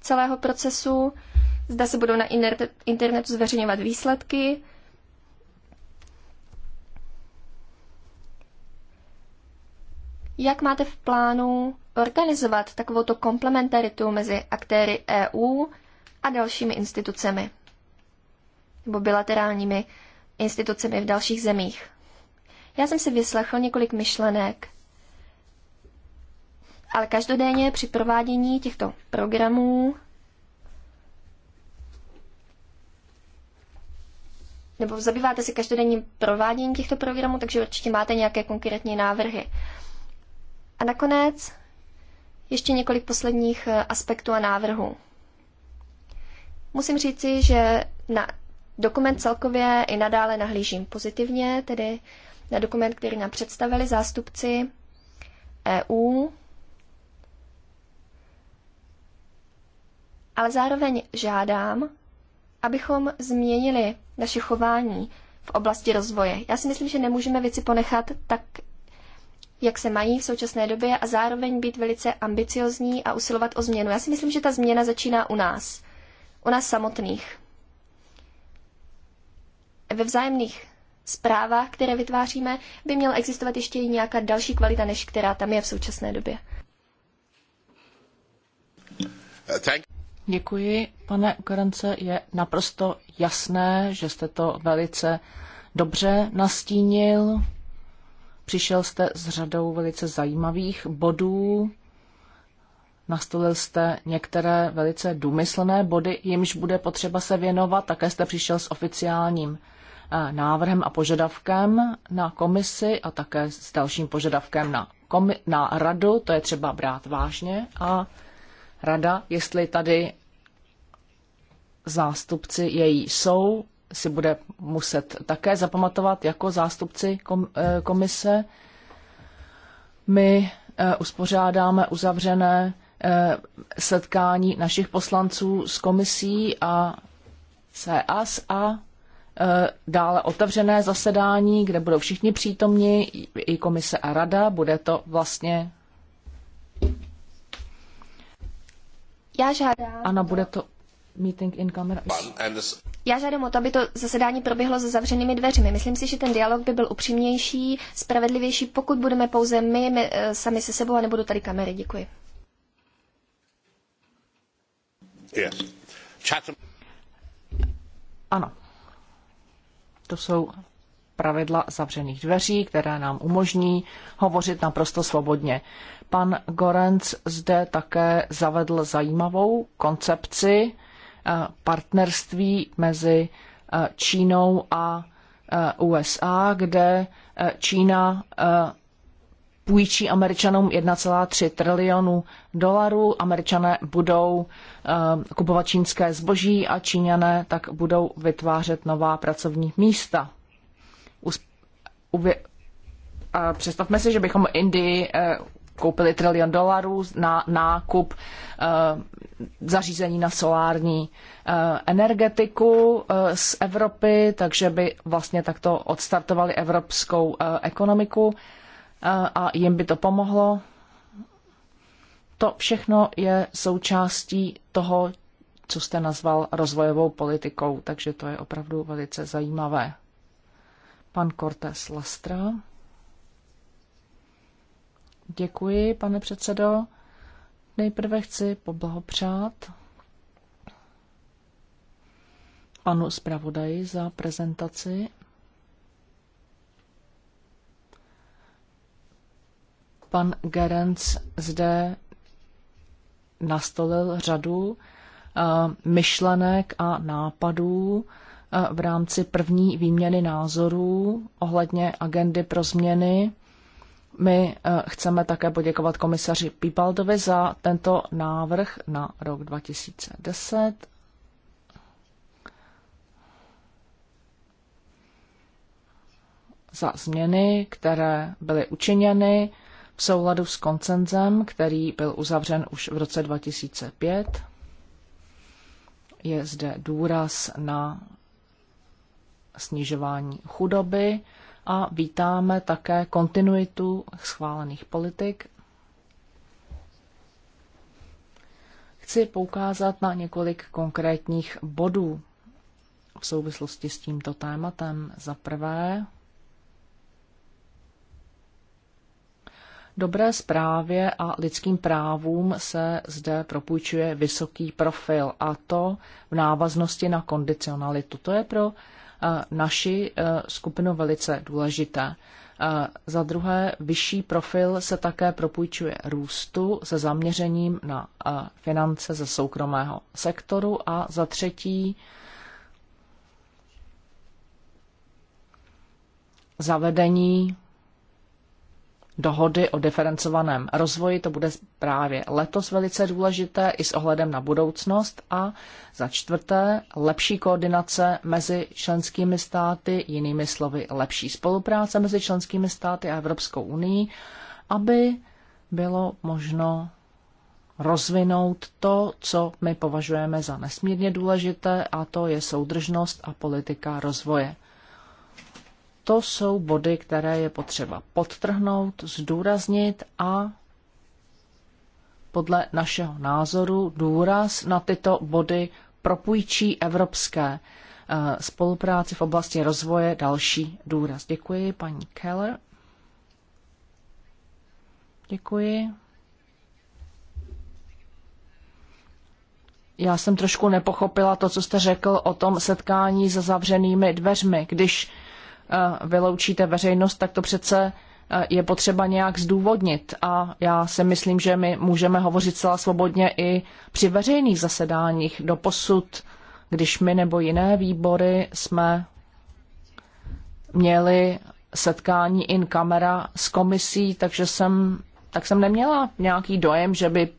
celého procesu, zda se budou na internetu zveřejňovat výsledky. Jak máte v plánu organizovat takovouto komplementaritu mezi aktéry EU a dalšími institucemi nebo bilaterálními institucemi v dalších zemích? Já jsem si vyslechl několik myšlenek ale každodenně při provádění těchto programů nebo zabýváte se každodenním prováděním těchto programů, takže určitě máte nějaké konkrétní návrhy. A nakonec ještě několik posledních eh, aspektů a návrhů. Musím říci, že na dokument celkově i nadále nahlížím pozitivně, tedy na dokument, který nám představili zástupci EU, ale zároveň žádám, abychom změnili naše chování v oblasti rozvoje. Já si myslím, že nemůžeme věci ponechat tak, jak se mají v současné době a zároveň být velice ambiciozní a usilovat o změnu. Já si myslím, že ta změna začíná u nás, u nás samotných. Ve vzájemných zprávách, které vytváříme, by měla existovat ještě i nějaká další kvalita, než která tam je v současné době. Uh, thank Děkuji, pane Garance. Je naprosto jasné, že jste to velice dobře nastínil. Přišel jste s řadou velice zajímavých bodů. Nastolil jste některé velice důmyslné body, jimž bude potřeba se věnovat. Také jste přišel s oficiálním eh, návrhem a požadavkem na komisi a také s dalším požadavkem na, komi- na radu. To je třeba brát vážně a Rada, jestli tady zástupci její jsou, si bude muset také zapamatovat jako zástupci eh, komise. My eh, uspořádáme uzavřené eh, setkání našich poslanců s komisí a CAS a dále otevřené zasedání, kde budou všichni přítomni, i komise a rada. Bude to vlastně já žádám... Ano, bude to meeting in camera. Já žádám o to, aby to zasedání proběhlo za zavřenými dveřmi. Myslím si, že ten dialog by byl upřímnější, spravedlivější, pokud budeme pouze my, my eh, sami se sebou a nebudou tady kamery. Děkuji. Ano. To jsou pravidla zavřených dveří, které nám umožní hovořit naprosto svobodně. Pan Gorenc zde také zavedl zajímavou koncepci eh, partnerství mezi eh, Čínou a eh, USA, kde Čína půjčí američanům 1,3 trilionu dolarů, američané budou kupovat čínské zboží a číňané tak budou vytvářet nová pracovní místa. Představme si, že bychom Indii koupili trilion dolarů na nákup eh, zařízení na solární eh, energetiku eh, z Evropy, takže by vlastně takto odstartovali evropskou ekonomiku a jim by to pomohlo. To všechno je součástí toho, co jste nazval rozvojovou politikou, takže to je opravdu velice zajímavé. Pan Cortés Lastra. Děkuji, pane předsedo. Nejprve chci poblahopřát panu zpravodaji za prezentaci. Pan Gerenc zde nastolil řadu eh, myšlenek a nápadů eh, v rámci první výměny názorů ohledně agendy pro změny my eh, chceme také poděkovat komisaři Pipaldovi za tento návrh na rok 2010. za změny, které byly učiněny v souladu s koncenzem, který byl uzavřen už v roce 2005. Je zde důraz na snižování chudoby a vítáme také kontinuitu schválených politik. Chci poukázat na několik konkrétních bodů v souvislosti s tímto tématem. Za prvé, dobré zprávě a lidským právům se zde propůjčuje vysoký profil, a to v návaznosti na kondicionalitu. To je pro naši e, skupinu velice důležité. E, za druhé, vyšší profil se také propůjčuje růstu se zaměřením na e, finance ze soukromého sektoru a za třetí, zavedení dohody o diferencovaném rozvoji. To bude právě letos velice důležité i s ohledem na budoucnost. A za čtvrté, lepší koordinace mezi členskými státy, jinými slovy, lepší spolupráce mezi členskými státy a Evropskou unii, aby bylo možno rozvinout to, co my považujeme za nesmírně důležité, a to je soudržnost a politika rozvoje to jsou body, které je potřeba podtrhnout, zdůraznit a podle našeho názoru důraz na tyto body propůjčí evropské eh, spolupráci v oblasti rozvoje další důraz. Děkuji, paní Keller. Děkuji. Já jsem trošku nepochopila to, co jste řekl o tom setkání za zavřenými dveřmi, když Eh, vyloučíte veřejnost, tak to přece eh, je potřeba nějak zdůvodnit. A já si myslím, že my můžeme hovořit celá svobodně i při veřejných zasedáních. Doposud, když my nebo jiné výbory jsme měli setkání in camera s komisí, takže jsem, tak jsem neměla nějaký dojem, že by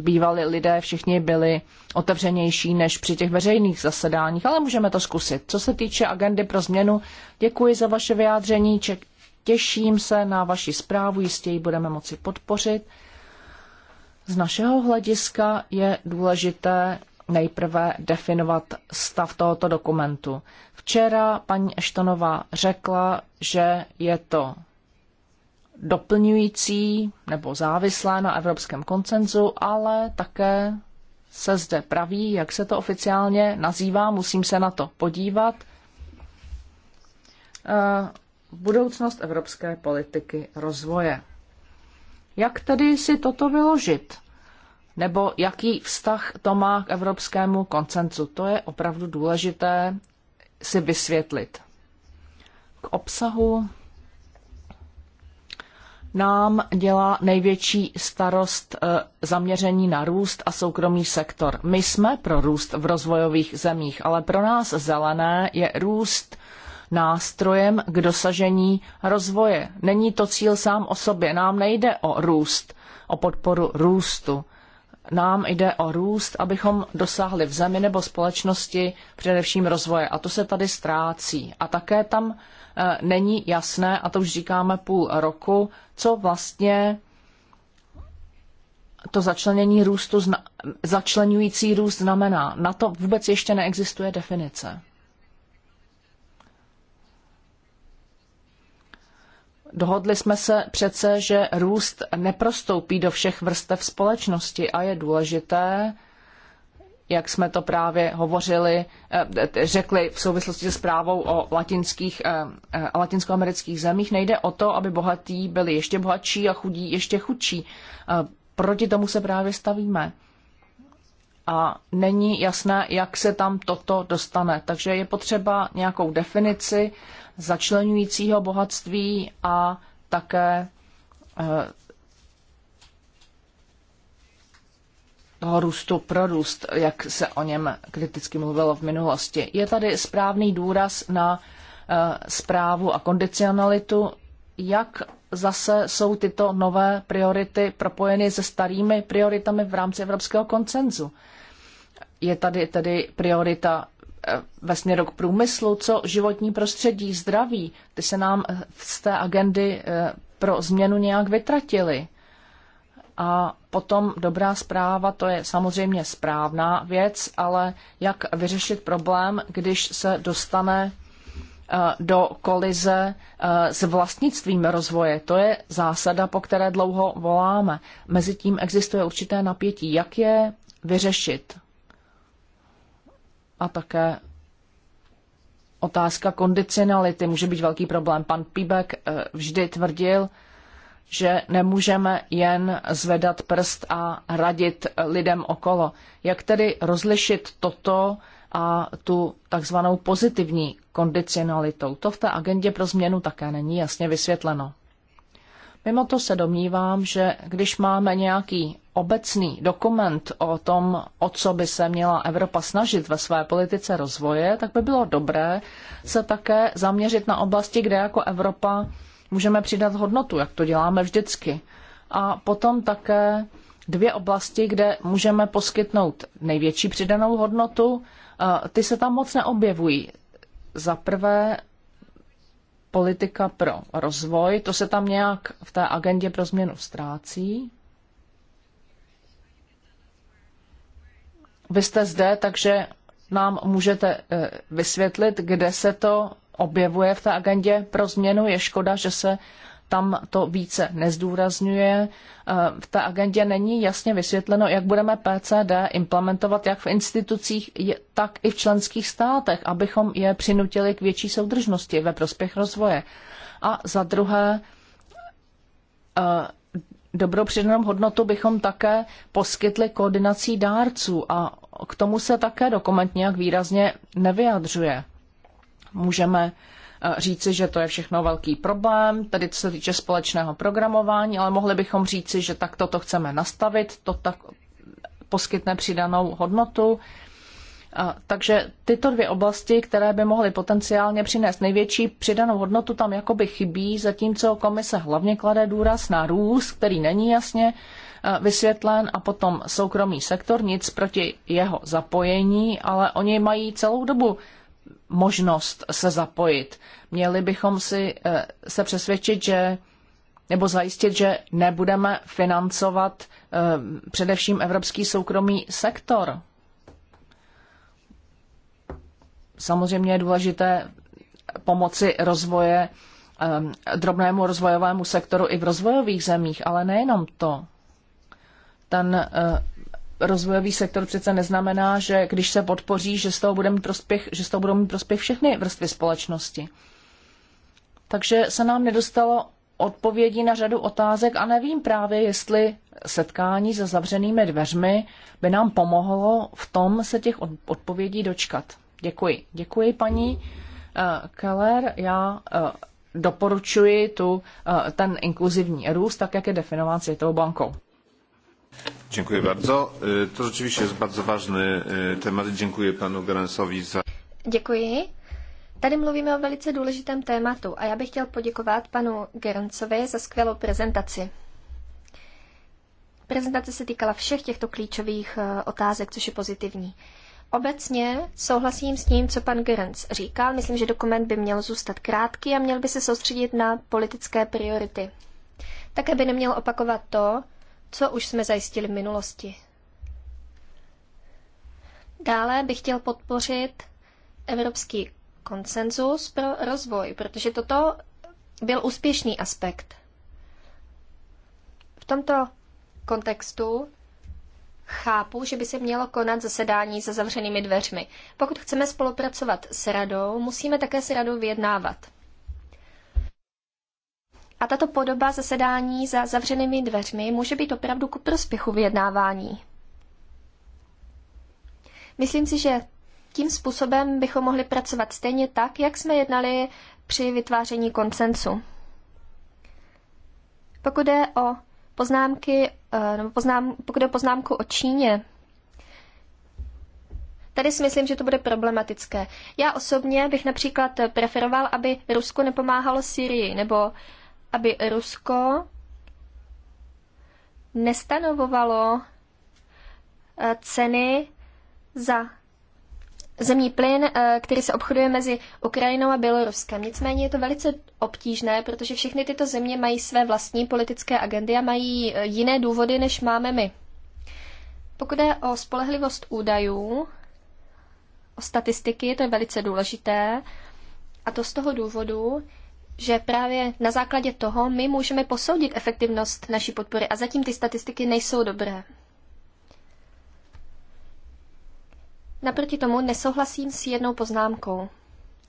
bývali lidé všichni byli otevřenější než při těch veřejných zasedáních, ale můžeme to zkusit. Co se týče agendy pro změnu, děkuji za vaše vyjádření, těším se na vaši zprávu, jistě ji budeme moci podpořit. Z našeho hlediska je důležité nejprve definovat stav tohoto dokumentu. Včera paní Eštonová řekla, že je to doplňující nebo závislé na evropském koncenzu, ale také se zde praví, jak se to oficiálně nazývá, musím se na to podívat. Eh, budoucnost evropské politiky rozvoje. Jak tedy si toto vyložit? Nebo jaký vztah to má k evropskému koncenzu? To je opravdu důležité si vysvětlit. K obsahu nám dělá největší starost eh, zaměření na růst a soukromý sektor. My jsme pro růst v rozvojových zemích, ale pro nás zelené je růst nástrojem k dosažení rozvoje. Není to cíl sám o sobě. Nám nejde o růst, o podporu růstu. Nám jde o růst, abychom dosáhli v zemi nebo společnosti především rozvoje. A to se tady ztrácí. A také tam eh, není jasné, a to už říkáme půl roku, co vlastně to začlenění růstu, začlenující růst znamená. Na to vůbec ještě neexistuje definice. Dohodli jsme se přece, že růst neprostoupí do všech vrstev společnosti a je důležité, jak jsme to právě hovořili, eh, řekli v souvislosti se zprávou o latinských, eh, eh, latinskoamerických zemích. Nejde o to, aby bohatí byli ještě bohatší a chudí ještě chudší. Proti tomu se právě stavíme. A není jasné, jak se tam toto dostane. Takže je potřeba nějakou definici začlenujícího bohatství a také toho růstu pro růst, jak se o něm kriticky mluvilo v minulosti. Je tady správný důraz na zprávu eh, a kondicionalitu, jak zase jsou tyto nové priority propojeny se starými prioritami v rámci evropského koncenzu. Je tady tedy priorita eh, ve směru k průmyslu, co životní prostředí, zdraví, ty se nám z té agendy eh, pro změnu nějak vytratily. A potom dobrá zpráva, to je samozřejmě správná věc, ale jak vyřešit problém, když se dostane eh, do kolize eh, s vlastnictvím rozvoje. To je zásada, po které dlouho voláme. Mezitím existuje určité napětí. Jak je vyřešit? A také otázka kondicionality může být velký problém. Pan Píbek eh, vždy tvrdil, že nemůžeme jen zvedat prst a radit lidem okolo. Jak tedy rozlišit toto a tu takzvanou pozitivní kondicionalitou? To v té agendě pro změnu také není jasně vysvětleno. Mimo to se domnívám, že když máme nějaký obecný dokument o tom, o co by se měla Evropa snažit ve své politice rozvoje, tak by bylo dobré se také zaměřit na oblasti, kde jako Evropa můžeme přidat hodnotu, jak to děláme vždycky. A potom také dvě oblasti, kde můžeme poskytnout největší přidanou hodnotu, ty se tam moc neobjevují. Za prvé politika pro rozvoj, to se tam nějak v té agendě pro změnu ztrácí. Vy jste zde, takže nám můžete eh, vysvětlit, kde se to objevuje v té agendě pro změnu. Je škoda, že se tam to více nezdůrazňuje. Eh, v té agendě není jasně vysvětleno, jak budeme PCD implementovat jak v institucích, tak i v členských státech, abychom je přinutili k větší soudržnosti ve prospěch rozvoje. A za druhé, eh, dobrou přidanou hodnotu bychom také poskytli koordinací dárců a k tomu se také dokument nějak výrazně nevyjadřuje můžeme eh, říci, že to je všechno velký problém, tedy co se týče společného programování, ale mohli bychom říci, že takto to chceme nastavit, to tak poskytne přidanou hodnotu. Eh, takže tyto dvě oblasti, které by mohly potenciálně přinést největší přidanou hodnotu, tam jakoby chybí, zatímco komise hlavně klade důraz na růst, který není jasně eh, vysvětlen a potom soukromý sektor, nic proti jeho zapojení, ale oni mají celou dobu možnost se zapojit. Měli bychom si eh, se přesvědčit, že nebo zajistit, že nebudeme financovat eh, především evropský soukromý sektor. Samozřejmě je důležité pomoci rozvoje eh, drobnému rozvojovému sektoru i v rozvojových zemích, ale nejenom to. Ten rozvojový sektor přece neznamená, že když se podpoří, že z toho, bude mít prospěch, že z toho budou mít prospěch všechny vrstvy společnosti. Takže se nám nedostalo odpovědí na řadu otázek a nevím právě, jestli setkání se zavřenými dveřmi by nám pomohlo v tom se těch odpovědí dočkat. Děkuji. Děkuji, paní eh, Keller. Já eh, doporučuji tu, eh, ten inkluzivní růst, tak jak je definován Světovou bankou. Děkuji bardzo. To rzeczywiście jest bardzo ważny temat. Děkuji panu Gerensowi za... Děkuji. Tady mluvíme o velice důležitém tématu a já bych chtěl poděkovat panu Gerencovi za skvělou prezentaci. Prezentace se týkala všech těchto klíčových e, otázek, což je pozitivní. Obecně souhlasím s tím, co pan Gerenc říkal. Myslím, že dokument by měl zůstat krátký a měl by se soustředit na politické priority. Také by neměl opakovat to, co už jsme zajistili v minulosti. Dále bych chtěl podpořit evropský konsenzus pro rozvoj, protože toto byl úspěšný aspekt. V tomto kontextu chápu, že by se mělo konat zasedání za zavřenými dveřmi. Pokud chceme spolupracovat s radou, musíme také s radou vyjednávat. A tato podoba zasedání za zavřenými dveřmi může být opravdu ku prospěchu vyjednávání. Myslím si, že tím způsobem bychom mohli pracovat stejně tak, jak jsme jednali při vytváření koncensu. Pokud je o poznámky, eh, nebo poznám, pokud je o poznámku o Číně, Tady si myslím, že to bude problematické. Já osobně bych například preferoval, aby Rusko nepomáhalo Syrii nebo aby Rusko nestanovovalo eh, ceny za zemní plyn, eh, který se obchoduje mezi Ukrajinou a Běloruskem. Nicméně je to velice obtížné, protože všechny tyto země mají své vlastní politické agendy a mají eh, jiné důvody, než máme my. Pokud je o spolehlivost údajů, o statistiky, to je velice důležité. A to z toho důvodu, že právě na základě toho my můžeme posoudit efektivnost naší podpory a zatím ty statistiky nejsou dobré. Naproti tomu nesouhlasím s jednou poznámkou.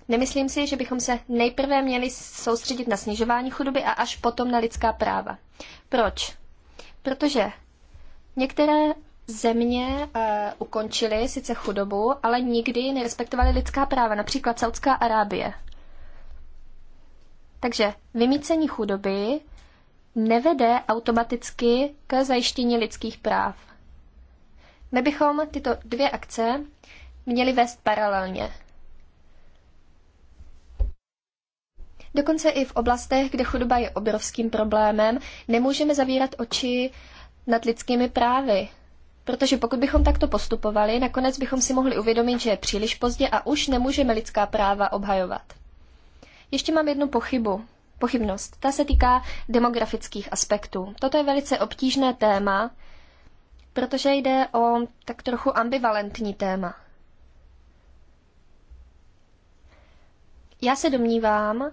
Nemyslím si, že bychom se nejprve měli soustředit na snižování chudoby a až potom na lidská práva. Proč? Protože některé země uh, ukončily sice chudobu, ale nikdy nerespektovaly lidská práva, například Saudská Arábie. Takže vymícení chudoby nevede automaticky k zajištění lidských práv. My bychom tyto dvě akce měli vést paralelně. Dokonce i v oblastech, kde chudoba je obrovským problémem, nemůžeme zavírat oči nad lidskými právy. Protože pokud bychom takto postupovali, nakonec bychom si mohli uvědomit, že je příliš pozdě a už nemůžeme lidská práva obhajovat. Ještě mám jednu pochybu. Pochybnost. Ta se týká demografických aspektů. Toto je velice obtížné téma, protože jde o tak trochu ambivalentní téma. Já se domnívám,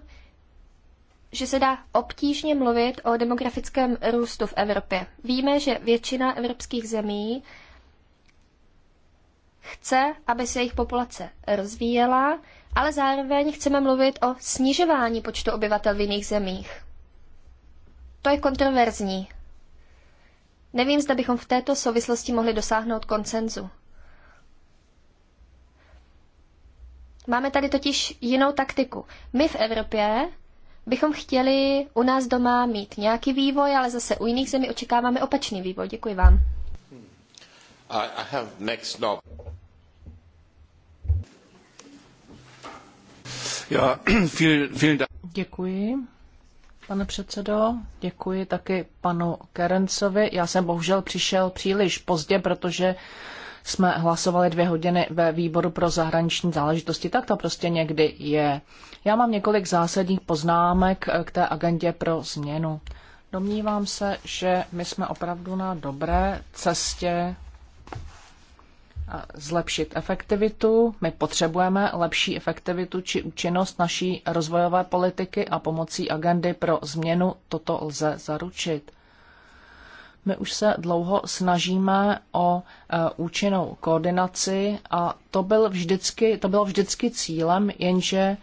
že se dá obtížně mluvit o demografickém růstu v Evropě. Víme, že většina evropských zemí chce, aby se jejich populace rozvíjela, ale zároveň chceme mluvit o snižování počtu obyvatel v jiných zemích. To je kontroverzní. Nevím, zda bychom v této souvislosti mohli dosáhnout koncenzu. Máme tady totiž jinou taktiku. My v Evropě bychom chtěli u nás doma mít nějaký vývoj, ale zase u jiných zemí očekáváme opačný vývoj. Děkuji vám. I have next Děkuji. Pane předsedo, děkuji taky panu Kerencovi. Já jsem bohužel přišel příliš pozdě, protože jsme hlasovali dvě hodiny ve výboru pro zahraniční záležitosti. Tak to prostě někdy je. Já mám několik zásadních poznámek k té agendě pro změnu. Domnívám se, že my jsme opravdu na dobré cestě zlepšit efektivitu. My potřebujeme lepší efektivitu či účinnost naší rozvojové politiky a pomocí agendy pro změnu toto lze zaručit. My už se dlouho snažíme o e, účinnou koordinaci a to, byl vždycky, to bylo vždycky cílem, jenže e,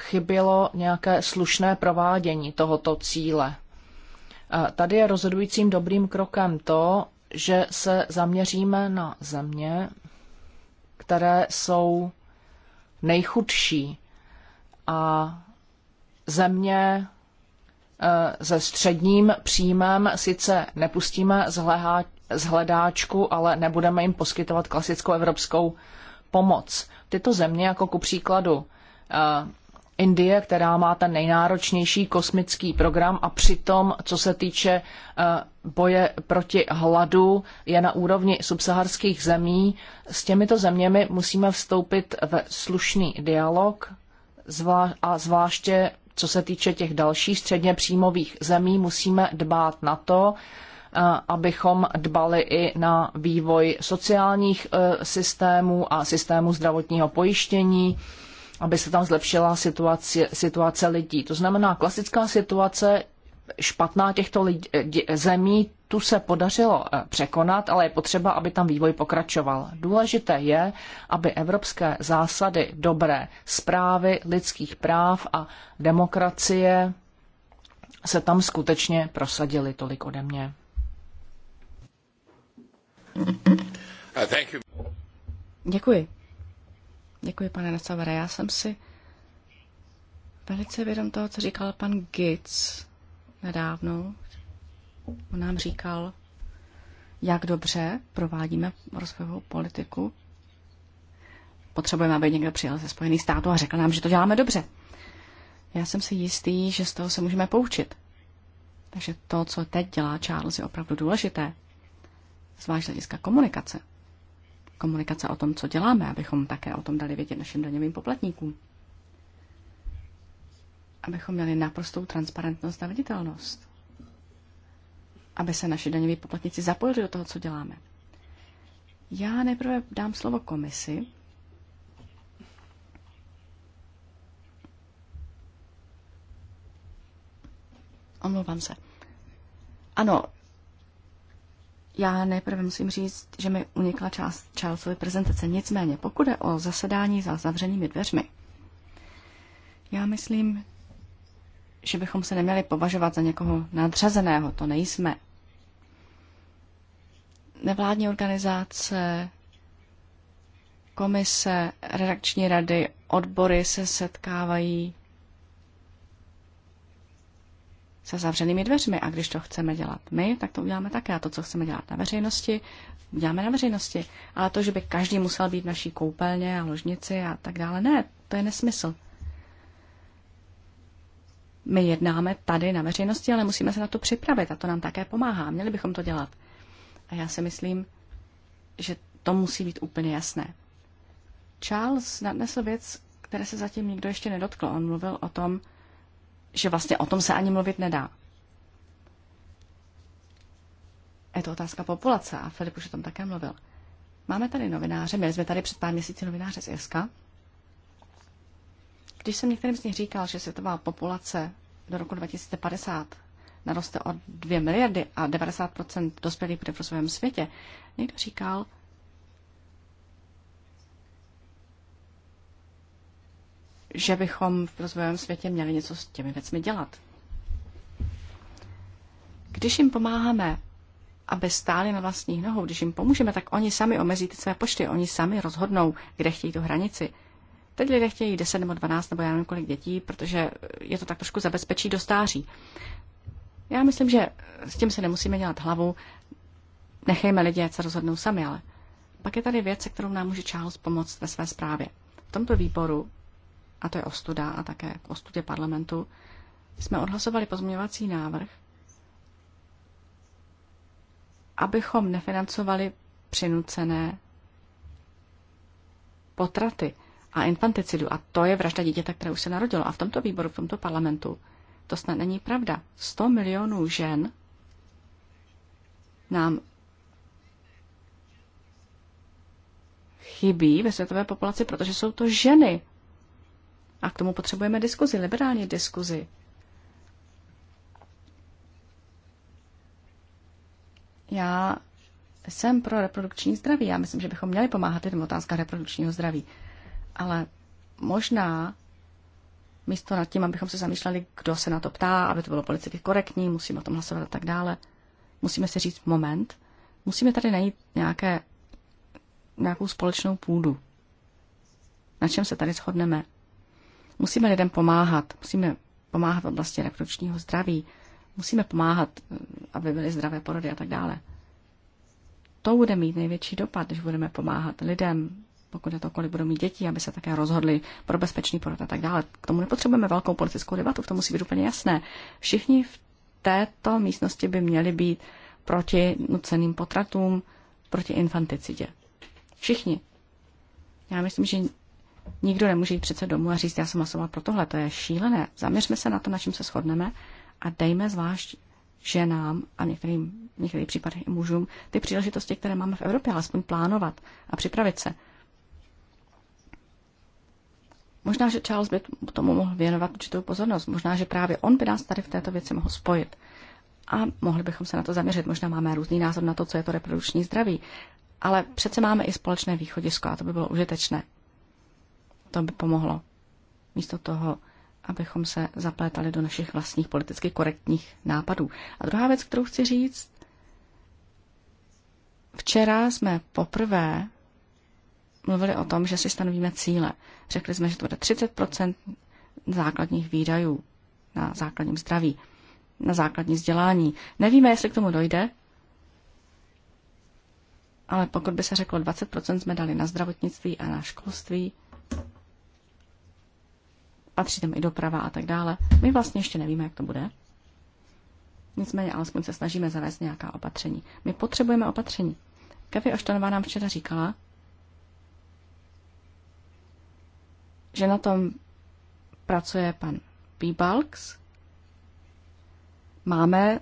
chybělo nějaké slušné provádění tohoto cíle. E, tady je rozhodujícím dobrým krokem to, že se zaměříme na země, které jsou nejchudší a země eh, se středním příjmem sice nepustíme z, hledáčku, ale nebudeme jim poskytovat klasickou evropskou pomoc. Tyto země, jako ku příkladu eh, Indie, která má ten nejnáročnější kosmický program a přitom, co se týče eh, boje proti hladu, je na úrovni subsaharských zemí. S těmito zeměmi musíme vstoupit ve slušný dialog a zvláště co se týče těch dalších středně příjmových zemí, musíme dbát na to, eh, abychom dbali i na vývoj sociálních eh, systémů a systému zdravotního pojištění aby se tam zlepšila situace, situace lidí. To znamená, klasická situace špatná těchto lidí, eh, zemí, tu se podařilo eh, překonat, ale je potřeba, aby tam vývoj pokračoval. Důležité je, aby evropské zásady dobré zprávy, lidských práv a demokracie se tam skutečně prosadily. Tolik ode mě. Uh, Děkuji. Děkuji, pane Nasavare. Já jsem si velice vědom toho, co říkal pan Gitz nedávno. On nám říkal, jak dobře provádíme rozvojovou politiku. Potřebujeme, aby někdo přijel ze Spojených států a řekl nám, že to děláme dobře. Já jsem si jistý, že z toho se můžeme poučit. Takže to, co teď dělá Charles, je opravdu důležité, zvlášť hlediska komunikace komunikace o tom, co děláme, abychom také o tom dali vědět našim daňovým poplatníkům. Abychom měli naprostou transparentnost a viditelnost. Aby se naši daňoví poplatníci zapojili do toho, co děláme. Já nejprve dám slovo komisi. Omlouvám se. Ano, já nejprve musím říct, že mi unikla část Charlesovy prezentace. Nicméně, pokud je o zasedání za zavřenými dveřmi, já myslím, že bychom se neměli považovat za někoho nadřazeného. To nejsme. Nevládní organizace, komise, redakční rady, odbory se setkávají se zavřenými dveřmi. A když to chceme dělat my, tak to uděláme také. A to, co chceme dělat na veřejnosti, uděláme na veřejnosti. Ale to, že by každý musel být v naší koupelně a ložnici a tak dále, ne, to je nesmysl. My jednáme tady na veřejnosti, ale musíme se na to připravit a to nám také pomáhá. Měli bychom to dělat. A já si myslím, že to musí být úplně jasné. Charles nadnesl věc, které se zatím nikdo ještě nedotkl. On mluvil o tom, že vlastně o tom se ani mluvit nedá. Je to otázka populace a Filip už o tom také mluvil. Máme tady novináře, měli jsme tady před pár měsíci novináře z Jeska. Když jsem některým z nich říkal, že světová populace do roku 2050 naroste o 2 miliardy a 90% dospělých bude v rozvojovém světě, někdo říkal, že bychom v rozvojovém světě měli něco s těmi věcmi dělat. Když jim pomáháme, aby stáli na vlastních nohou, když jim pomůžeme, tak oni sami omezí ty své počty, oni sami rozhodnou, kde chtějí tu hranici. Teď lidé chtějí 10 nebo 12 nebo já nevím kolik dětí, protože je to tak trošku zabezpečí do stáří. Já myslím, že s tím se nemusíme dělat hlavu, nechejme lidi, ať se rozhodnou sami, ale pak je tady věc, se kterou nám může Charles pomoct ve své zprávě. V tomto výboru a to je ostuda a také k ostudě parlamentu, jsme odhlasovali pozměňovací návrh, abychom nefinancovali přinucené potraty a infanticidu. A to je vražda dítěte, které už se narodilo. A v tomto výboru, v tomto parlamentu, to snad není pravda. 100 milionů žen nám chybí ve světové populaci, protože jsou to ženy. A k tomu potřebujeme diskuzi, liberální diskuzi. Já jsem pro reprodukční zdraví. Já myslím, že bychom měli pomáhat lidem otázka reprodukčního zdraví. Ale možná místo nad tím, abychom se zamýšleli, kdo se na to ptá, aby to bylo politicky korektní, musíme o tom hlasovat a tak dále. Musíme si říct moment, musíme tady najít nějaké, nějakou společnou půdu. Na čem se tady shodneme? Musíme lidem pomáhat, musíme pomáhat v oblasti reprodukčního zdraví, musíme pomáhat, eh, aby byly zdravé porody a tak dále. To bude mít největší dopad, když budeme pomáhat lidem, pokud je to, kolik budou mít děti, aby se také rozhodli pro bezpečný porod a tak dále. K tomu nepotřebujeme velkou politickou debatu, v tom musí být úplně jasné. Všichni v této místnosti by měli být proti nuceným potratům, proti infanticidě. Všichni. Já myslím, že Nikdo nemůže jít přece domů a říct, já jsem hlasoval pro tohle, to je šílené. Zaměřme se na to, na čem se shodneme a dejme zvlášť ženám a některým, některým případem případech i mužům ty příležitosti, které máme v Evropě, alespoň plánovat a připravit se. Možná, že Charles by tomu mohl věnovat určitou pozornost. Možná, že právě on by nás tady v této věci mohl spojit. A mohli bychom se na to zaměřit. Možná máme různý názor na to, co je to reprodukční zdraví. Ale přece máme i společné východisko a to by bylo užitečné. To by pomohlo. Místo toho, abychom se zaplétali do našich vlastních politicky korektních nápadů. A druhá věc, kterou chci říct, včera jsme poprvé mluvili o tom, že si stanovíme cíle. Řekli jsme, že to bude 30 základních výdajů na základním zdraví, na základní vzdělání. Nevíme, jestli k tomu dojde, ale pokud by se řeklo 20 jsme dali na zdravotnictví a na školství, patří tam i doprava a tak dále. My vlastně ještě nevíme, jak to bude. Nicméně alespoň se snažíme zavést nějaká opatření. My potřebujeme opatření. Kavi Oštanová nám včera říkala, že na tom pracuje pan Bibalks. Máme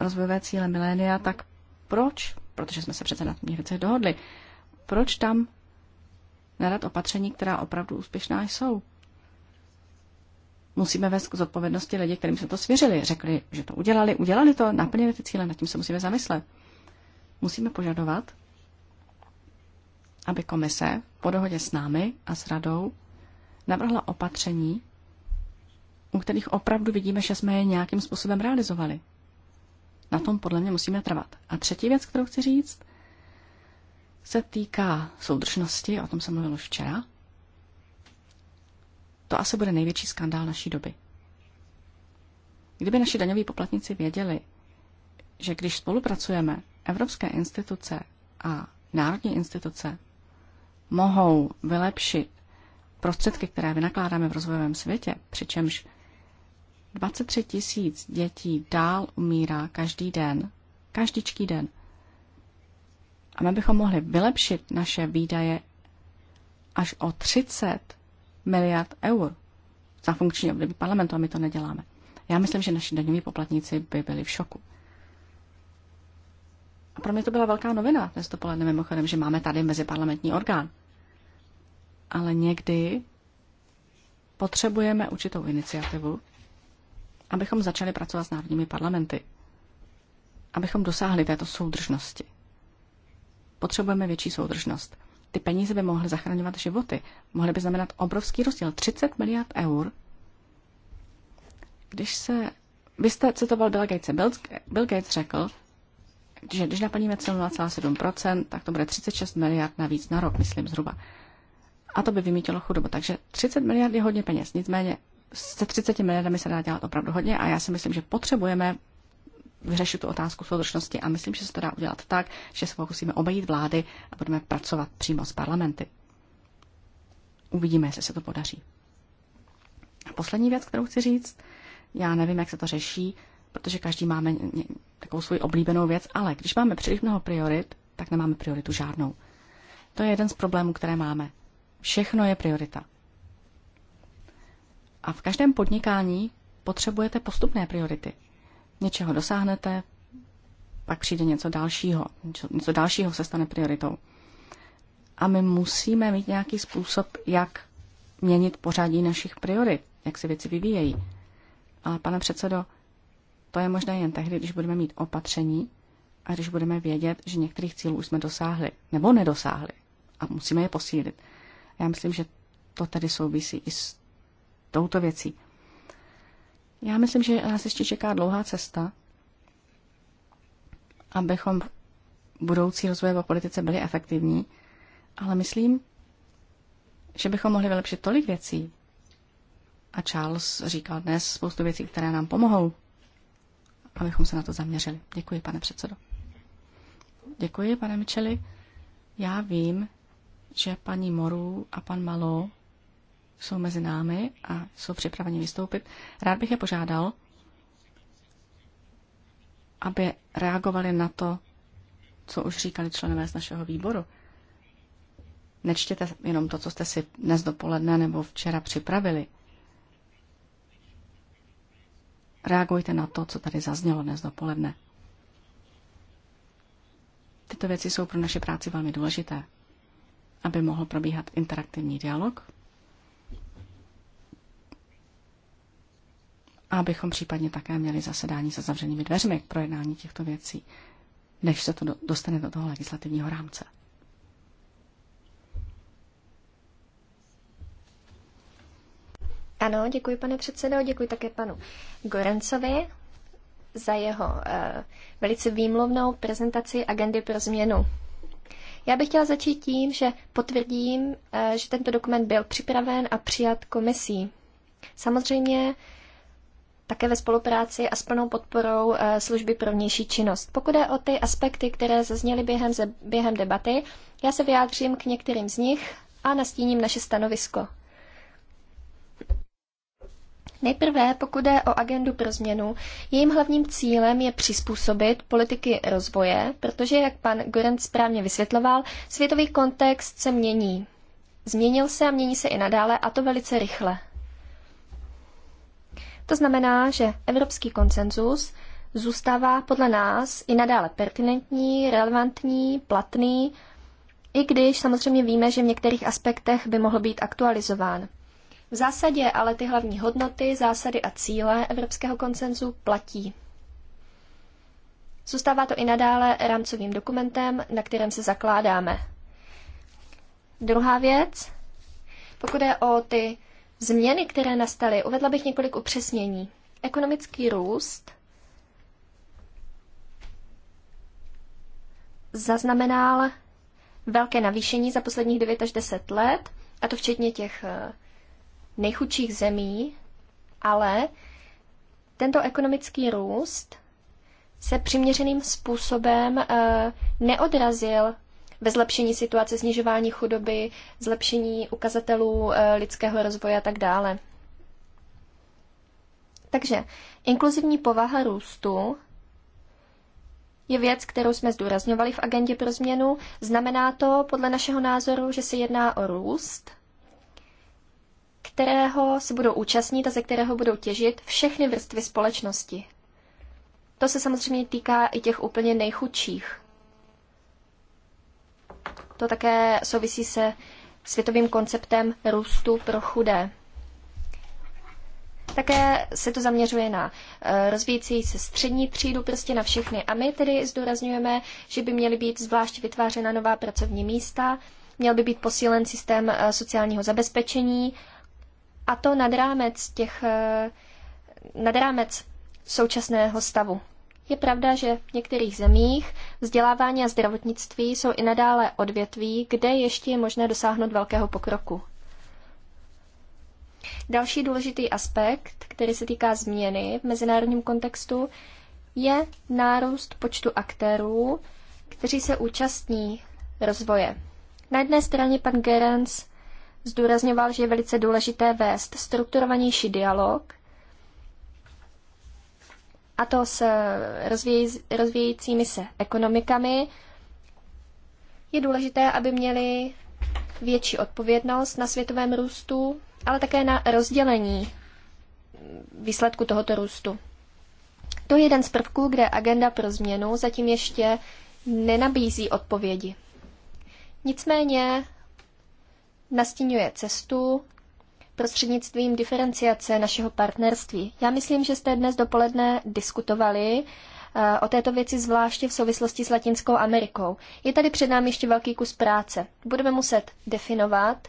rozvojové cíle milénia, tak proč, protože jsme se přece na těch věcech dohodli, proč tam nadat opatření, která opravdu úspěšná jsou? musíme vést k zodpovědnosti lidi, kterým jsme to svěřili. Řekli, že to udělali, udělali to, naplnili ty cíle, nad tím se musíme zamyslet. Musíme požadovat, aby komise po dohodě s námi a s radou navrhla opatření, u kterých opravdu vidíme, že jsme je nějakým způsobem realizovali. Na tom podle mě musíme trvat. A třetí věc, kterou chci říct, se týká soudržnosti, o tom jsem mluvil už včera. To asi bude největší skandál naší doby. Kdyby naši daňoví poplatníci věděli, že když spolupracujeme, evropské instituce a národní instituce mohou vylepšit prostředky, které vynakládáme v rozvojovém světě, přičemž 23 tisíc dětí dál umírá každý den, každičký den. A my bychom mohli vylepšit naše výdaje až o 30 miliard eur za funkční období parlamentu a my to neděláme. Já myslím, že naši daňoví poplatníci by byli v šoku. A pro mě to byla velká novina dnes dopoledne mimochodem, že máme tady meziparlamentní orgán. Ale někdy potřebujeme určitou iniciativu, abychom začali pracovat s národními parlamenty. Abychom dosáhli této soudržnosti. Potřebujeme větší soudržnost. Ty peníze by mohly zachraňovat životy. Mohly by znamenat obrovský rozdíl. 30 miliard eur. Když se... Vy jste citoval Bill Gates. Bill, Gates řekl, že když naplníme cíl 0,7%, tak to bude 36 miliard navíc na rok, myslím zhruba. A to by vymítilo chudobu. Takže 30 miliard je hodně peněz. Nicméně se 30 miliardami se dá dělat opravdu hodně a já si myslím, že potřebujeme vyřešit tu otázku soudržnosti a myslím, že se to dá udělat tak, že se pokusíme obejít vlády a budeme pracovat přímo s parlamenty. Uvidíme, jestli se to podaří. A poslední věc, kterou chci říct, já nevím, jak se to řeší, protože každý máme takovou svoji oblíbenou věc, ale když máme příliš mnoho priorit, tak nemáme prioritu žádnou. To je jeden z problémů, které máme. Všechno je priorita. A v každém podnikání potřebujete postupné priority něčeho dosáhnete, pak přijde něco dalšího. Něco, něco dalšího se stane prioritou. A my musíme mít nějaký způsob, jak měnit pořadí našich priorit, jak se věci vyvíjejí. Ale pane předsedo, to je možné jen tehdy, když budeme mít opatření a když budeme vědět, že některých cílů už jsme dosáhli nebo nedosáhli a musíme je posílit. Já myslím, že to tady souvisí i s touto věcí. Já myslím, že nás ještě čeká dlouhá cesta, abychom v budoucí rozvojové politice byli efektivní, ale myslím, že bychom mohli vylepšit tolik věcí. A Charles říkal dnes spoustu věcí, které nám pomohou, abychom se na to zaměřili. Děkuji, pane předsedo. Děkuji, pane Micheli. Já vím, že paní Moru a pan Malo jsou mezi námi a jsou připraveni vystoupit. Rád bych je požádal, aby reagovali na to, co už říkali členové z našeho výboru. Nečtěte jenom to, co jste si dnes dopoledne nebo včera připravili. Reagujte na to, co tady zaznělo dnes dopoledne. Tyto věci jsou pro naše práci velmi důležité, aby mohl probíhat interaktivní dialog abychom případně také měli zasedání se zavřenými dveřmi k projednání těchto věcí, než se to dostane do toho legislativního rámce. Ano, děkuji pane předsedo, děkuji také panu Gorencovi za jeho uh, velice výmluvnou prezentaci agendy pro změnu. Já bych chtěla začít tím, že potvrdím, uh, že tento dokument byl připraven a přijat komisí. Samozřejmě také ve spolupráci a s plnou podporou eh, služby pro vnější činnost. Pokud je o ty aspekty, které zazněly během, během debaty, já se vyjádřím k některým z nich a nastíním naše stanovisko. Nejprve, pokud je o agendu pro změnu, jejím hlavním cílem je přizpůsobit politiky rozvoje, protože, jak pan Gorent správně vysvětloval, světový kontext se mění. Změnil se a mění se i nadále, a to velice rychle. To znamená, že evropský konsenzus zůstává podle nás i nadále pertinentní, relevantní, platný, i když samozřejmě víme, že v některých aspektech by mohl být aktualizován. V zásadě ale ty hlavní hodnoty, zásady a cíle evropského konsenzu platí. Zůstává to i nadále rámcovým dokumentem, na kterém se zakládáme. Druhá věc, pokud je o ty změny, které nastaly, uvedla bych několik upřesnění. Ekonomický růst zaznamenal velké navýšení za posledních 9 až 10 let, a to včetně těch eh, nejchudších zemí, ale tento ekonomický růst se přiměřeným způsobem eh, neodrazil ve zlepšení situace, snižování chudoby, zlepšení ukazatelů eh, lidského rozvoje a tak dále. Takže inkluzivní povaha růstu je věc, kterou jsme zdůrazňovali v agendě pro změnu. Znamená to podle našeho názoru, že se jedná o růst, kterého se budou účastnit a ze kterého budou těžit všechny vrstvy společnosti. To se samozřejmě týká i těch úplně nejchudších. To také souvisí se světovým konceptem růstu pro chudé. Také se to zaměřuje na eh, rozvíjící se střední třídu, prostě na všechny. A my tedy zdůrazňujeme, že by měly být zvlášť vytvářena nová pracovní místa, měl by být posílen systém eh, sociálního zabezpečení a to nad rámec těch eh, nad rámec současného stavu. Je pravda, že v některých zemích vzdělávání a zdravotnictví jsou i nadále odvětví, kde ještě je možné dosáhnout velkého pokroku. Další důležitý aspekt, který se týká změny v mezinárodním kontextu, je nárůst počtu aktérů, kteří se účastní rozvoje. Na jedné straně pan Gerens zdůrazňoval, že je velice důležité vést strukturovanější dialog a to s eh, rozvíjí, rozvíjícími se ekonomikami, je důležité, aby měli větší odpovědnost na světovém růstu, ale také na rozdělení výsledku tohoto růstu. To je jeden z prvků, kde agenda pro změnu zatím ještě nenabízí odpovědi. Nicméně nastínuje cestu prostřednictvím diferenciace našeho partnerství. Já myslím, že jste dnes dopoledne diskutovali eh, o této věci zvláště v souvislosti s Latinskou Amerikou. Je tady před námi ještě velký kus práce. Budeme muset definovat,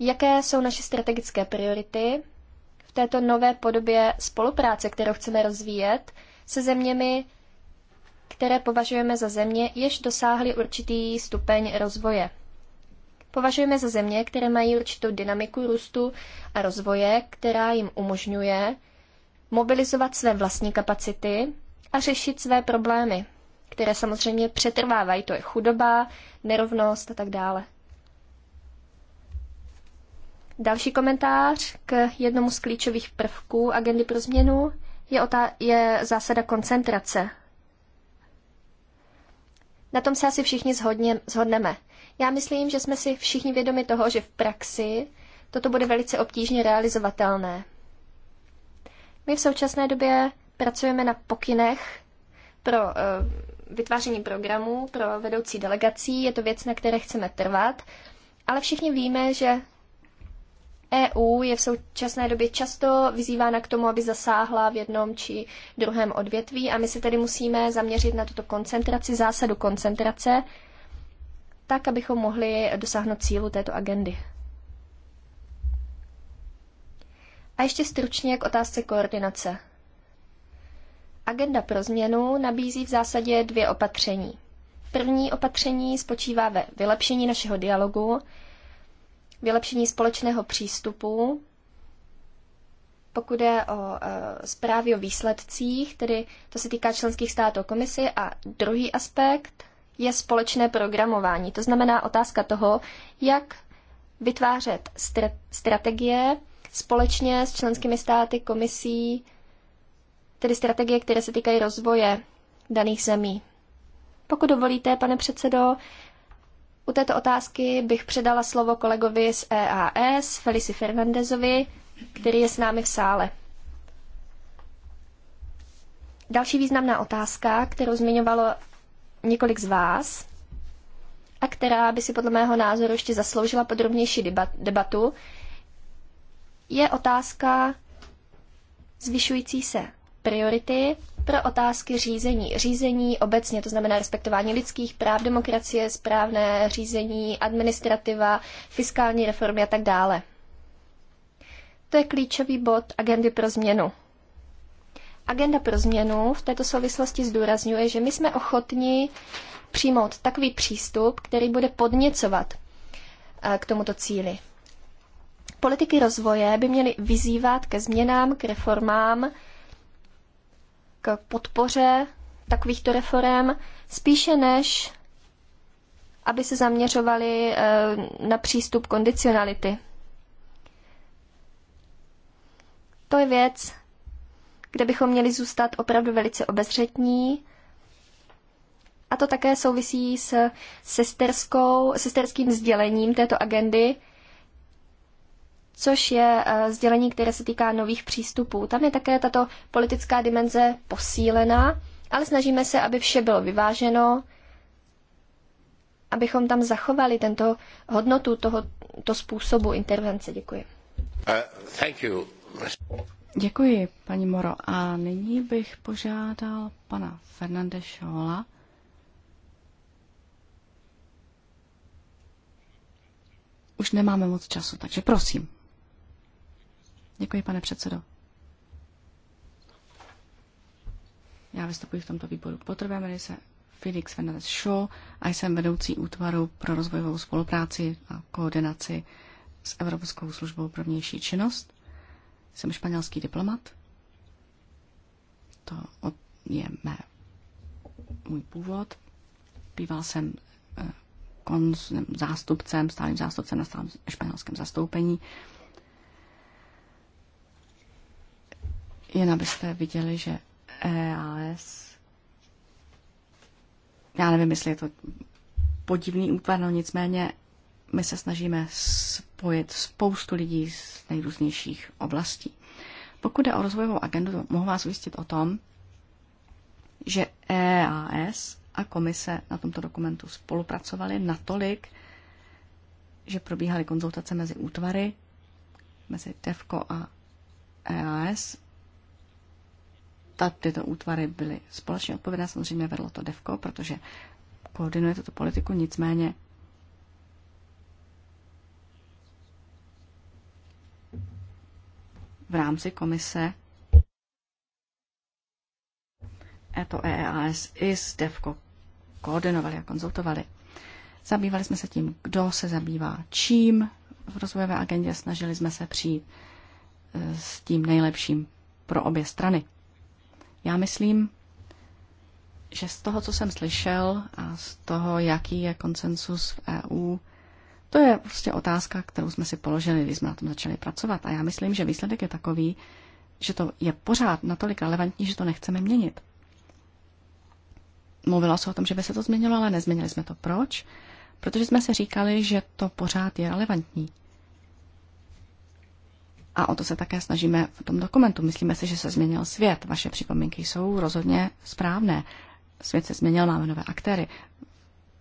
jaké jsou naše strategické priority v této nové podobě spolupráce, kterou chceme rozvíjet se zeměmi, které považujeme za země, jež dosáhly určitý stupeň rozvoje považujeme za země, které mají určitou dynamiku růstu a rozvoje, která jim umožňuje mobilizovat své vlastní kapacity a řešit své problémy, které samozřejmě přetrvávají. To je chudoba, nerovnost a tak dále. Další komentář k jednomu z klíčových prvků agendy pro změnu je, otá- je zásada koncentrace. Na tom se asi všichni zhodně, zhodneme. Já myslím, že jsme si všichni vědomi toho, že v praxi toto bude velice obtížně realizovatelné. My v současné době pracujeme na pokynech pro eh, vytváření programů, pro vedoucí delegací. Je to věc, na které chceme trvat, ale všichni víme, že EU je v současné době často vyzývána k tomu, aby zasáhla v jednom či druhém odvětví a my se tedy musíme zaměřit na tuto koncentraci, zásadu koncentrace tak, abychom mohli dosáhnout cílu této agendy. A ještě stručně k otázce koordinace. Agenda pro změnu nabízí v zásadě dvě opatření. První opatření spočívá ve vylepšení našeho dialogu, vylepšení společného přístupu, pokud je o e, zprávy o výsledcích, tedy to se týká členských států komisy. A druhý aspekt – je společné programování. To znamená otázka toho, jak vytvářet strategie společně s členskými státy, komisí, tedy strategie, které se týkají rozvoje daných zemí. Pokud dovolíte, pane předsedo, u této otázky bych předala slovo kolegovi z EAS, Felici Fernandezovi, který je s námi v sále. Další významná otázka, kterou zmiňovalo několik z vás a která by si podle mého názoru ještě zasloužila podrobnější debatu, je otázka zvyšující se priority pro otázky řízení. Řízení obecně, to znamená respektování lidských práv, demokracie, správné řízení, administrativa, fiskální reformy a tak dále. To je klíčový bod agendy pro změnu. Agenda pro změnu v této souvislosti zdůrazňuje, že my jsme ochotni přijmout takový přístup, který bude podněcovat eh, k tomuto cíli. Politiky rozvoje by měly vyzývat ke změnám, k reformám, k podpoře takovýchto reform, spíše než aby se zaměřovali eh, na přístup kondicionality. To je věc, kde bychom měli zůstat opravdu velice obezřetní. A to také souvisí s sesterskou, sesterským sdělením této agendy, což je eh, sdělení, které se týká nových přístupů. Tam je také tato politická dimenze posílená, ale snažíme se, aby vše bylo vyváženo, abychom tam zachovali tento hodnotu tohoto způsobu intervence. Děkuji. Uh, thank you. Děkuji, paní Moro. A nyní bych požádal pana Fernande Šola, Už nemáme moc času, takže prosím. Děkuji, pane předsedo. Já vystupuji v tomto výboru potrvé, jmenuji se Felix Fernandez Shaw a jsem vedoucí útvaru pro rozvojovou spolupráci a koordinaci s Evropskou službou pro vnější činnost. Jsem španělský diplomat. To je mé, můj původ. Býval jsem eh, konz, zástupcem, stálým zástupcem na stálém španělském zastoupení. Jen abyste viděli, že EAS, já nevím, jestli je to podivný útvar, no nicméně my se snažíme spojit spoustu lidí z nejrůznějších oblastí. Pokud jde o rozvojovou agendu, mohu vás ujistit o tom, že EAS a komise na tomto dokumentu spolupracovali natolik, že probíhaly konzultace mezi útvary, mezi TEFCO a EAS. tyto útvary byly společně odpovědné, samozřejmě vedlo to DEFCO, protože koordinuje tuto politiku, nicméně v rámci komise ETO EEAS i s DEVKO koordinovali a konzultovali. Zabývali jsme se tím, kdo se zabývá čím v rozvojové agendě. Snažili jsme se přijít e, s tím nejlepším pro obě strany. Já myslím, že z toho, co jsem slyšel a z toho, jaký je konsensus v EU, to je prostě otázka, kterou jsme si položili, když jsme na tom začali pracovat. A já myslím, že výsledek je takový, že to je pořád natolik relevantní, že to nechceme měnit. Mluvila se o tom, že by se to změnilo, ale nezměnili jsme to. Proč? Protože jsme si říkali, že to pořád je relevantní. A o to se také snažíme v tom dokumentu. Myslíme si, že se změnil svět. Vaše připomínky jsou rozhodně správné. Svět se změnil, máme nové aktéry.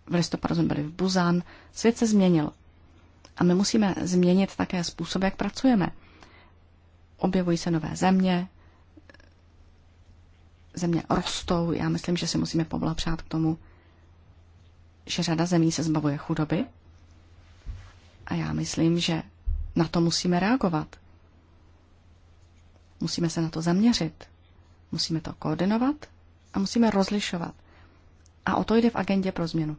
V listopadu jsme byli v Buzan. Svět se změnil. A my musíme změnit také způsob, jak pracujeme. Objevují se nové země, země rostou. Já myslím, že si musíme poblapřát k tomu, že řada zemí se zbavuje chudoby. A já myslím, že na to musíme reagovat. Musíme se na to zaměřit. Musíme to koordinovat a musíme rozlišovat. A o to jde v agendě pro změnu.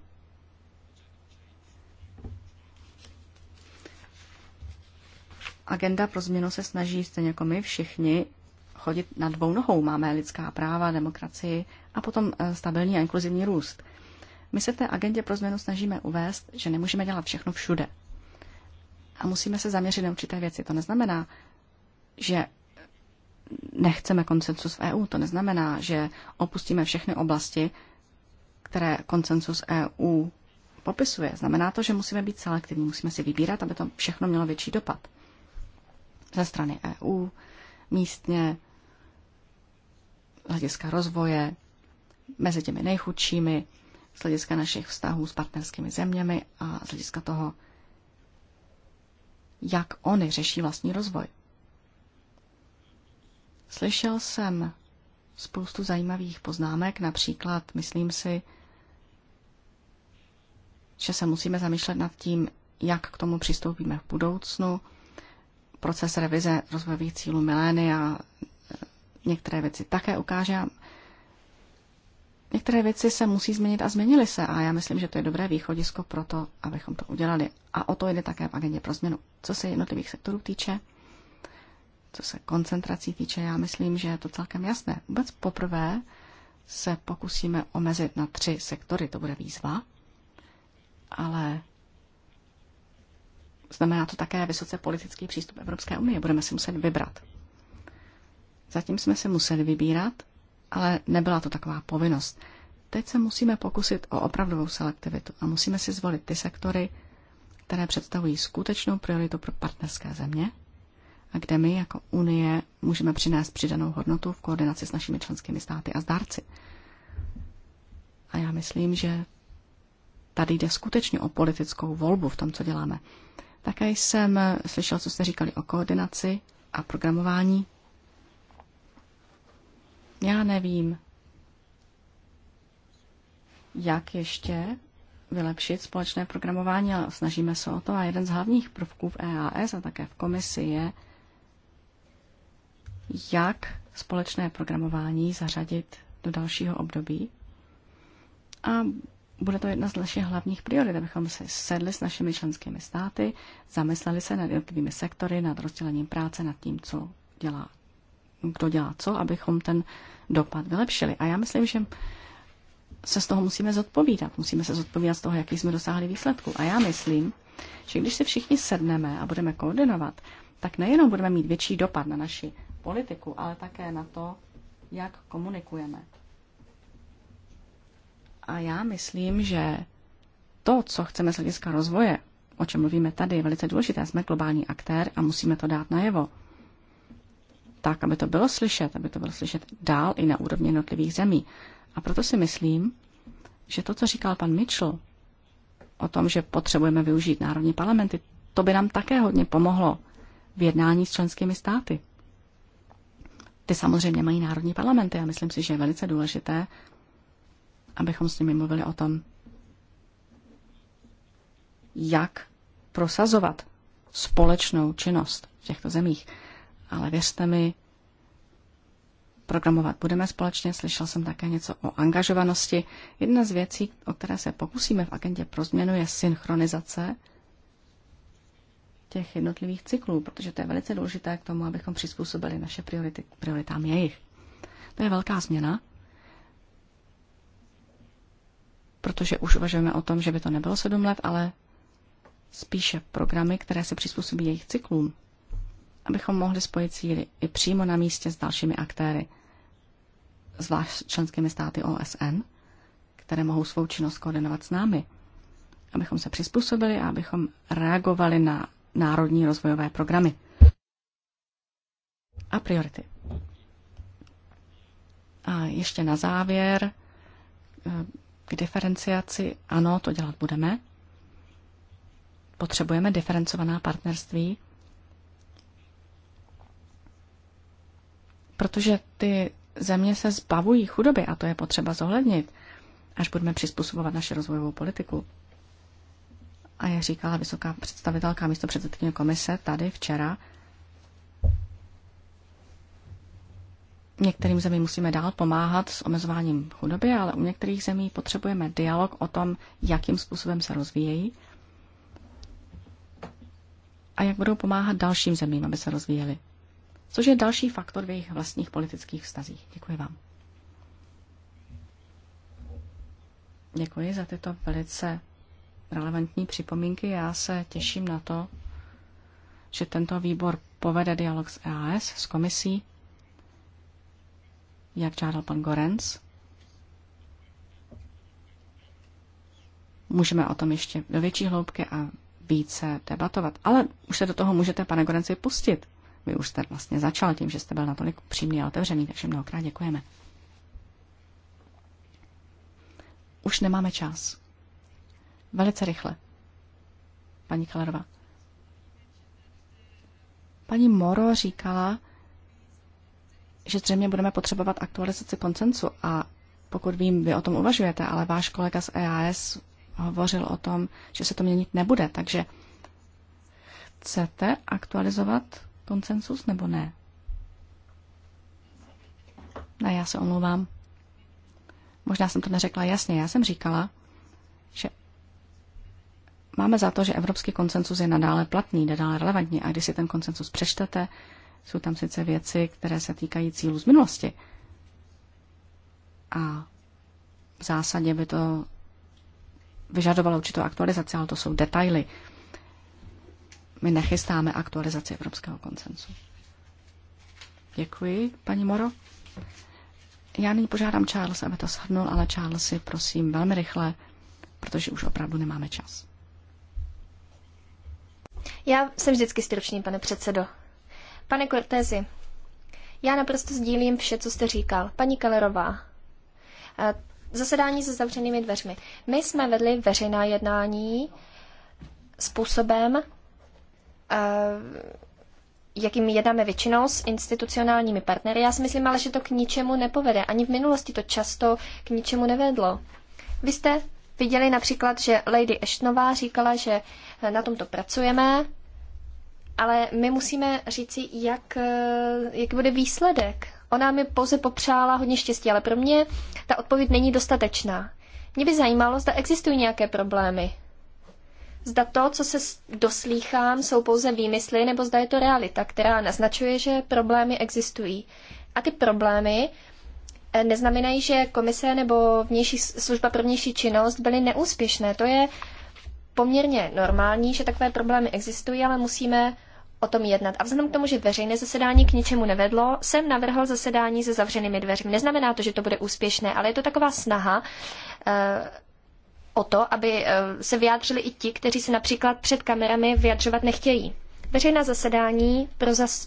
Agenda pro změnu se snaží, stejně jako my všichni, chodit na dvou nohou. Máme lidská práva, demokracii a potom eh, stabilní a inkluzivní růst. My se v té agendě pro změnu snažíme uvést, že nemůžeme dělat všechno všude. A musíme se zaměřit na určité věci. To neznamená, že nechceme koncensus v EU. To neznamená, že opustíme všechny oblasti, které koncensus EU popisuje. Znamená to, že musíme být selektivní, musíme si vybírat, aby to všechno mělo větší dopad ze strany EU, místně, z hlediska rozvoje, mezi těmi nejchudšími, z hlediska našich vztahů s partnerskými zeměmi a z hlediska toho, jak oni řeší vlastní rozvoj. Slyšel jsem spoustu zajímavých poznámek, například myslím si, že se musíme zamýšlet nad tím, jak k tomu přistoupíme v budoucnu, proces revize rozvojových cílů milénia některé věci také ukáže. Některé věci se musí změnit a změnily se a já myslím, že to je dobré východisko pro to, abychom to udělali. A o to jde také v agendě pro změnu. Co se jednotlivých sektorů týče, co se koncentrací týče, já myslím, že je to celkem jasné. Vůbec poprvé se pokusíme omezit na tři sektory, to bude výzva, ale Znamená to také vysoce politický přístup Evropské unie. Budeme si muset vybrat. Zatím jsme se museli vybírat, ale nebyla to taková povinnost. Teď se musíme pokusit o opravdovou selektivitu a musíme si zvolit ty sektory, které představují skutečnou prioritu pro partnerské země a kde my jako Unie můžeme přinést přidanou hodnotu v koordinaci s našimi členskými státy a zdárci. A já myslím, že tady jde skutečně o politickou volbu v tom, co děláme. Také jsem slyšel, co jste říkali o koordinaci a programování. Já nevím, jak ještě vylepšit společné programování, ale snažíme se o to. A jeden z hlavních prvků v EAS a také v komisi je, jak společné programování zařadit do dalšího období. A bude to jedna z našich hlavních priorit, abychom se sedli s našimi členskými státy, zamysleli se nad jednotlivými sektory, nad rozdělením práce, nad tím, co dělá, kdo dělá co, abychom ten dopad vylepšili. A já myslím, že se z toho musíme zodpovídat. Musíme se zodpovídat z toho, jaký jsme dosáhli výsledku. A já myslím, že když se všichni sedneme a budeme koordinovat, tak nejenom budeme mít větší dopad na naši politiku, ale také na to, jak komunikujeme. A já myslím, že to, co chceme z hlediska rozvoje, o čem mluvíme tady, je velice důležité. Jsme globální aktér a musíme to dát najevo. Tak, aby to bylo slyšet, aby to bylo slyšet dál i na úrovni jednotlivých zemí. A proto si myslím, že to, co říkal pan Mitchell o tom, že potřebujeme využít národní parlamenty, to by nám také hodně pomohlo v jednání s členskými státy. Ty samozřejmě mají národní parlamenty a myslím si, že je velice důležité, abychom s nimi mluvili o tom, jak prosazovat společnou činnost v těchto zemích. Ale věřte mi, programovat budeme společně. Slyšel jsem také něco o angažovanosti. Jedna z věcí, o které se pokusíme v agendě pro změnu, je synchronizace těch jednotlivých cyklů, protože to je velice důležité k tomu, abychom přizpůsobili naše priority prioritám jejich. To je velká změna protože už uvažujeme o tom, že by to nebylo sedm let, ale spíše programy, které se přizpůsobí jejich cyklům, abychom mohli spojit síly i přímo na místě s dalšími aktéry, zvlášť s členskými státy OSN, které mohou svou činnost koordinovat s námi, abychom se přizpůsobili a abychom reagovali na národní rozvojové programy a priority. A ještě na závěr eh, k diferenciaci ano, to dělat budeme. Potřebujeme diferencovaná partnerství, protože ty země se zbavují chudoby a to je potřeba zohlednit, až budeme přizpůsobovat naši rozvojovou politiku. A jak říkala vysoká představitelka místo předsedkyně komise tady včera, Některým zemím musíme dál pomáhat s omezováním chudoby, ale u některých zemí potřebujeme dialog o tom, jakým způsobem se rozvíjejí a jak budou pomáhat dalším zemím, aby se rozvíjeli. Což je další faktor v jejich vlastních politických vztazích. Děkuji vám. Děkuji za tyto velice relevantní připomínky. Já se těším na to, že tento výbor povede dialog s EAS, s komisí jak žádal pan Gorenc. Můžeme o tom ještě do větší hloubky a více debatovat. Ale už se do toho můžete, pane Gorenci, pustit. Vy už jste vlastně začal tím, že jste byl natolik přímý a otevřený, takže mnohokrát děkujeme. Už nemáme čas. Velice rychle. Paní Kalerová. Paní Moro říkala, že zřejmě budeme potřebovat aktualizaci koncensu a pokud vím, vy o tom uvažujete, ale váš kolega z EAS hovořil o tom, že se to měnit nebude, takže chcete aktualizovat koncensus nebo ne? A já se omlouvám. Možná jsem to neřekla jasně. Já jsem říkala, že máme za to, že evropský koncensus je nadále platný, nadále relevantní a když si ten koncensus přečtete, jsou tam sice věci, které se týkají cílů z minulosti. A v zásadě by to vyžadovalo určitou aktualizaci, ale to jsou detaily. My nechystáme aktualizaci evropského koncensu. Děkuji, paní Moro. Já nyní požádám Charles, aby to shrnul, ale Charles si prosím velmi rychle, protože už opravdu nemáme čas. Já jsem vždycky stručný, pane předsedo. Pane Cortezi, já naprosto sdílím vše, co jste říkal. Paní Kellerová, eh, zasedání se zavřenými dveřmi. My jsme vedli veřejná jednání způsobem, eh, jakým jednáme většinou s institucionálními partnery. Já si myslím ale, že to k ničemu nepovede. Ani v minulosti to často k ničemu nevedlo. Vy jste viděli například, že Lady Ashtonová říkala, že na tomto pracujeme, ale my musíme říci, jak, eh, jak bude výsledek. Ona mi pouze popřála hodně štěstí, ale pro mě ta odpověď není dostatečná. Mě by zajímalo, zda existují nějaké problémy. Zda to, co se doslýchám, jsou pouze výmysly, nebo zda je to realita, která naznačuje, že problémy existují. A ty problémy eh, neznamenají, že komise nebo vnější služba pro vnější činnost byly neúspěšné. To je poměrně normální, že takové problémy existují, ale musíme o tom jednat. A vzhledem k tomu, že veřejné zasedání k ničemu nevedlo, jsem navrhl zasedání se zavřenými dveřmi. Neznamená to, že to bude úspěšné, ale je to taková snaha uh, o to, aby eh, se vyjádřili i ti, kteří se například před kamerami vyjadřovat nechtějí. Veřejná zasedání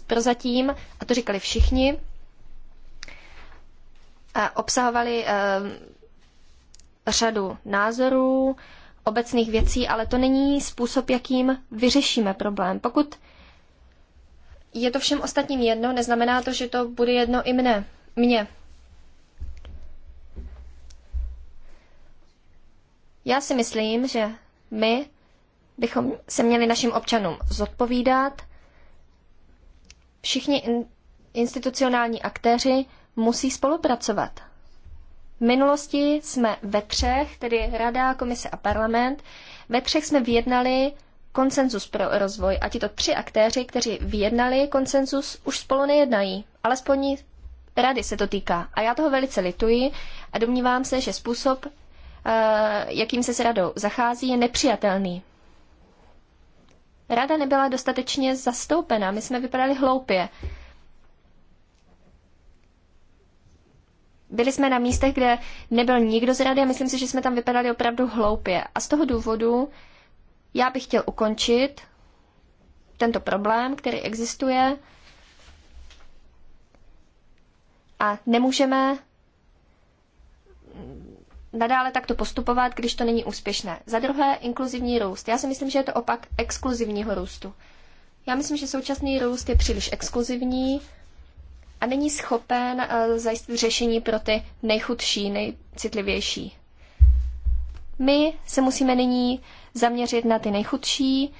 pro zatím a to říkali všichni, eh, obsahovali uh, řadu názorů, obecných věcí, ale to není způsob, jakým vyřešíme problém. Pokud je to všem ostatním jedno, neznamená to, že to bude jedno i mne. Mně. Já si myslím, že my bychom se měli našim občanům zodpovídat. Všichni institucionální aktéři musí spolupracovat. V minulosti jsme ve třech, tedy Rada, Komise a Parlament, ve třech jsme vyjednali konsenzus pro rozvoj a tito tři aktéři, kteří vyjednali konsenzus, už spolu nejednají. Alespoň rady se to týká. A já toho velice lituji a domnívám se, že způsob, eh, jakým se s radou zachází, je nepřijatelný. Rada nebyla dostatečně zastoupena, my jsme vypadali hloupě. byli jsme na místech, kde nebyl nikdo z rady a myslím si, že jsme tam vypadali opravdu hloupě. A z toho důvodu já bych chtěl ukončit tento problém, který existuje. A nemůžeme nadále takto postupovat, když to není úspěšné. Za druhé, inkluzivní růst. Já si myslím, že je to opak exkluzivního růstu. Já myslím, že současný růst je příliš exkluzivní a není schopen eh, zajistit řešení pro ty nejchudší, nejcitlivější. My se musíme nyní zaměřit na ty nejchudší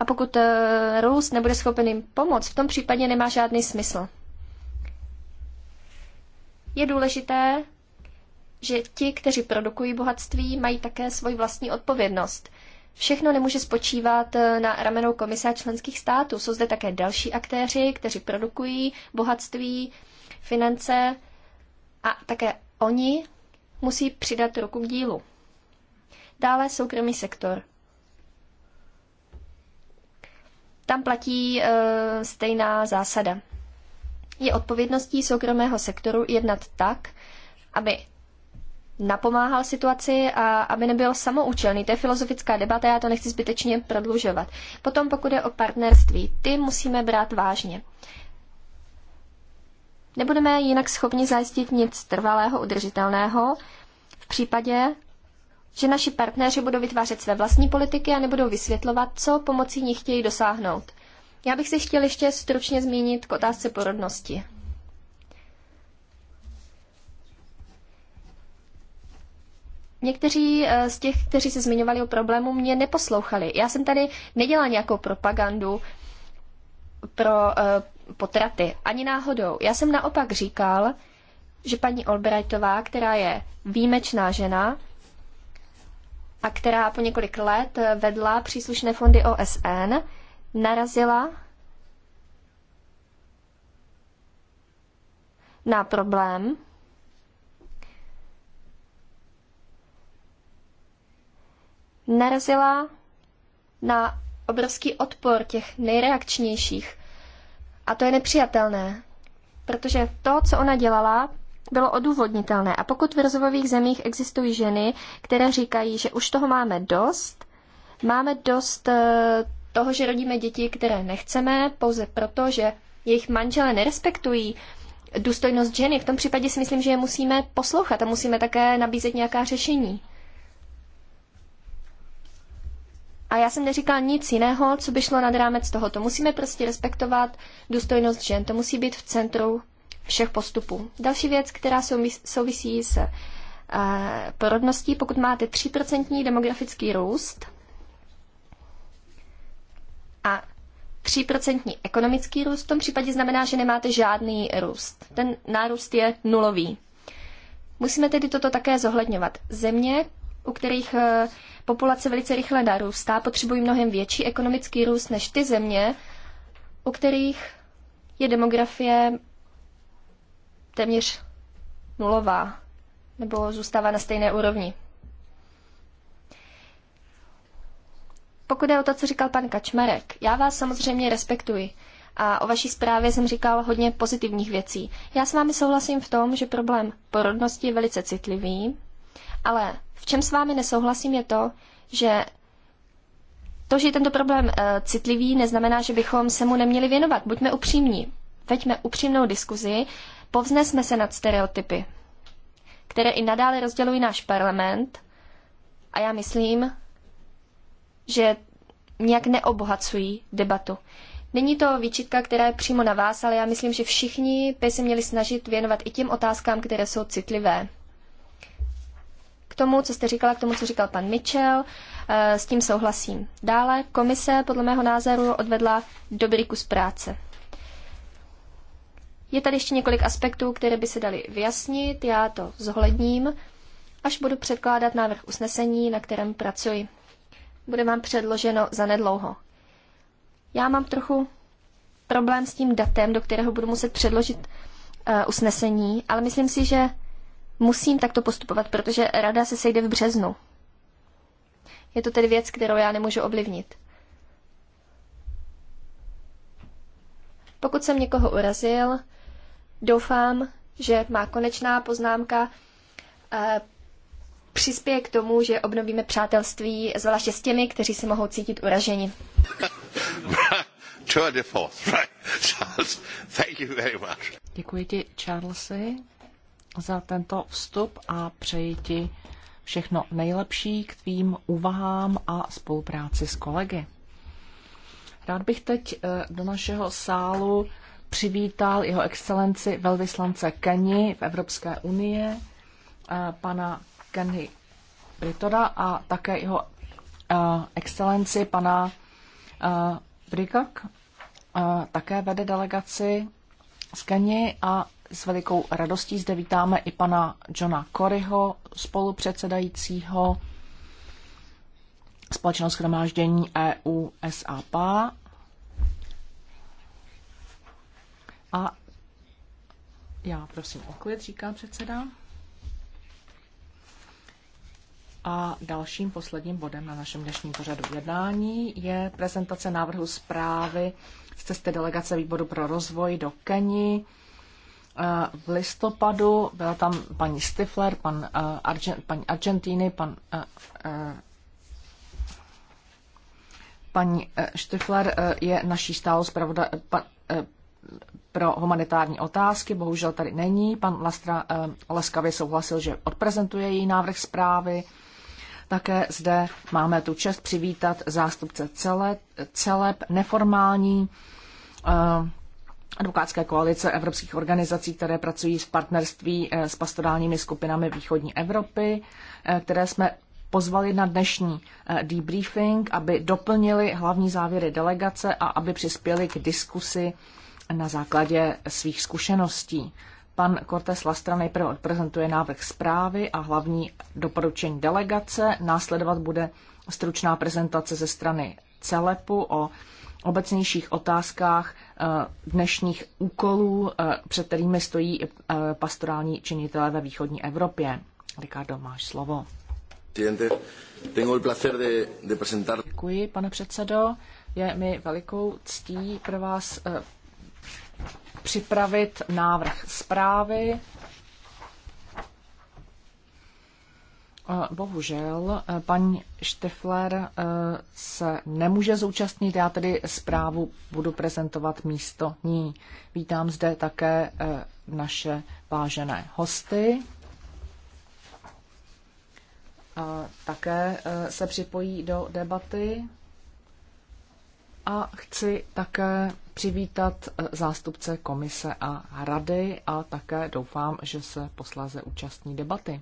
a pokud eh, Rus nebude schopen jim pomoct, v tom případě nemá žádný smysl. Je důležité, že ti, kteří produkují bohatství, mají také svoji vlastní odpovědnost – Všechno nemůže spočívat eh, na ramenou komise členských států. Jsou zde také další aktéři, kteří produkují bohatství, finance a také oni musí přidat ruku k dílu. Dále soukromý sektor. Tam platí e, stejná zásada. Je odpovědností soukromého sektoru jednat tak, aby napomáhal situaci a aby nebyl samoučelný. To je filozofická debata, já to nechci zbytečně prodlužovat. Potom pokud je o partnerství, ty musíme brát vážně. Nebudeme jinak schopni zajistit nic trvalého, udržitelného v případě, že naši partneři budou vytvářet své vlastní politiky a nebudou vysvětlovat, co pomocí nich chtějí dosáhnout. Já bych si chtěl ještě stručně zmínit k otázce porodnosti. Někteří eh, z těch, kteří se zmiňovali o problému, mě neposlouchali. Já jsem tady nedělala nějakou propagandu pro eh, potraty. Ani náhodou. Já jsem naopak říkal, že paní Albrightová, která je výjimečná žena a která po několik let eh, vedla příslušné fondy OSN, narazila na problém, narazila na obrovský odpor těch nejreakčnějších. A to je nepřijatelné, protože to, co ona dělala, bylo odůvodnitelné. A pokud v rozvojových zemích existují ženy, které říkají, že už toho máme dost, máme dost eh, toho, že rodíme děti, které nechceme, pouze proto, že jejich manžele nerespektují důstojnost ženy, v tom případě si myslím, že je musíme poslouchat a musíme také nabízet nějaká řešení. A já jsem neříkal nic jiného, co by šlo nad rámec tohoto. Musíme prostě respektovat důstojnost žen. To musí být v centru všech postupů. Další věc, která souvisí s eh, porodností, pokud máte 3% demografický růst a 3% ekonomický růst, v tom případě znamená, že nemáte žádný růst. Ten nárůst je nulový. Musíme tedy toto také zohledňovat. Země, u kterých eh, populace velice rychle narůstá, potřebují mnohem větší ekonomický růst než ty země, u kterých je demografie téměř nulová nebo zůstává na stejné úrovni. Pokud je o to, co říkal pan Kačmarek, já vás samozřejmě respektuji a o vaší zprávě jsem říkal hodně pozitivních věcí. Já s vámi souhlasím v tom, že problém porodnosti je velice citlivý, ale v čem s vámi nesouhlasím je to, že to, že je tento problém e, citlivý, neznamená, že bychom se mu neměli věnovat. Buďme upřímní. Veďme upřímnou diskuzi, povznesme se nad stereotypy, které i nadále rozdělují náš parlament a já myslím, že nějak neobohacují debatu. Není to výčitka, která je přímo na vás, ale já myslím, že všichni by se měli snažit věnovat i těm otázkám, které jsou citlivé. K tomu, co jste říkala, k tomu, co říkal pan Mitchell, eh, s tím souhlasím. Dále komise podle mého názoru odvedla dobrý kus práce. Je tady ještě několik aspektů, které by se daly vyjasnit, já to zohledním, až budu předkládat návrh usnesení, na kterém pracuji. Bude vám předloženo zanedlouho. Já mám trochu problém s tím datem, do kterého budu muset předložit uh, usnesení, ale myslím si, že Musím takto postupovat, protože rada se sejde v březnu. Je to tedy věc, kterou já nemůžu ovlivnit. Pokud jsem někoho urazil, doufám, že má konečná poznámka eh, přispěje k tomu, že obnovíme přátelství, zvláště s těmi, kteří se mohou cítit uraženi. Děkuji ti, Charlesy za tento vstup a přeji ti všechno nejlepší k tvým úvahám a spolupráci s kolegy. Rád bych teď eh, do našeho sálu přivítal jeho excelenci velvyslance Keni v Evropské unie, eh, pana Kenny Britoda a také jeho eh, excelenci pana Brigak. Také vede delegaci z Keni a s velikou radostí zde vítáme i pana Johna Koryho, spolupředsedajícího Společnost schromáždění EU SAP. A já prosím o klid, říká předseda. A dalším posledním bodem na našem dnešním pořadu jednání je prezentace návrhu zprávy z cesty delegace výboru pro rozvoj do Keni Eh, v listopadu. Byla tam paní Stifler, pan, eh, Argen, paní Argentíny, pan, eh, paní Stifler je naší stálou zpravodaj, pan, pro humanitární otázky, bohužel tady není. Pan Lastra laskavě souhlasil, že odprezentuje její návrh zprávy. Také zde máme tu čest přivítat zástupce celé, celeb neformální advokátské koalice evropských organizací, které pracují v partnerství eh, s pastorálními skupinami východní Evropy, eh, které jsme pozvali na dnešní eh, debriefing, aby doplnili hlavní závěry delegace a aby přispěli k diskusi na základě svých zkušeností. Pan Cortés Lastra nejprve odprezentuje návrh zprávy a hlavní doporučení delegace. Následovat bude stručná prezentace ze strany CELEPu o obecnějších otázkách eh, dnešních úkolů, eh, před kterými stojí eh, pastorální činitelé ve východní Evropě. Ricardo, máš slovo. Děkuji, pane předsedo. Je mi velikou ctí pro vás připravit návrh zprávy Bohužel, eh, paní Štefler eh, se nemůže zúčastnit, já tedy zprávu budu prezentovat místo ní. Vítám zde také eh, naše vážené hosty. A také se připojí do debaty. A chci také přivítat zástupce komise a rady a také doufám, že se posláze účastní debaty.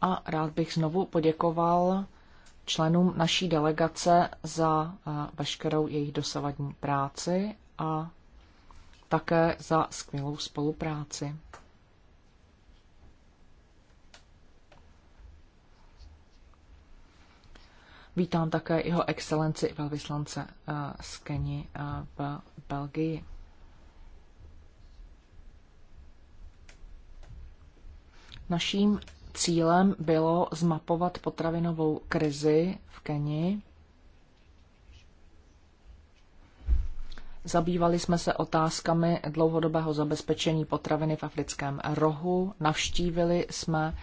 a rád bych znovu poděkoval členům naší delegace za eh, veškerou jejich dosavadní práci a také za skvělou spolupráci. Vítám také jeho excelenci velvyslance eh, z Keni eh, v Belgii. Naším Cílem bylo zmapovat potravinovou krizi v Keni. Zabývali jsme se otázkami dlouhodobého zabezpečení potraviny v africkém rohu. Navštívili jsme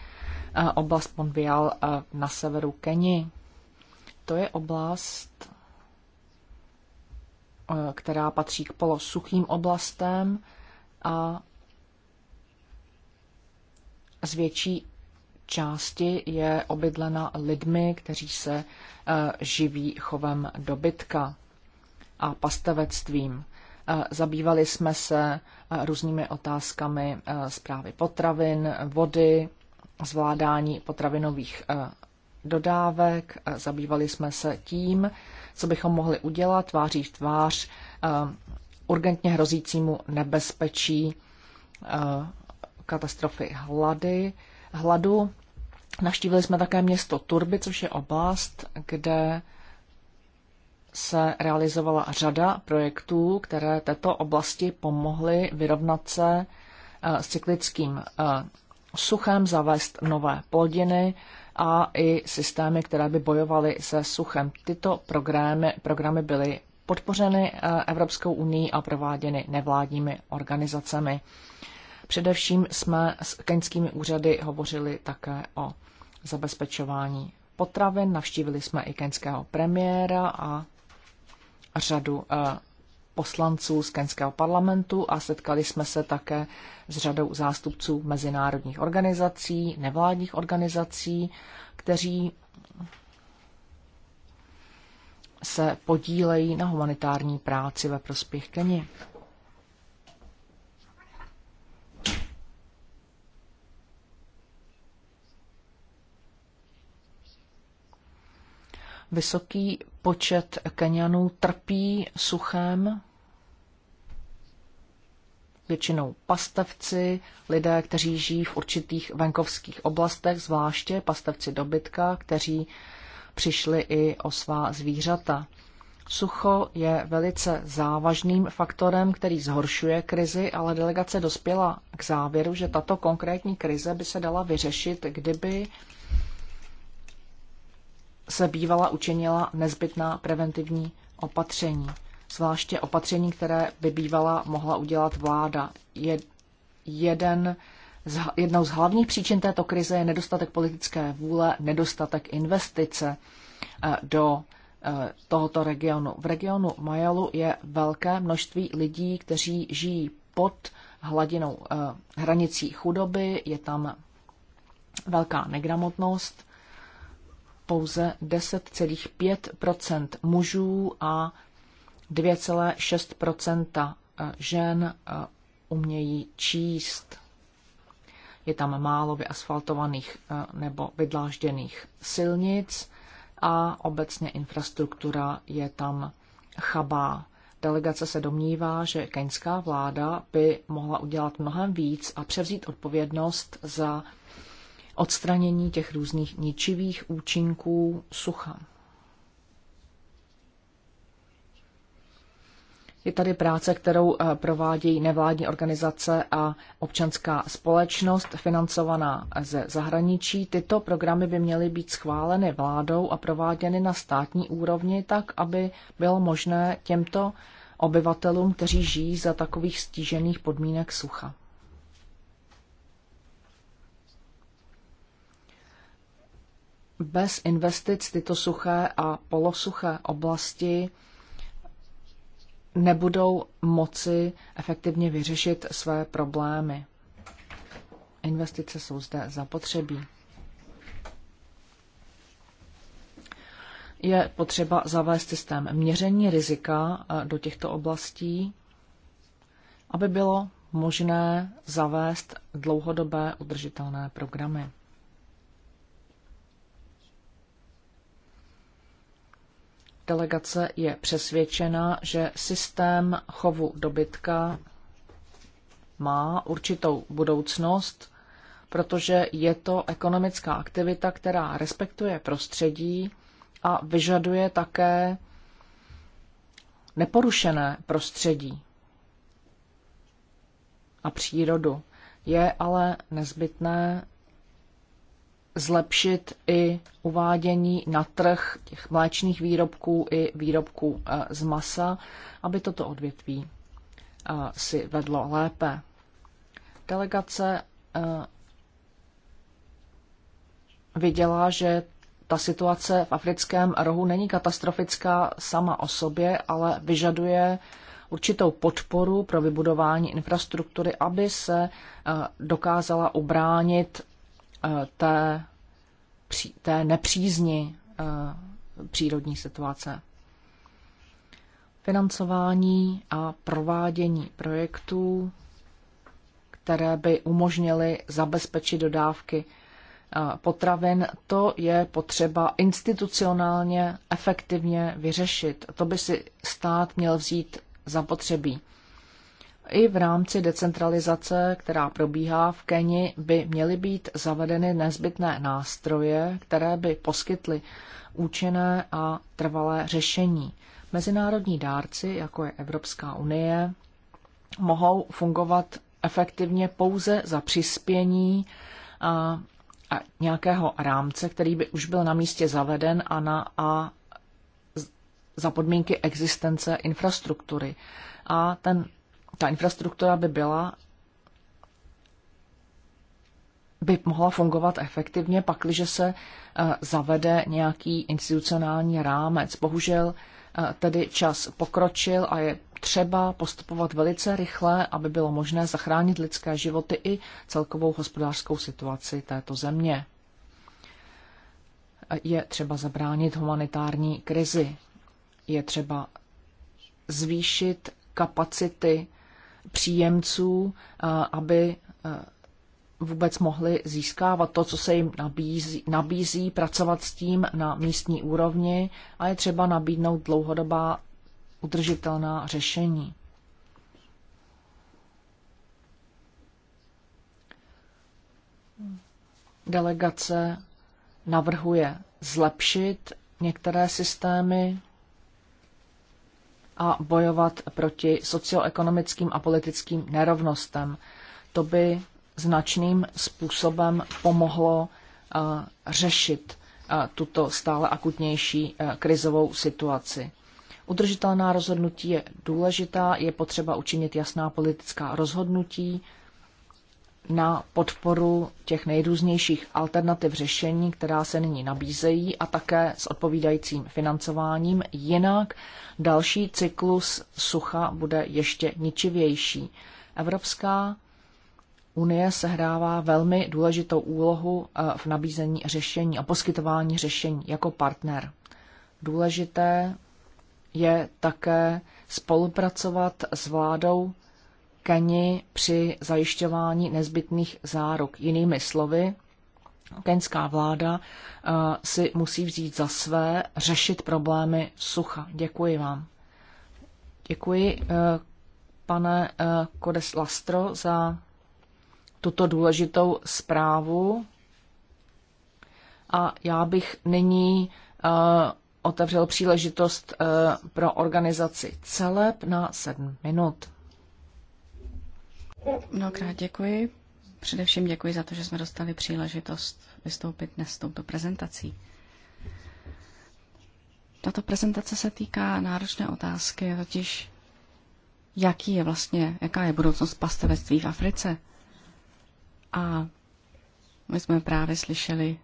eh, oblast Monvial eh, na severu Keni. To je oblast, eh, která patří k polosuchým oblastem a zvětší. větší části je obydlena lidmi, kteří se eh, živí chovem dobytka a pastevectvím. Eh, zabývali jsme se eh, různými otázkami zprávy potravin, vody, zvládání potravinových dodávek. Zabývali jsme se tím, co bychom mohli udělat tváří v tvář urgentně hrozícímu nebezpečí katastrofy hlady hladu. Naštívili jsme také město Turby, což je oblast, kde se realizovala řada projektů, které této oblasti pomohly vyrovnat se eh, s cyklickým eh, suchem, zavést nové plodiny a i systémy, které by bojovaly se suchem. Tyto programy, programy byly podpořeny eh, Evropskou unii a prováděny nevládními organizacemi. Především jsme s keňskými úřady hovořili také o zabezpečování potravin. Navštívili jsme i keňského premiéra a řadu eh, poslanců z keňského parlamentu a setkali jsme se také s řadou zástupců mezinárodních organizací, nevládních organizací, kteří se podílejí na humanitární práci ve prospěch Keni. Vysoký počet Kenianů trpí suchem, většinou pastevci, lidé, kteří žijí v určitých venkovských oblastech, zvláště pastevci dobytka, kteří přišli i o svá zvířata. Sucho je velice závažným faktorem, který zhoršuje krizi, ale delegace dospěla k závěru, že tato konkrétní krize by se dala vyřešit, kdyby se bývala učinila nezbytná preventivní opatření, zvláště opatření, které by bývala mohla udělat vláda. Je, jeden z, jednou z hlavních příčin této krize je nedostatek politické vůle, nedostatek investice eh, do eh, tohoto regionu. V regionu Majalu je velké množství lidí, kteří žijí pod hladinou eh, hranicí chudoby, je tam velká negramotnost pouze 10,5 mužů a 2,6 eh, žen eh, umějí číst. Je tam málo vyasfaltovaných eh, nebo vydlážděných silnic a obecně infrastruktura je tam chabá. Delegace se domnívá, že keňská vláda by mohla udělat mnohem víc a převzít odpovědnost za odstranění těch různých ničivých účinků sucha. Je tady práce, kterou eh, provádějí nevládní organizace a občanská společnost financovaná ze zahraničí. Tyto programy by měly být schváleny vládou a prováděny na státní úrovni tak, aby bylo možné těmto obyvatelům, kteří žijí za takových stížených podmínek sucha. bez investic tyto suché a polosuché oblasti nebudou moci efektivně vyřešit své problémy. Investice jsou zde zapotřebí. Je potřeba zavést systém měření rizika eh, do těchto oblastí, aby bylo možné zavést dlouhodobé udržitelné programy. Delegace je přesvědčena, že systém chovu dobytka má určitou budoucnost, protože je to ekonomická aktivita, která respektuje prostředí a vyžaduje také neporušené prostředí a přírodu. Je ale nezbytné zlepšit i uvádění na trh těch mléčných výrobků i výrobků eh, z masa, aby toto odvětví eh, si vedlo lépe. Delegace eh, viděla, že ta situace v africkém rohu není katastrofická sama o sobě, ale vyžaduje určitou podporu pro vybudování infrastruktury, aby se dokázala ubránit Eh, té, té nepřízni eh, přírodní situace. Financování a provádění projektů, které by umožnily zabezpečit dodávky eh, potravin, to je potřeba institucionálně efektivně vyřešit. To by si stát měl vzít za potřebí. I v rámci decentralizace, která probíhá v Keni, by měly být zavedeny nezbytné nástroje, které by poskytly účinné a trvalé řešení. Mezinárodní dárci, jako je Evropská unie, mohou fungovat efektivně pouze za přispění a, a nějakého rámce, který by už byl na místě zaveden a, na, a za podmínky existence infrastruktury. A ten ta infrastruktura by byla by mohla fungovat efektivně, pakliže se eh, zavede nějaký institucionální rámec. Bohužel eh, tedy čas pokročil a je třeba postupovat velice rychle, aby bylo možné zachránit lidské životy i celkovou hospodářskou situaci této země. Eh, je třeba zabránit humanitární krizi. Je třeba zvýšit kapacity příjemců, eh, aby eh, vůbec mohli získávat to, co se jim nabízí, nabízí, pracovat s tím na místní úrovni a je třeba nabídnout dlouhodobá udržitelná řešení. Delegace navrhuje zlepšit některé systémy a bojovat proti socioekonomickým a politickým nerovnostem. To by značným způsobem pomohlo eh, řešit eh, tuto stále akutnější eh, krizovou situaci. Udržitelná rozhodnutí je důležitá, je potřeba učinit jasná politická rozhodnutí, na podporu těch nejrůznějších alternativ řešení, která se nyní nabízejí a také s odpovídajícím financováním. Jinak další cyklus sucha bude ještě ničivější. Evropská Unie sehrává velmi důležitou úlohu eh, v nabízení řešení a poskytování řešení jako partner. Důležité je také spolupracovat s vládou Keni při zajišťování nezbytných zárok. Jinými slovy, kenská vláda eh, si musí vzít za své řešit problémy sucha. Děkuji vám. Děkuji, eh, pane eh, Kodes Lastro, za tuto důležitou zprávu. A já bych nyní otevřel příležitost pro organizaci CELEP na sedm minut. Mnohokrát děkuji. Především děkuji za to, že jsme dostali příležitost vystoupit dnes s touto prezentací. Tato prezentace se týká náročné otázky, totiž jaký je vlastně, jaká je budoucnost pastevectví v Africe. A my jsme právě slyšeli,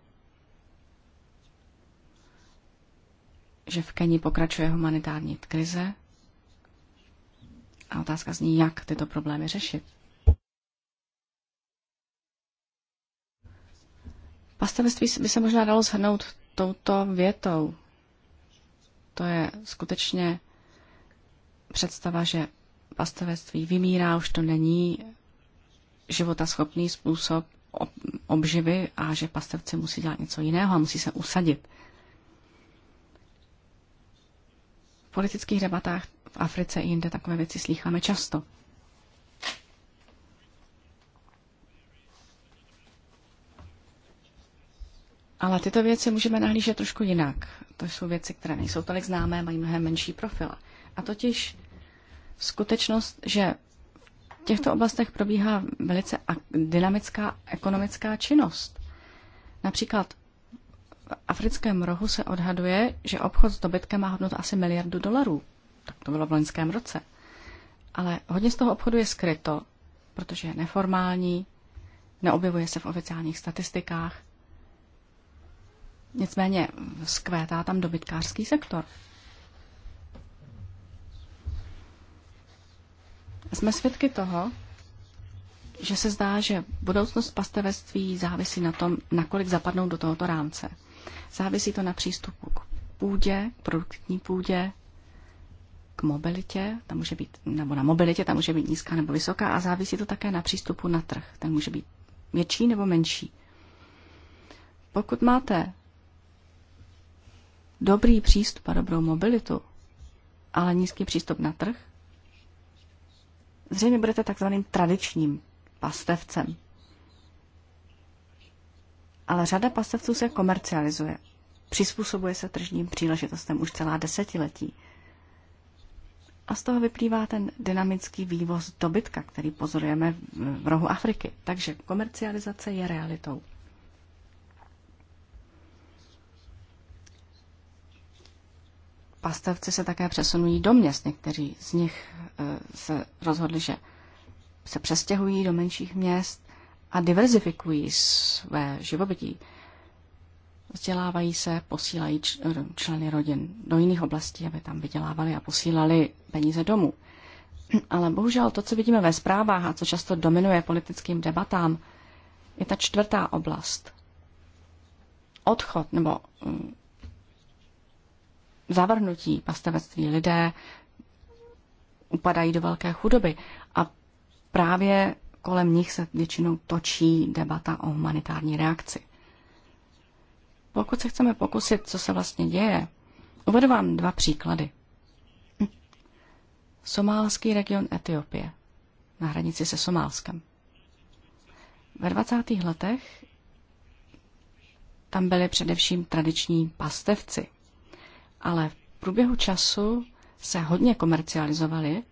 že v Keni pokračuje humanitární krize a otázka zní, jak tyto problémy řešit. Vlastenectví by se možná dalo shrnout touto větou. To je skutečně představa, že pastavectví vymírá, už to není životaschopný způsob obživy a že pastevci musí dělat něco jiného a musí se usadit. V politických debatách v Africe i jinde takové věci slýcháme často. Ale tyto věci můžeme nahlížet trošku jinak. To jsou věci, které nejsou tolik známé, mají mnohem menší profil. A totiž skutečnost, že v těchto oblastech probíhá velice dynamická ekonomická činnost. Například v africkém rohu se odhaduje, že obchod s dobytkem má hodnotu asi miliardu dolarů. Tak to bylo v loňském roce. Ale hodně z toho obchodu je skryto, protože je neformální, neobjevuje se v oficiálních statistikách Nicméně zkvétá tam dobytkářský sektor. Jsme svědky toho, že se zdá, že budoucnost pastevectví závisí na tom, nakolik zapadnou do tohoto rámce. Závisí to na přístupu k půdě, k produktní půdě, k mobilitě, tam může být, nebo na mobilitě, tam může být nízká nebo vysoká a závisí to také na přístupu na trh. Ten může být větší nebo menší. Pokud máte dobrý přístup a dobrou mobilitu, ale nízký přístup na trh, zřejmě budete takzvaným tradičním pastevcem. Ale řada pastevců se komercializuje. Přizpůsobuje se tržním příležitostem už celá desetiletí. A z toho vyplývá ten dynamický vývoz dobytka, který pozorujeme v rohu Afriky. Takže komercializace je realitou. Pastevci se také přesunují do měst. Někteří z nich eh, se rozhodli, že se přestěhují do menších měst a diverzifikují své živobytí. Vzdělávají se, posílají eh, členy rodin do jiných oblastí, aby tam vydělávali a posílali peníze domů. Ale bohužel to, co vidíme ve zprávách a co často dominuje politickým debatám, je ta čtvrtá oblast. Odchod nebo mm, zavrnutí pastevectví. Lidé upadají do velké chudoby a právě kolem nich se většinou točí debata o humanitární reakci. Pokud se chceme pokusit, co se vlastně děje, uvedu vám dva příklady. Somálský region Etiopie na hranici se Somálskem. Ve 20. letech tam byli především tradiční pastevci ale v průběhu času se hodně komercializovaly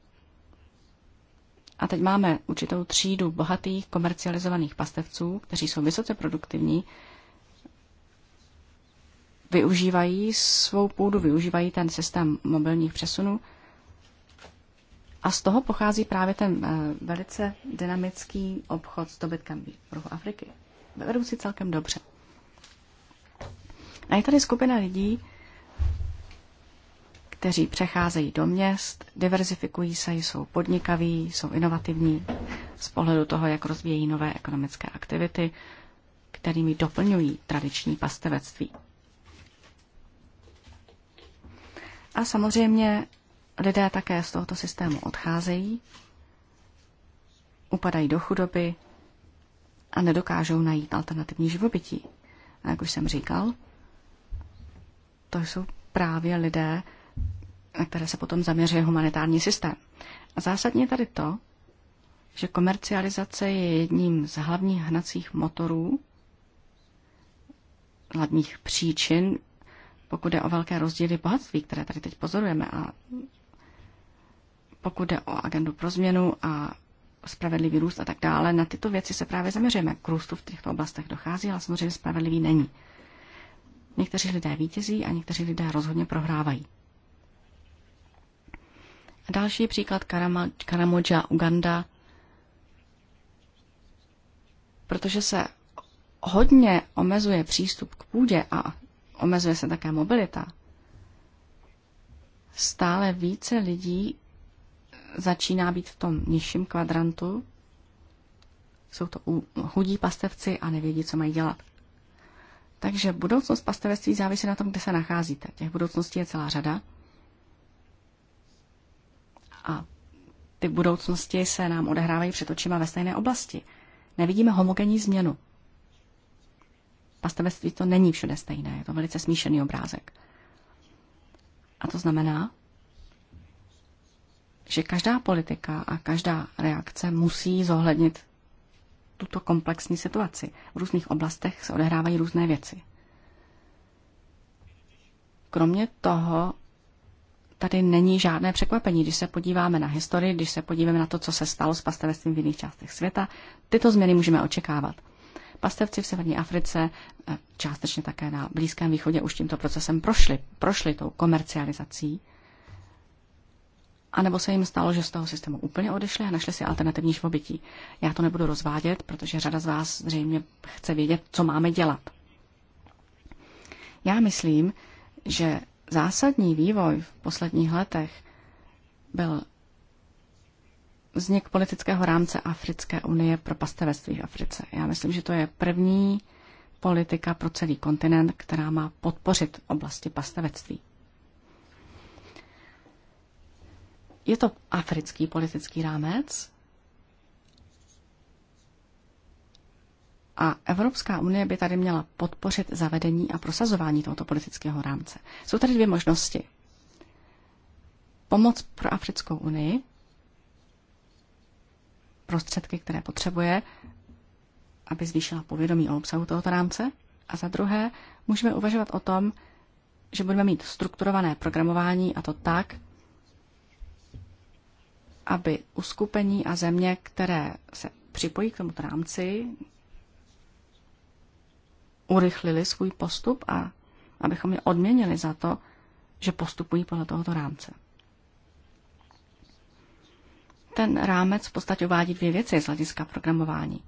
a teď máme určitou třídu bohatých komercializovaných pastevců, kteří jsou vysoce produktivní, využívají svou půdu, využívají ten systém mobilních přesunů a z toho pochází právě ten eh, velice dynamický obchod s dobytkem v rohu Afriky. Vedou si celkem dobře. A je tady skupina lidí, kteří přecházejí do měst, diverzifikují se, jsou podnikaví, jsou inovativní z pohledu toho, jak rozvíjejí nové ekonomické aktivity, kterými doplňují tradiční pastevectví. A samozřejmě lidé také z tohoto systému odcházejí, upadají do chudoby a nedokážou najít alternativní živobytí. A jak už jsem říkal, to jsou právě lidé, na které se potom zaměřuje humanitární systém. A zásadně tady to, že komercializace je jedním z hlavních hnacích motorů, hlavních příčin, pokud jde o velké rozdíly bohatství, které tady teď pozorujeme a pokud jde o agendu pro změnu a spravedlivý růst a tak dále, na tyto věci se právě zaměřujeme. K růstu v těchto oblastech dochází, ale samozřejmě spravedlivý není. Někteří lidé vítězí a někteří lidé rozhodně prohrávají. Další příklad Karama, Karamoja, Uganda. Protože se hodně omezuje přístup k půdě a omezuje se také mobilita, stále více lidí začíná být v tom nižším kvadrantu. Jsou to chudí pastevci a nevědí, co mají dělat. Takže budoucnost pastevectví závisí na tom, kde se nacházíte. Těch budoucností je celá řada. A ty budoucnosti se nám odehrávají před očima ve stejné oblasti. Nevidíme homogenní změnu. Pastevectví to není všude stejné, je to velice smíšený obrázek. A to znamená, že každá politika a každá reakce musí zohlednit tuto komplexní situaci. V různých oblastech se odehrávají různé věci. Kromě toho tady není žádné překvapení. Když se podíváme na historii, když se podíváme na to, co se stalo s pastevectvím v jiných částech světa, tyto změny můžeme očekávat. Pastevci v severní Africe, eh, částečně také na Blízkém východě, už tímto procesem prošli, prošli tou komercializací. A nebo se jim stalo, že z toho systému úplně odešli a našli si alternativní živobytí. Já to nebudu rozvádět, protože řada z vás zřejmě chce vědět, co máme dělat. Já myslím, že zásadní vývoj v posledních letech byl vznik politického rámce Africké unie pro pastevectví v Africe. Já myslím, že to je první politika pro celý kontinent, která má podpořit oblasti pastevectví. Je to africký politický rámec, A Evropská unie by tady měla podpořit zavedení a prosazování tohoto politického rámce. Jsou tady dvě možnosti. Pomoc pro Africkou unii, prostředky, které potřebuje, aby zvýšila povědomí o obsahu tohoto rámce. A za druhé, můžeme uvažovat o tom, že budeme mít strukturované programování a to tak, aby uskupení a země, které se připojí k tomuto rámci, urychlili svůj postup a abychom je odměnili za to, že postupují podle tohoto rámce. Ten rámec v podstatě uvádí dvě věci z hlediska programování.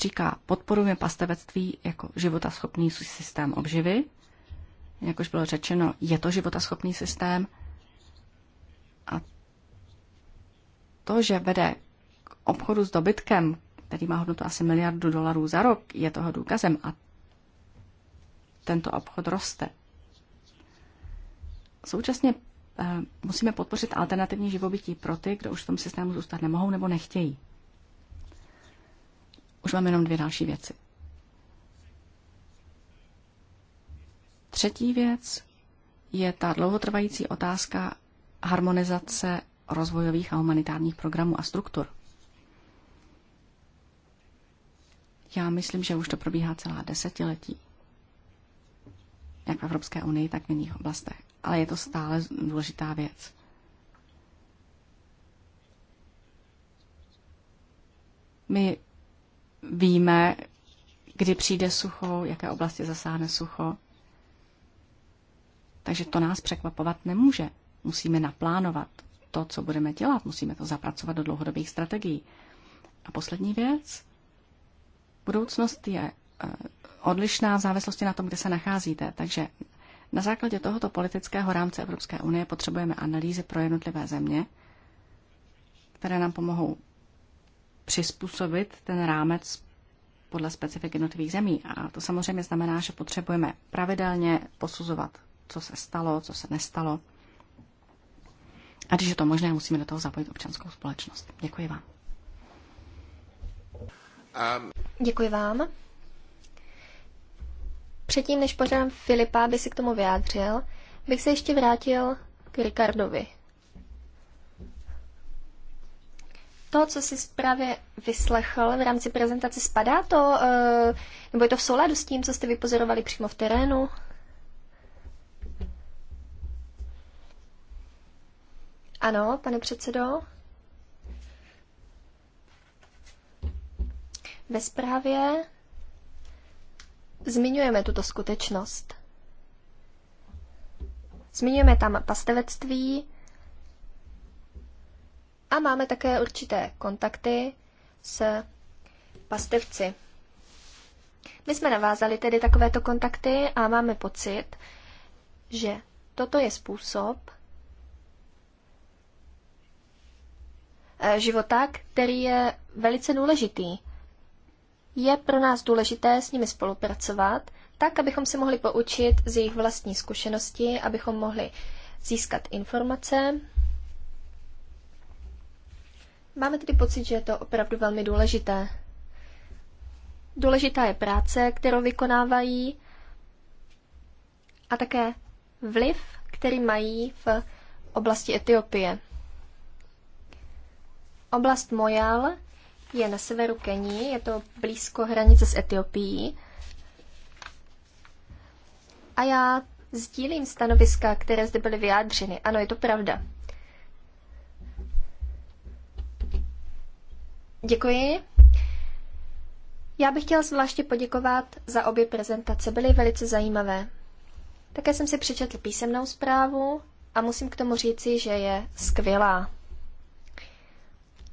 Říká, podporujeme pastevectví jako životaschopný systém obživy. Jak už bylo řečeno, je to životaschopný systém. A to, že vede k obchodu s dobytkem, který má hodnotu asi miliardu dolarů za rok, je toho důkazem a tento obchod roste. Současně eh, musíme podpořit alternativní živobytí pro ty, kdo už v tom systému zůstat nemohou nebo nechtějí. Už mám jenom dvě další věci. Třetí věc je ta dlouhotrvající otázka harmonizace rozvojových a humanitárních programů a struktur. Já myslím, že už to probíhá celá desetiletí. Jak v Evropské unii, tak v jiných oblastech. Ale je to stále důležitá věc. My víme, kdy přijde sucho, jaké oblasti zasáhne sucho. Takže to nás překvapovat nemůže. Musíme naplánovat to, co budeme dělat, musíme to zapracovat do dlouhodobých strategií. A poslední věc, Budoucnost je eh, odlišná v závislosti na tom, kde se nacházíte. Takže na základě tohoto politického rámce Evropské unie potřebujeme analýzy pro jednotlivé země, které nám pomohou přizpůsobit ten rámec podle specifik jednotlivých zemí. A to samozřejmě znamená, že potřebujeme pravidelně posuzovat, co se stalo, co se nestalo. A když je to možné, musíme do toho zapojit občanskou společnost. Děkuji vám. Um. Děkuji vám. Předtím, než pořádám Filipa, aby se k tomu vyjádřil, bych se ještě vrátil k Ricardovi. To, co jsi právě vyslechl v rámci prezentace, spadá to, eh, nebo je to v souladu s tím, co jste vypozorovali přímo v terénu? Ano, pane předsedo. Ve zprávě zmiňujeme tuto skutečnost. Zmiňujeme tam pastevectví a máme také určité kontakty s pastevci. My jsme navázali tedy takovéto kontakty a máme pocit, že toto je způsob eh, života, který je velice důležitý je pro nás důležité s nimi spolupracovat, tak, abychom se mohli poučit z jejich vlastní zkušenosti, abychom mohli získat informace. Máme tedy pocit, že je to opravdu velmi důležité. Důležitá je práce, kterou vykonávají a také vliv, který mají v oblasti Etiopie. Oblast Mojal je na severu Kení, je to blízko hranice s Etiopií. A já sdílím stanoviska, které zde byly vyjádřeny. Ano, je to pravda. Děkuji. Já bych chtěla zvláště poděkovat za obě prezentace, byly velice zajímavé. Také jsem si přečetl písemnou zprávu a musím k tomu říci, že je skvělá.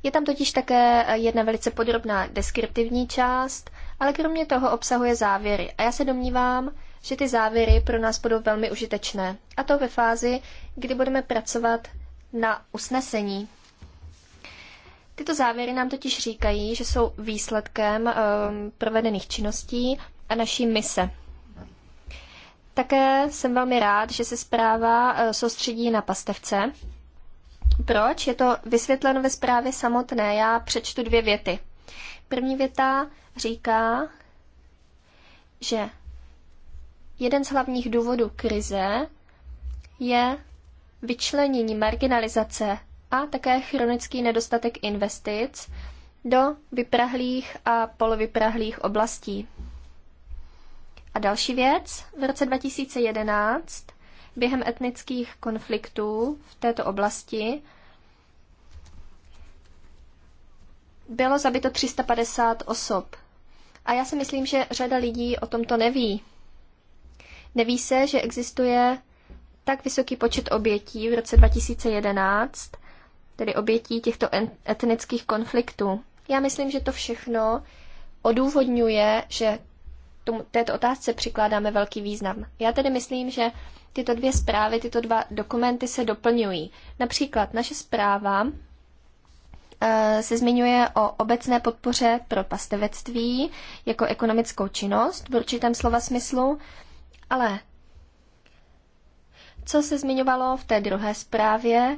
Je tam totiž také eh, jedna velice podrobná deskriptivní část, ale kromě toho obsahuje závěry. A já se domnívám, že ty závěry pro nás budou velmi užitečné. A to ve fázi, kdy budeme pracovat na usnesení. Tyto závěry nám totiž říkají, že jsou výsledkem um, provedených činností a naší mise. Také jsem velmi rád, že se zpráva eh, soustředí na pastevce, proč? Je to vysvětleno ve zprávě samotné. Já přečtu dvě věty. První věta říká, že jeden z hlavních důvodů krize je vyčlenění marginalizace a také chronický nedostatek investic do vyprahlých a polovyprahlých oblastí. A další věc, v roce 2011 během etnických konfliktů v této oblasti bylo zabito 350 osob. A já si myslím, že řada lidí o tomto neví. Neví se, že existuje tak vysoký počet obětí v roce 2011, tedy obětí těchto etnických konfliktů. Já myslím, že to všechno odůvodňuje, že tomu, této otázce přikládáme velký význam. Já tedy myslím, že tyto dvě zprávy, tyto dva dokumenty se doplňují. Například naše zpráva eh, se zmiňuje o obecné podpoře pro pastevectví jako ekonomickou činnost v určitém slova smyslu, ale co se zmiňovalo v té druhé zprávě,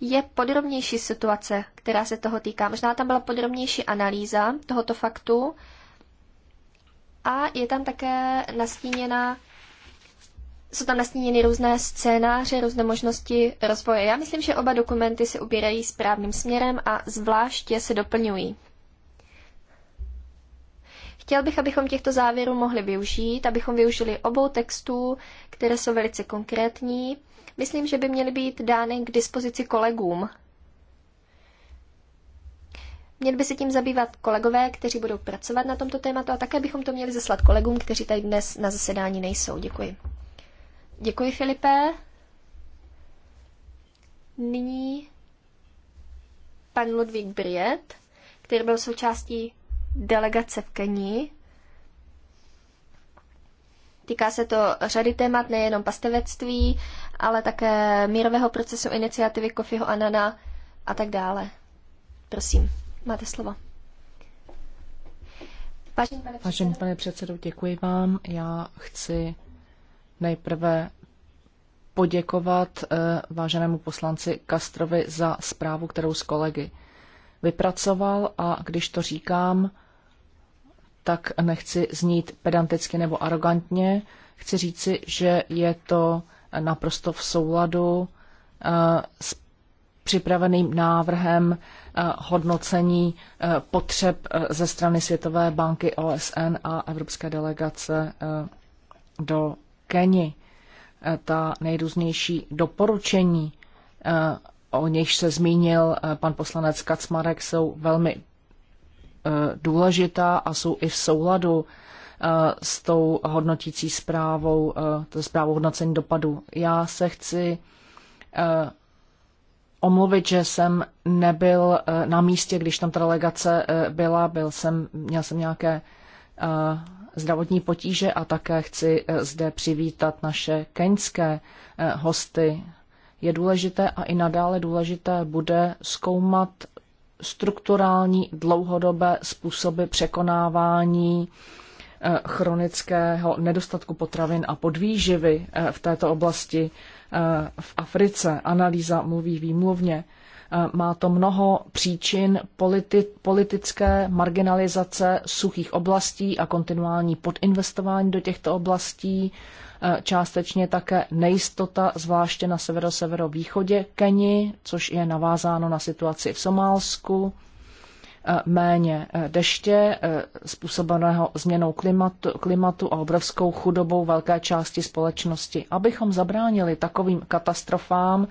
je podrobnější situace, která se toho týká. Možná tam byla podrobnější analýza tohoto faktu, a je tam také nastíněna jsou tam nastíněny různé scénáře, různé možnosti rozvoje. Já myslím, že oba dokumenty se ubírají správným směrem a zvláště se doplňují. Chtěl bych, abychom těchto závěrů mohli využít, abychom využili obou textů, které jsou velice konkrétní. Myslím, že by měly být dány k dispozici kolegům, Měli by se tím zabývat kolegové, kteří budou pracovat na tomto tématu a také bychom to měli zaslat kolegům, kteří tady dnes na zasedání nejsou. Děkuji. Děkuji, Filipe. Nyní pan Ludvík Briet, který byl součástí delegace v Kenii. Týká se to řady témat, nejenom pastevectví, ale také mírového procesu iniciativy Kofiho Anana a tak dále. Prosím. Máte slovo. Vážený pane, Vážený pane předsedo, děkuji vám. Já chci nejprve poděkovat eh, váženému poslanci Kastrovi za zprávu, kterou s kolegy vypracoval a když to říkám, tak nechci znít pedanticky nebo arrogantně. Chci říci, že je to naprosto v souladu eh, s připraveným návrhem eh, hodnocení eh, potřeb eh, ze strany Světové banky OSN a Evropské delegace do Keni. Ta nejrůznější doporučení, o nichž se zmínil pan poslanec Kacmarek, jsou velmi důležitá a jsou i v souladu s tou hodnotící zprávou, to zprávou hodnocení dopadu. Já se chci omluvit, že jsem nebyl eh, na místě, když tam ta delegace eh, byla. Byl jsem, měl jsem nějaké eh, zdravotní potíže a také chci zde přivítat naše keňské hosty. Je důležité a i nadále důležité bude zkoumat strukturální dlouhodobé způsoby překonávání chronického nedostatku potravin a podvýživy v této oblasti v Africe. Analýza mluví výmluvně. Eh, má to mnoho příčin politi- politické marginalizace suchých oblastí a kontinuální podinvestování do těchto oblastí, eh, částečně také nejistota, zvláště na severo-severovýchodě Keni, což je navázáno na situaci v Somálsku, méně eh, deště, eh, způsobeného změnou klimatu, klimatu a obrovskou chudobou velké části společnosti. Abychom zabránili takovým katastrofám,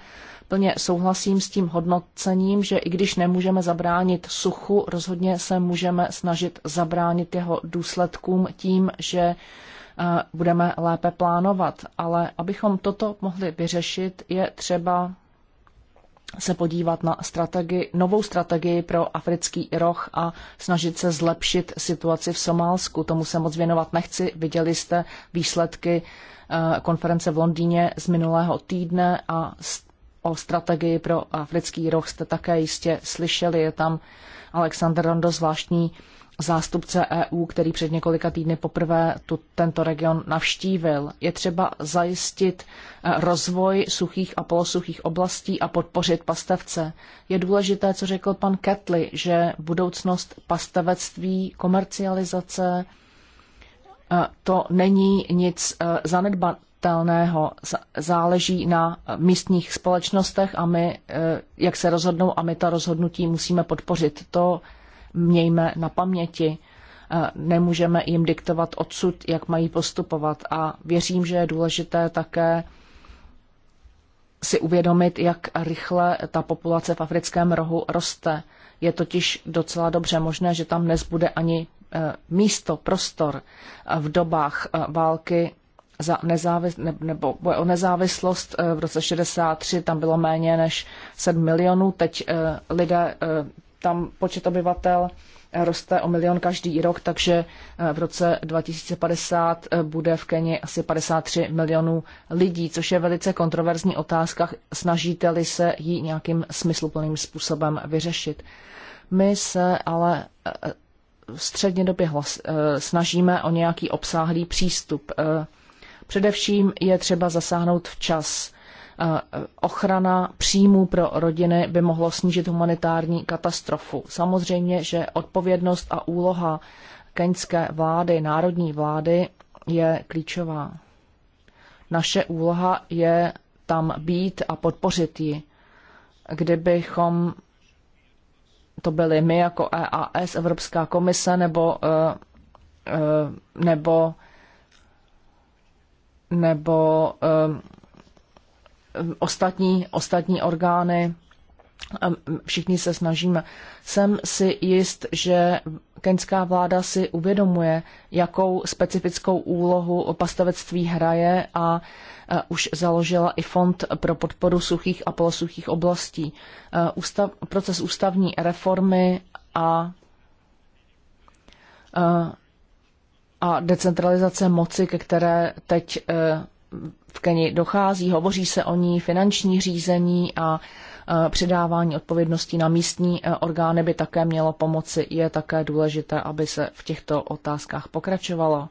plně souhlasím s tím hodnocením, že i když nemůžeme zabránit suchu, rozhodně se můžeme snažit zabránit jeho důsledkům tím, že eh, budeme lépe plánovat. Ale abychom toto mohli vyřešit, je třeba se podívat na strategii, novou strategii pro africký roh a snažit se zlepšit situaci v Somálsku. Tomu se moc věnovat nechci. Viděli jste výsledky eh, konference v Londýně z minulého týdne a o strategii pro africký roh jste také jistě slyšeli. Je tam Alexander Rondo, zvláštní zástupce EU, který před několika týdny poprvé tu, tento region navštívil. Je třeba zajistit eh, rozvoj suchých a polosuchých oblastí a podpořit pastevce. Je důležité, co řekl pan Ketly, že budoucnost pastevectví, komercializace, eh, to není nic eh, zanedbatelného. Záleží na místních společnostech a my, jak se rozhodnou, a my ta rozhodnutí musíme podpořit. To mějme na paměti. Eh, nemůžeme jim diktovat odsud, jak mají postupovat. A věřím, že je důležité také si uvědomit, jak rychle ta populace v africkém rohu roste. Je totiž docela dobře možné, že tam nezbude ani eh, místo, prostor eh, v dobách války za nezávis, nebo boje o nezávislost v roce 63 tam bylo méně než 7 milionů, teď lidé tam počet obyvatel roste o milion každý rok, takže eh, v roce 2050 eh, bude v Keni asi 53 milionů lidí, což je velice kontroverzní otázka, snažíte-li se ji nějakým smysluplným způsobem vyřešit. My se ale eh, středně době snažíme o nějaký obsáhlý přístup. Především je třeba zasáhnout včas Eh, ochrana příjmů pro rodiny by mohlo snížit humanitární katastrofu. Samozřejmě, že odpovědnost a úloha keňské vlády, národní vlády, je klíčová. Naše úloha je tam být a podpořit ji. Kdybychom to byli my jako EAS, Evropská komise nebo, eh, eh, nebo, nebo ostatní, ostatní orgány. Všichni se snažíme. Jsem si jist, že kenská vláda si uvědomuje, jakou specifickou úlohu pastavectví hraje a e, už založila i fond pro podporu suchých a polosuchých oblastí. E, ústav, proces ústavní reformy a, a, e, a decentralizace moci, ke které teď v Keni dochází. Hovoří se o ní finanční řízení a e, předávání odpovědnosti na místní e, orgány by také mělo pomoci. Je také důležité, aby se v těchto otázkách pokračovalo.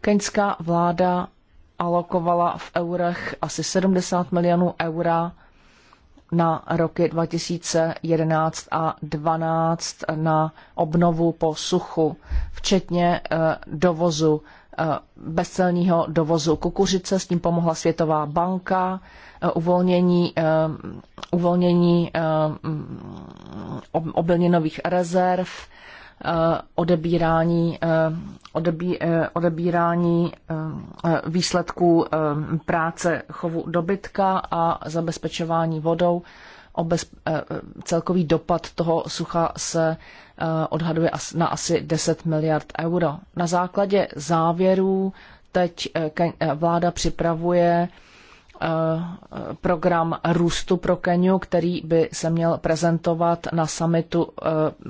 Keňská vláda alokovala v eurech asi 70 milionů eura na roky 2011 a 2012 na obnovu po suchu, včetně e, dovozu Eh, bezcelního dovozu kukuřice, s tím pomohla Světová banka, eh, uvolnění, eh, uvolnění obilninových rezerv, odebírání, odebí, odebírání výsledků práce chovu dobytka a zabezpečování vodou o bez, eh, celkový dopad toho sucha se eh, odhaduje na asi 10 miliard euro. Na základě závěrů teď eh, vláda připravuje program růstu pro Keniu, který by se měl prezentovat na samitu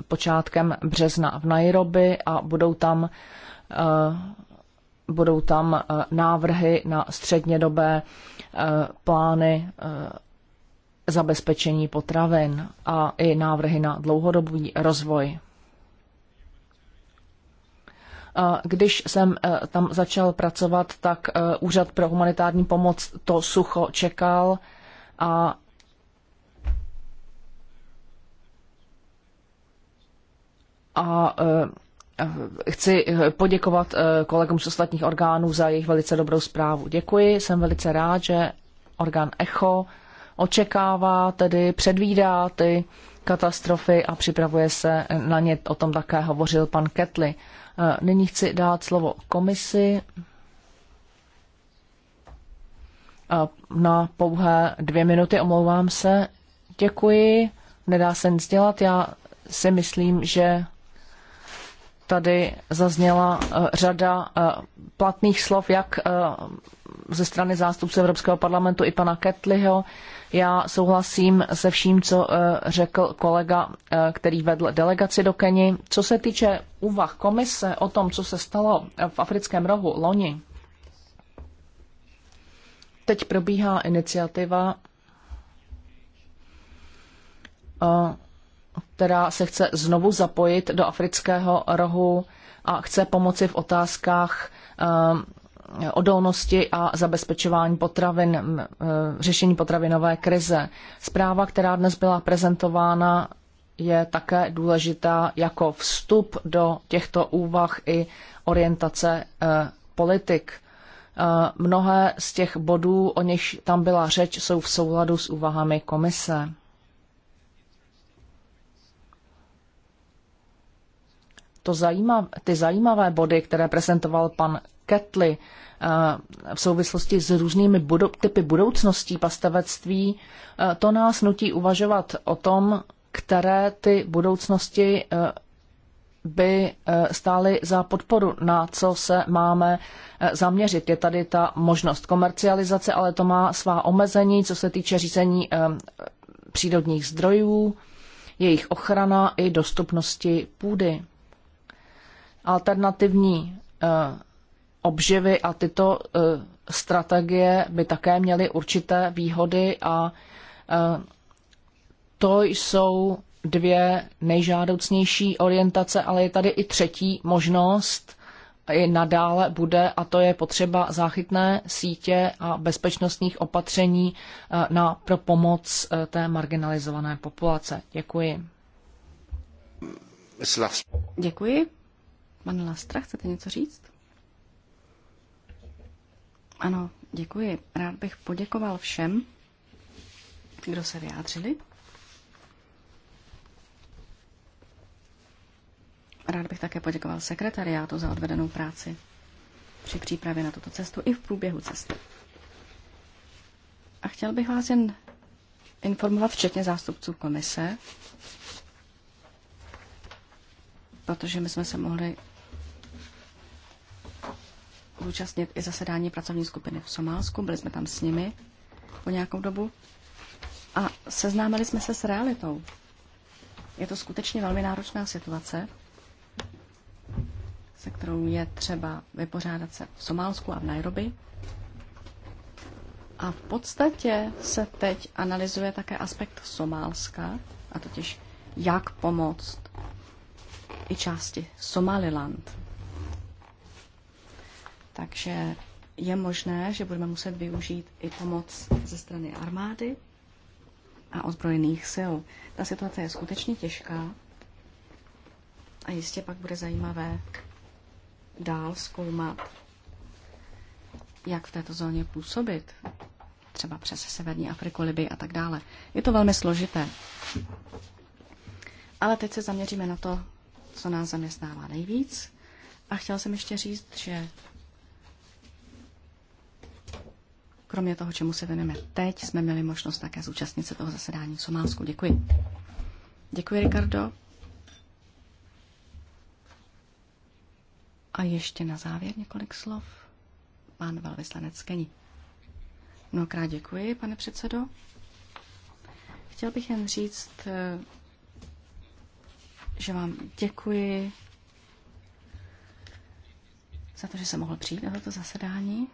počátkem března v Nairobi a budou tam budou tam návrhy na střednědobé plány zabezpečení potravin a i návrhy na dlouhodobý rozvoj. Když jsem e, tam začal pracovat, tak e, Úřad pro humanitární pomoc to sucho čekal a a e, chci poděkovat kolegům z ostatních orgánů za jejich velice dobrou zprávu. Děkuji, jsem velice rád, že orgán ECHO očekává, tedy předvídá ty katastrofy a připravuje se na ně. O tom také hovořil pan Ketli. E, nyní chci dát slovo komisi e, na pouhé dvě minuty, omlouvám se. Děkuji, nedá se nic dělat. Já si myslím, že tady zazněla e, řada platných slov, jak ze strany zástupce Evropského parlamentu i pana Ketliho, já souhlasím se vším, co eh, řekl kolega, eh, který vedl delegaci do Keni. Co se týče úvah komise o tom, co se stalo v africkém rohu loni, teď probíhá iniciativa, eh, která se chce znovu zapojit do afrického rohu a chce pomoci v otázkách odolnosti a zabezpečování potravin, řešení potravinové krize. Zpráva, která dnes byla prezentována, je také důležitá jako vstup do těchto úvah i orientace e, politik. E, mnohé z těch bodů, o nichž tam byla řeč, jsou v souladu s úvahami komise. To zajímav, ty zajímavé body, které prezentoval pan Ketly eh, v souvislosti s různými budou, typy budoucností pastavectví, eh, to nás nutí uvažovat o tom, které ty budoucnosti eh, by stály za podporu, na co se máme zaměřit. Je tady ta možnost komercializace, ale to má svá omezení, co se týče řízení přírodních zdrojů, jejich ochrana i dostupnosti půdy. Alternativní obživy a tyto eh, strategie by také měly určité výhody a eh, to jsou dvě nejžádoucnější orientace, ale je tady i třetí možnost, i nadále bude, a to je potřeba záchytné sítě a bezpečnostních opatření eh, na, pro pomoc té marginalizované populace. Děkuji. Děkuji. Pane Lastra, chcete něco říct? Ano, děkuji. Rád bych poděkoval všem, kdo se vyjádřili. Rád bych také poděkoval sekretariátu za odvedenou práci při přípravě na tuto cestu i v průběhu cesty. A chtěl bych vás jen informovat včetně zástupců komise, protože my jsme se mohli zúčastnit i zasedání pracovní skupiny v Somálsku, byli jsme tam s nimi po nějakou dobu a seznámili jsme se s realitou. Je to skutečně velmi náročná situace, se kterou je třeba vypořádat se v Somálsku a v Nairobi. A v podstatě se teď analyzuje také aspekt Somálska, a totiž jak pomoct i části Somaliland. Takže je možné, že budeme muset využít i pomoc ze strany armády a ozbrojených sil. Ta situace je skutečně těžká a jistě pak bude zajímavé dál zkoumat, jak v této zóně působit, třeba přes Severní Afriku, Libii a tak dále. Je to velmi složité. Ale teď se zaměříme na to, co nás zaměstnává nejvíc. A chtěl jsem ještě říct, že Kromě toho, čemu se věnujeme teď, jsme měli možnost také zúčastnit se toho zasedání v Somálsku. Děkuji. Děkuji, Ricardo. A ještě na závěr několik slov. Pán velvyslanec Keni. Mnohokrát děkuji, pane předsedo. Chtěl bych jen říct, eh, že vám děkuji za to, že jsem mohl přijít na toto zasedání.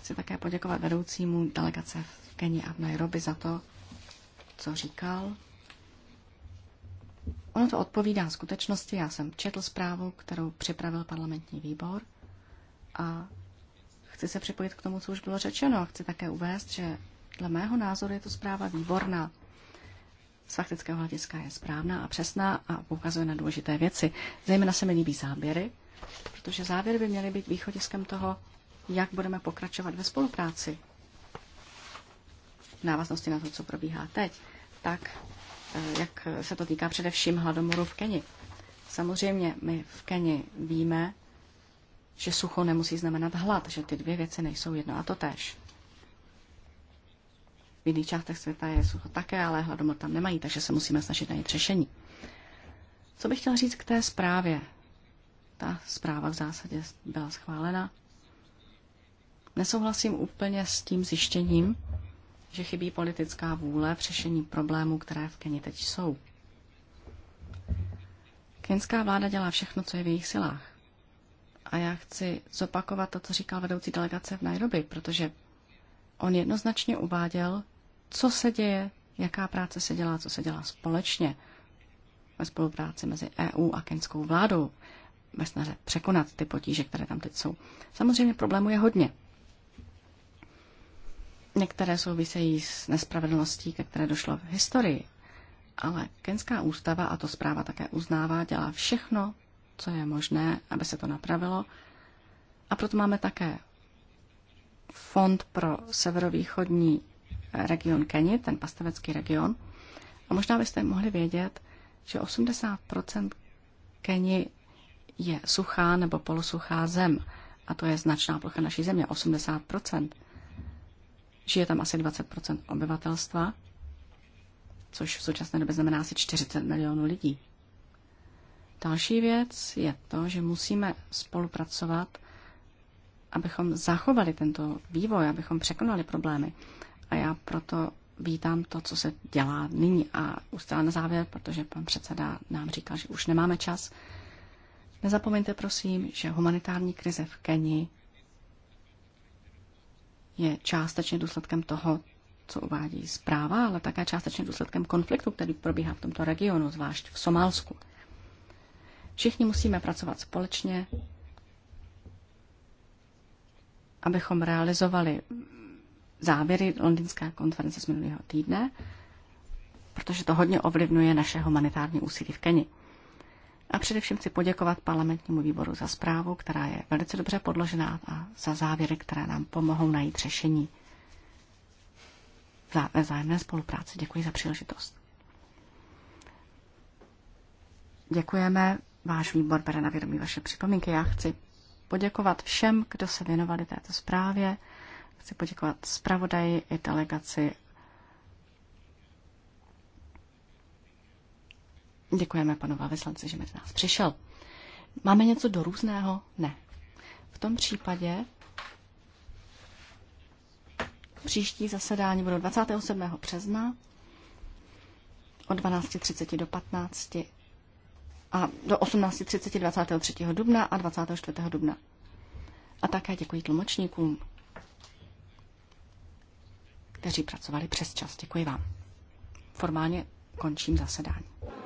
Chci také poděkovat vedoucímu delegace v Keni a v Nairobi za to, co říkal. Ono to odpovídá skutečnosti. Já jsem četl zprávu, kterou připravil parlamentní výbor a chci se připojit k tomu, co už bylo řečeno. Chci také uvést, že dle mého názoru je to zpráva výborná. Z faktického hlediska je správná a přesná a ukazuje na důležité věci. Zejména se mi líbí záběry, protože závěry by měly být východiskem toho, jak budeme pokračovat ve spolupráci v návaznosti na to, co probíhá teď, tak eh, jak se to týká především hladomoru v Keni. Samozřejmě my v Keni víme, že sucho nemusí znamenat hlad, že ty dvě věci nejsou jedno a to tež. V jiných částech světa je sucho také, ale hladomor tam nemají, takže se musíme snažit najít řešení. Co bych chtěla říct k té zprávě? Ta zpráva v zásadě byla schválena. Nesouhlasím úplně s tím zjištěním, že chybí politická vůle v řešení problémů, které v Keni teď jsou. Kenská vláda dělá všechno, co je v jejich silách. A já chci zopakovat to, co říkal vedoucí delegace v Nairobi, protože on jednoznačně uváděl, co se děje, jaká práce se dělá, co se dělá společně ve spolupráci mezi EU a kenskou vládou ve snaze překonat ty potíže, které tam teď jsou. Samozřejmě problémů je hodně. Některé souvisejí s nespravedlností, ke které došlo v historii. Ale Kenská ústava, a to zpráva také uznává, dělá všechno, co je možné, aby se to napravilo. A proto máme také fond pro severovýchodní region Keni, ten pastavecký region. A možná byste mohli vědět, že 80 Keni je suchá nebo polosuchá zem. A to je značná plocha naší země, 80 Žije tam asi 20 obyvatelstva, což v současné době znamená asi 40 milionů lidí. Další věc je to, že musíme spolupracovat, abychom zachovali tento vývoj, abychom překonali problémy. A já proto vítám to, co se dělá nyní. A ustále na závěr, protože pan předseda nám říkal, že už nemáme čas. Nezapomeňte prosím, že humanitární krize v Keni je částečně důsledkem toho, co uvádí zpráva, ale také částečně důsledkem konfliktu, který probíhá v tomto regionu, zvlášť v Somálsku. Všichni musíme pracovat společně, abychom realizovali závěry londýnské konference z minulého týdne, protože to hodně ovlivňuje naše humanitární úsilí v Keni. A především chci poděkovat parlamentnímu výboru za zprávu, která je velice dobře podložená a za závěry, které nám pomohou najít řešení za zájemné spolupráci. Děkuji za příležitost. Děkujeme. Váš výbor bere na vědomí vaše připomínky. Já chci poděkovat všem, kdo se věnovali této zprávě. Chci poděkovat zpravodaji i delegaci Děkujeme panu Vaveslanci, že mezi nás přišel. Máme něco do různého? Ne. V tom případě příští zasedání budou 27. března od 12.30 do 15 a do 18.30 23. dubna a 24. dubna. A také děkuji tlumočníkům, kteří pracovali přes čas. Děkuji vám. Formálně končím zasedání.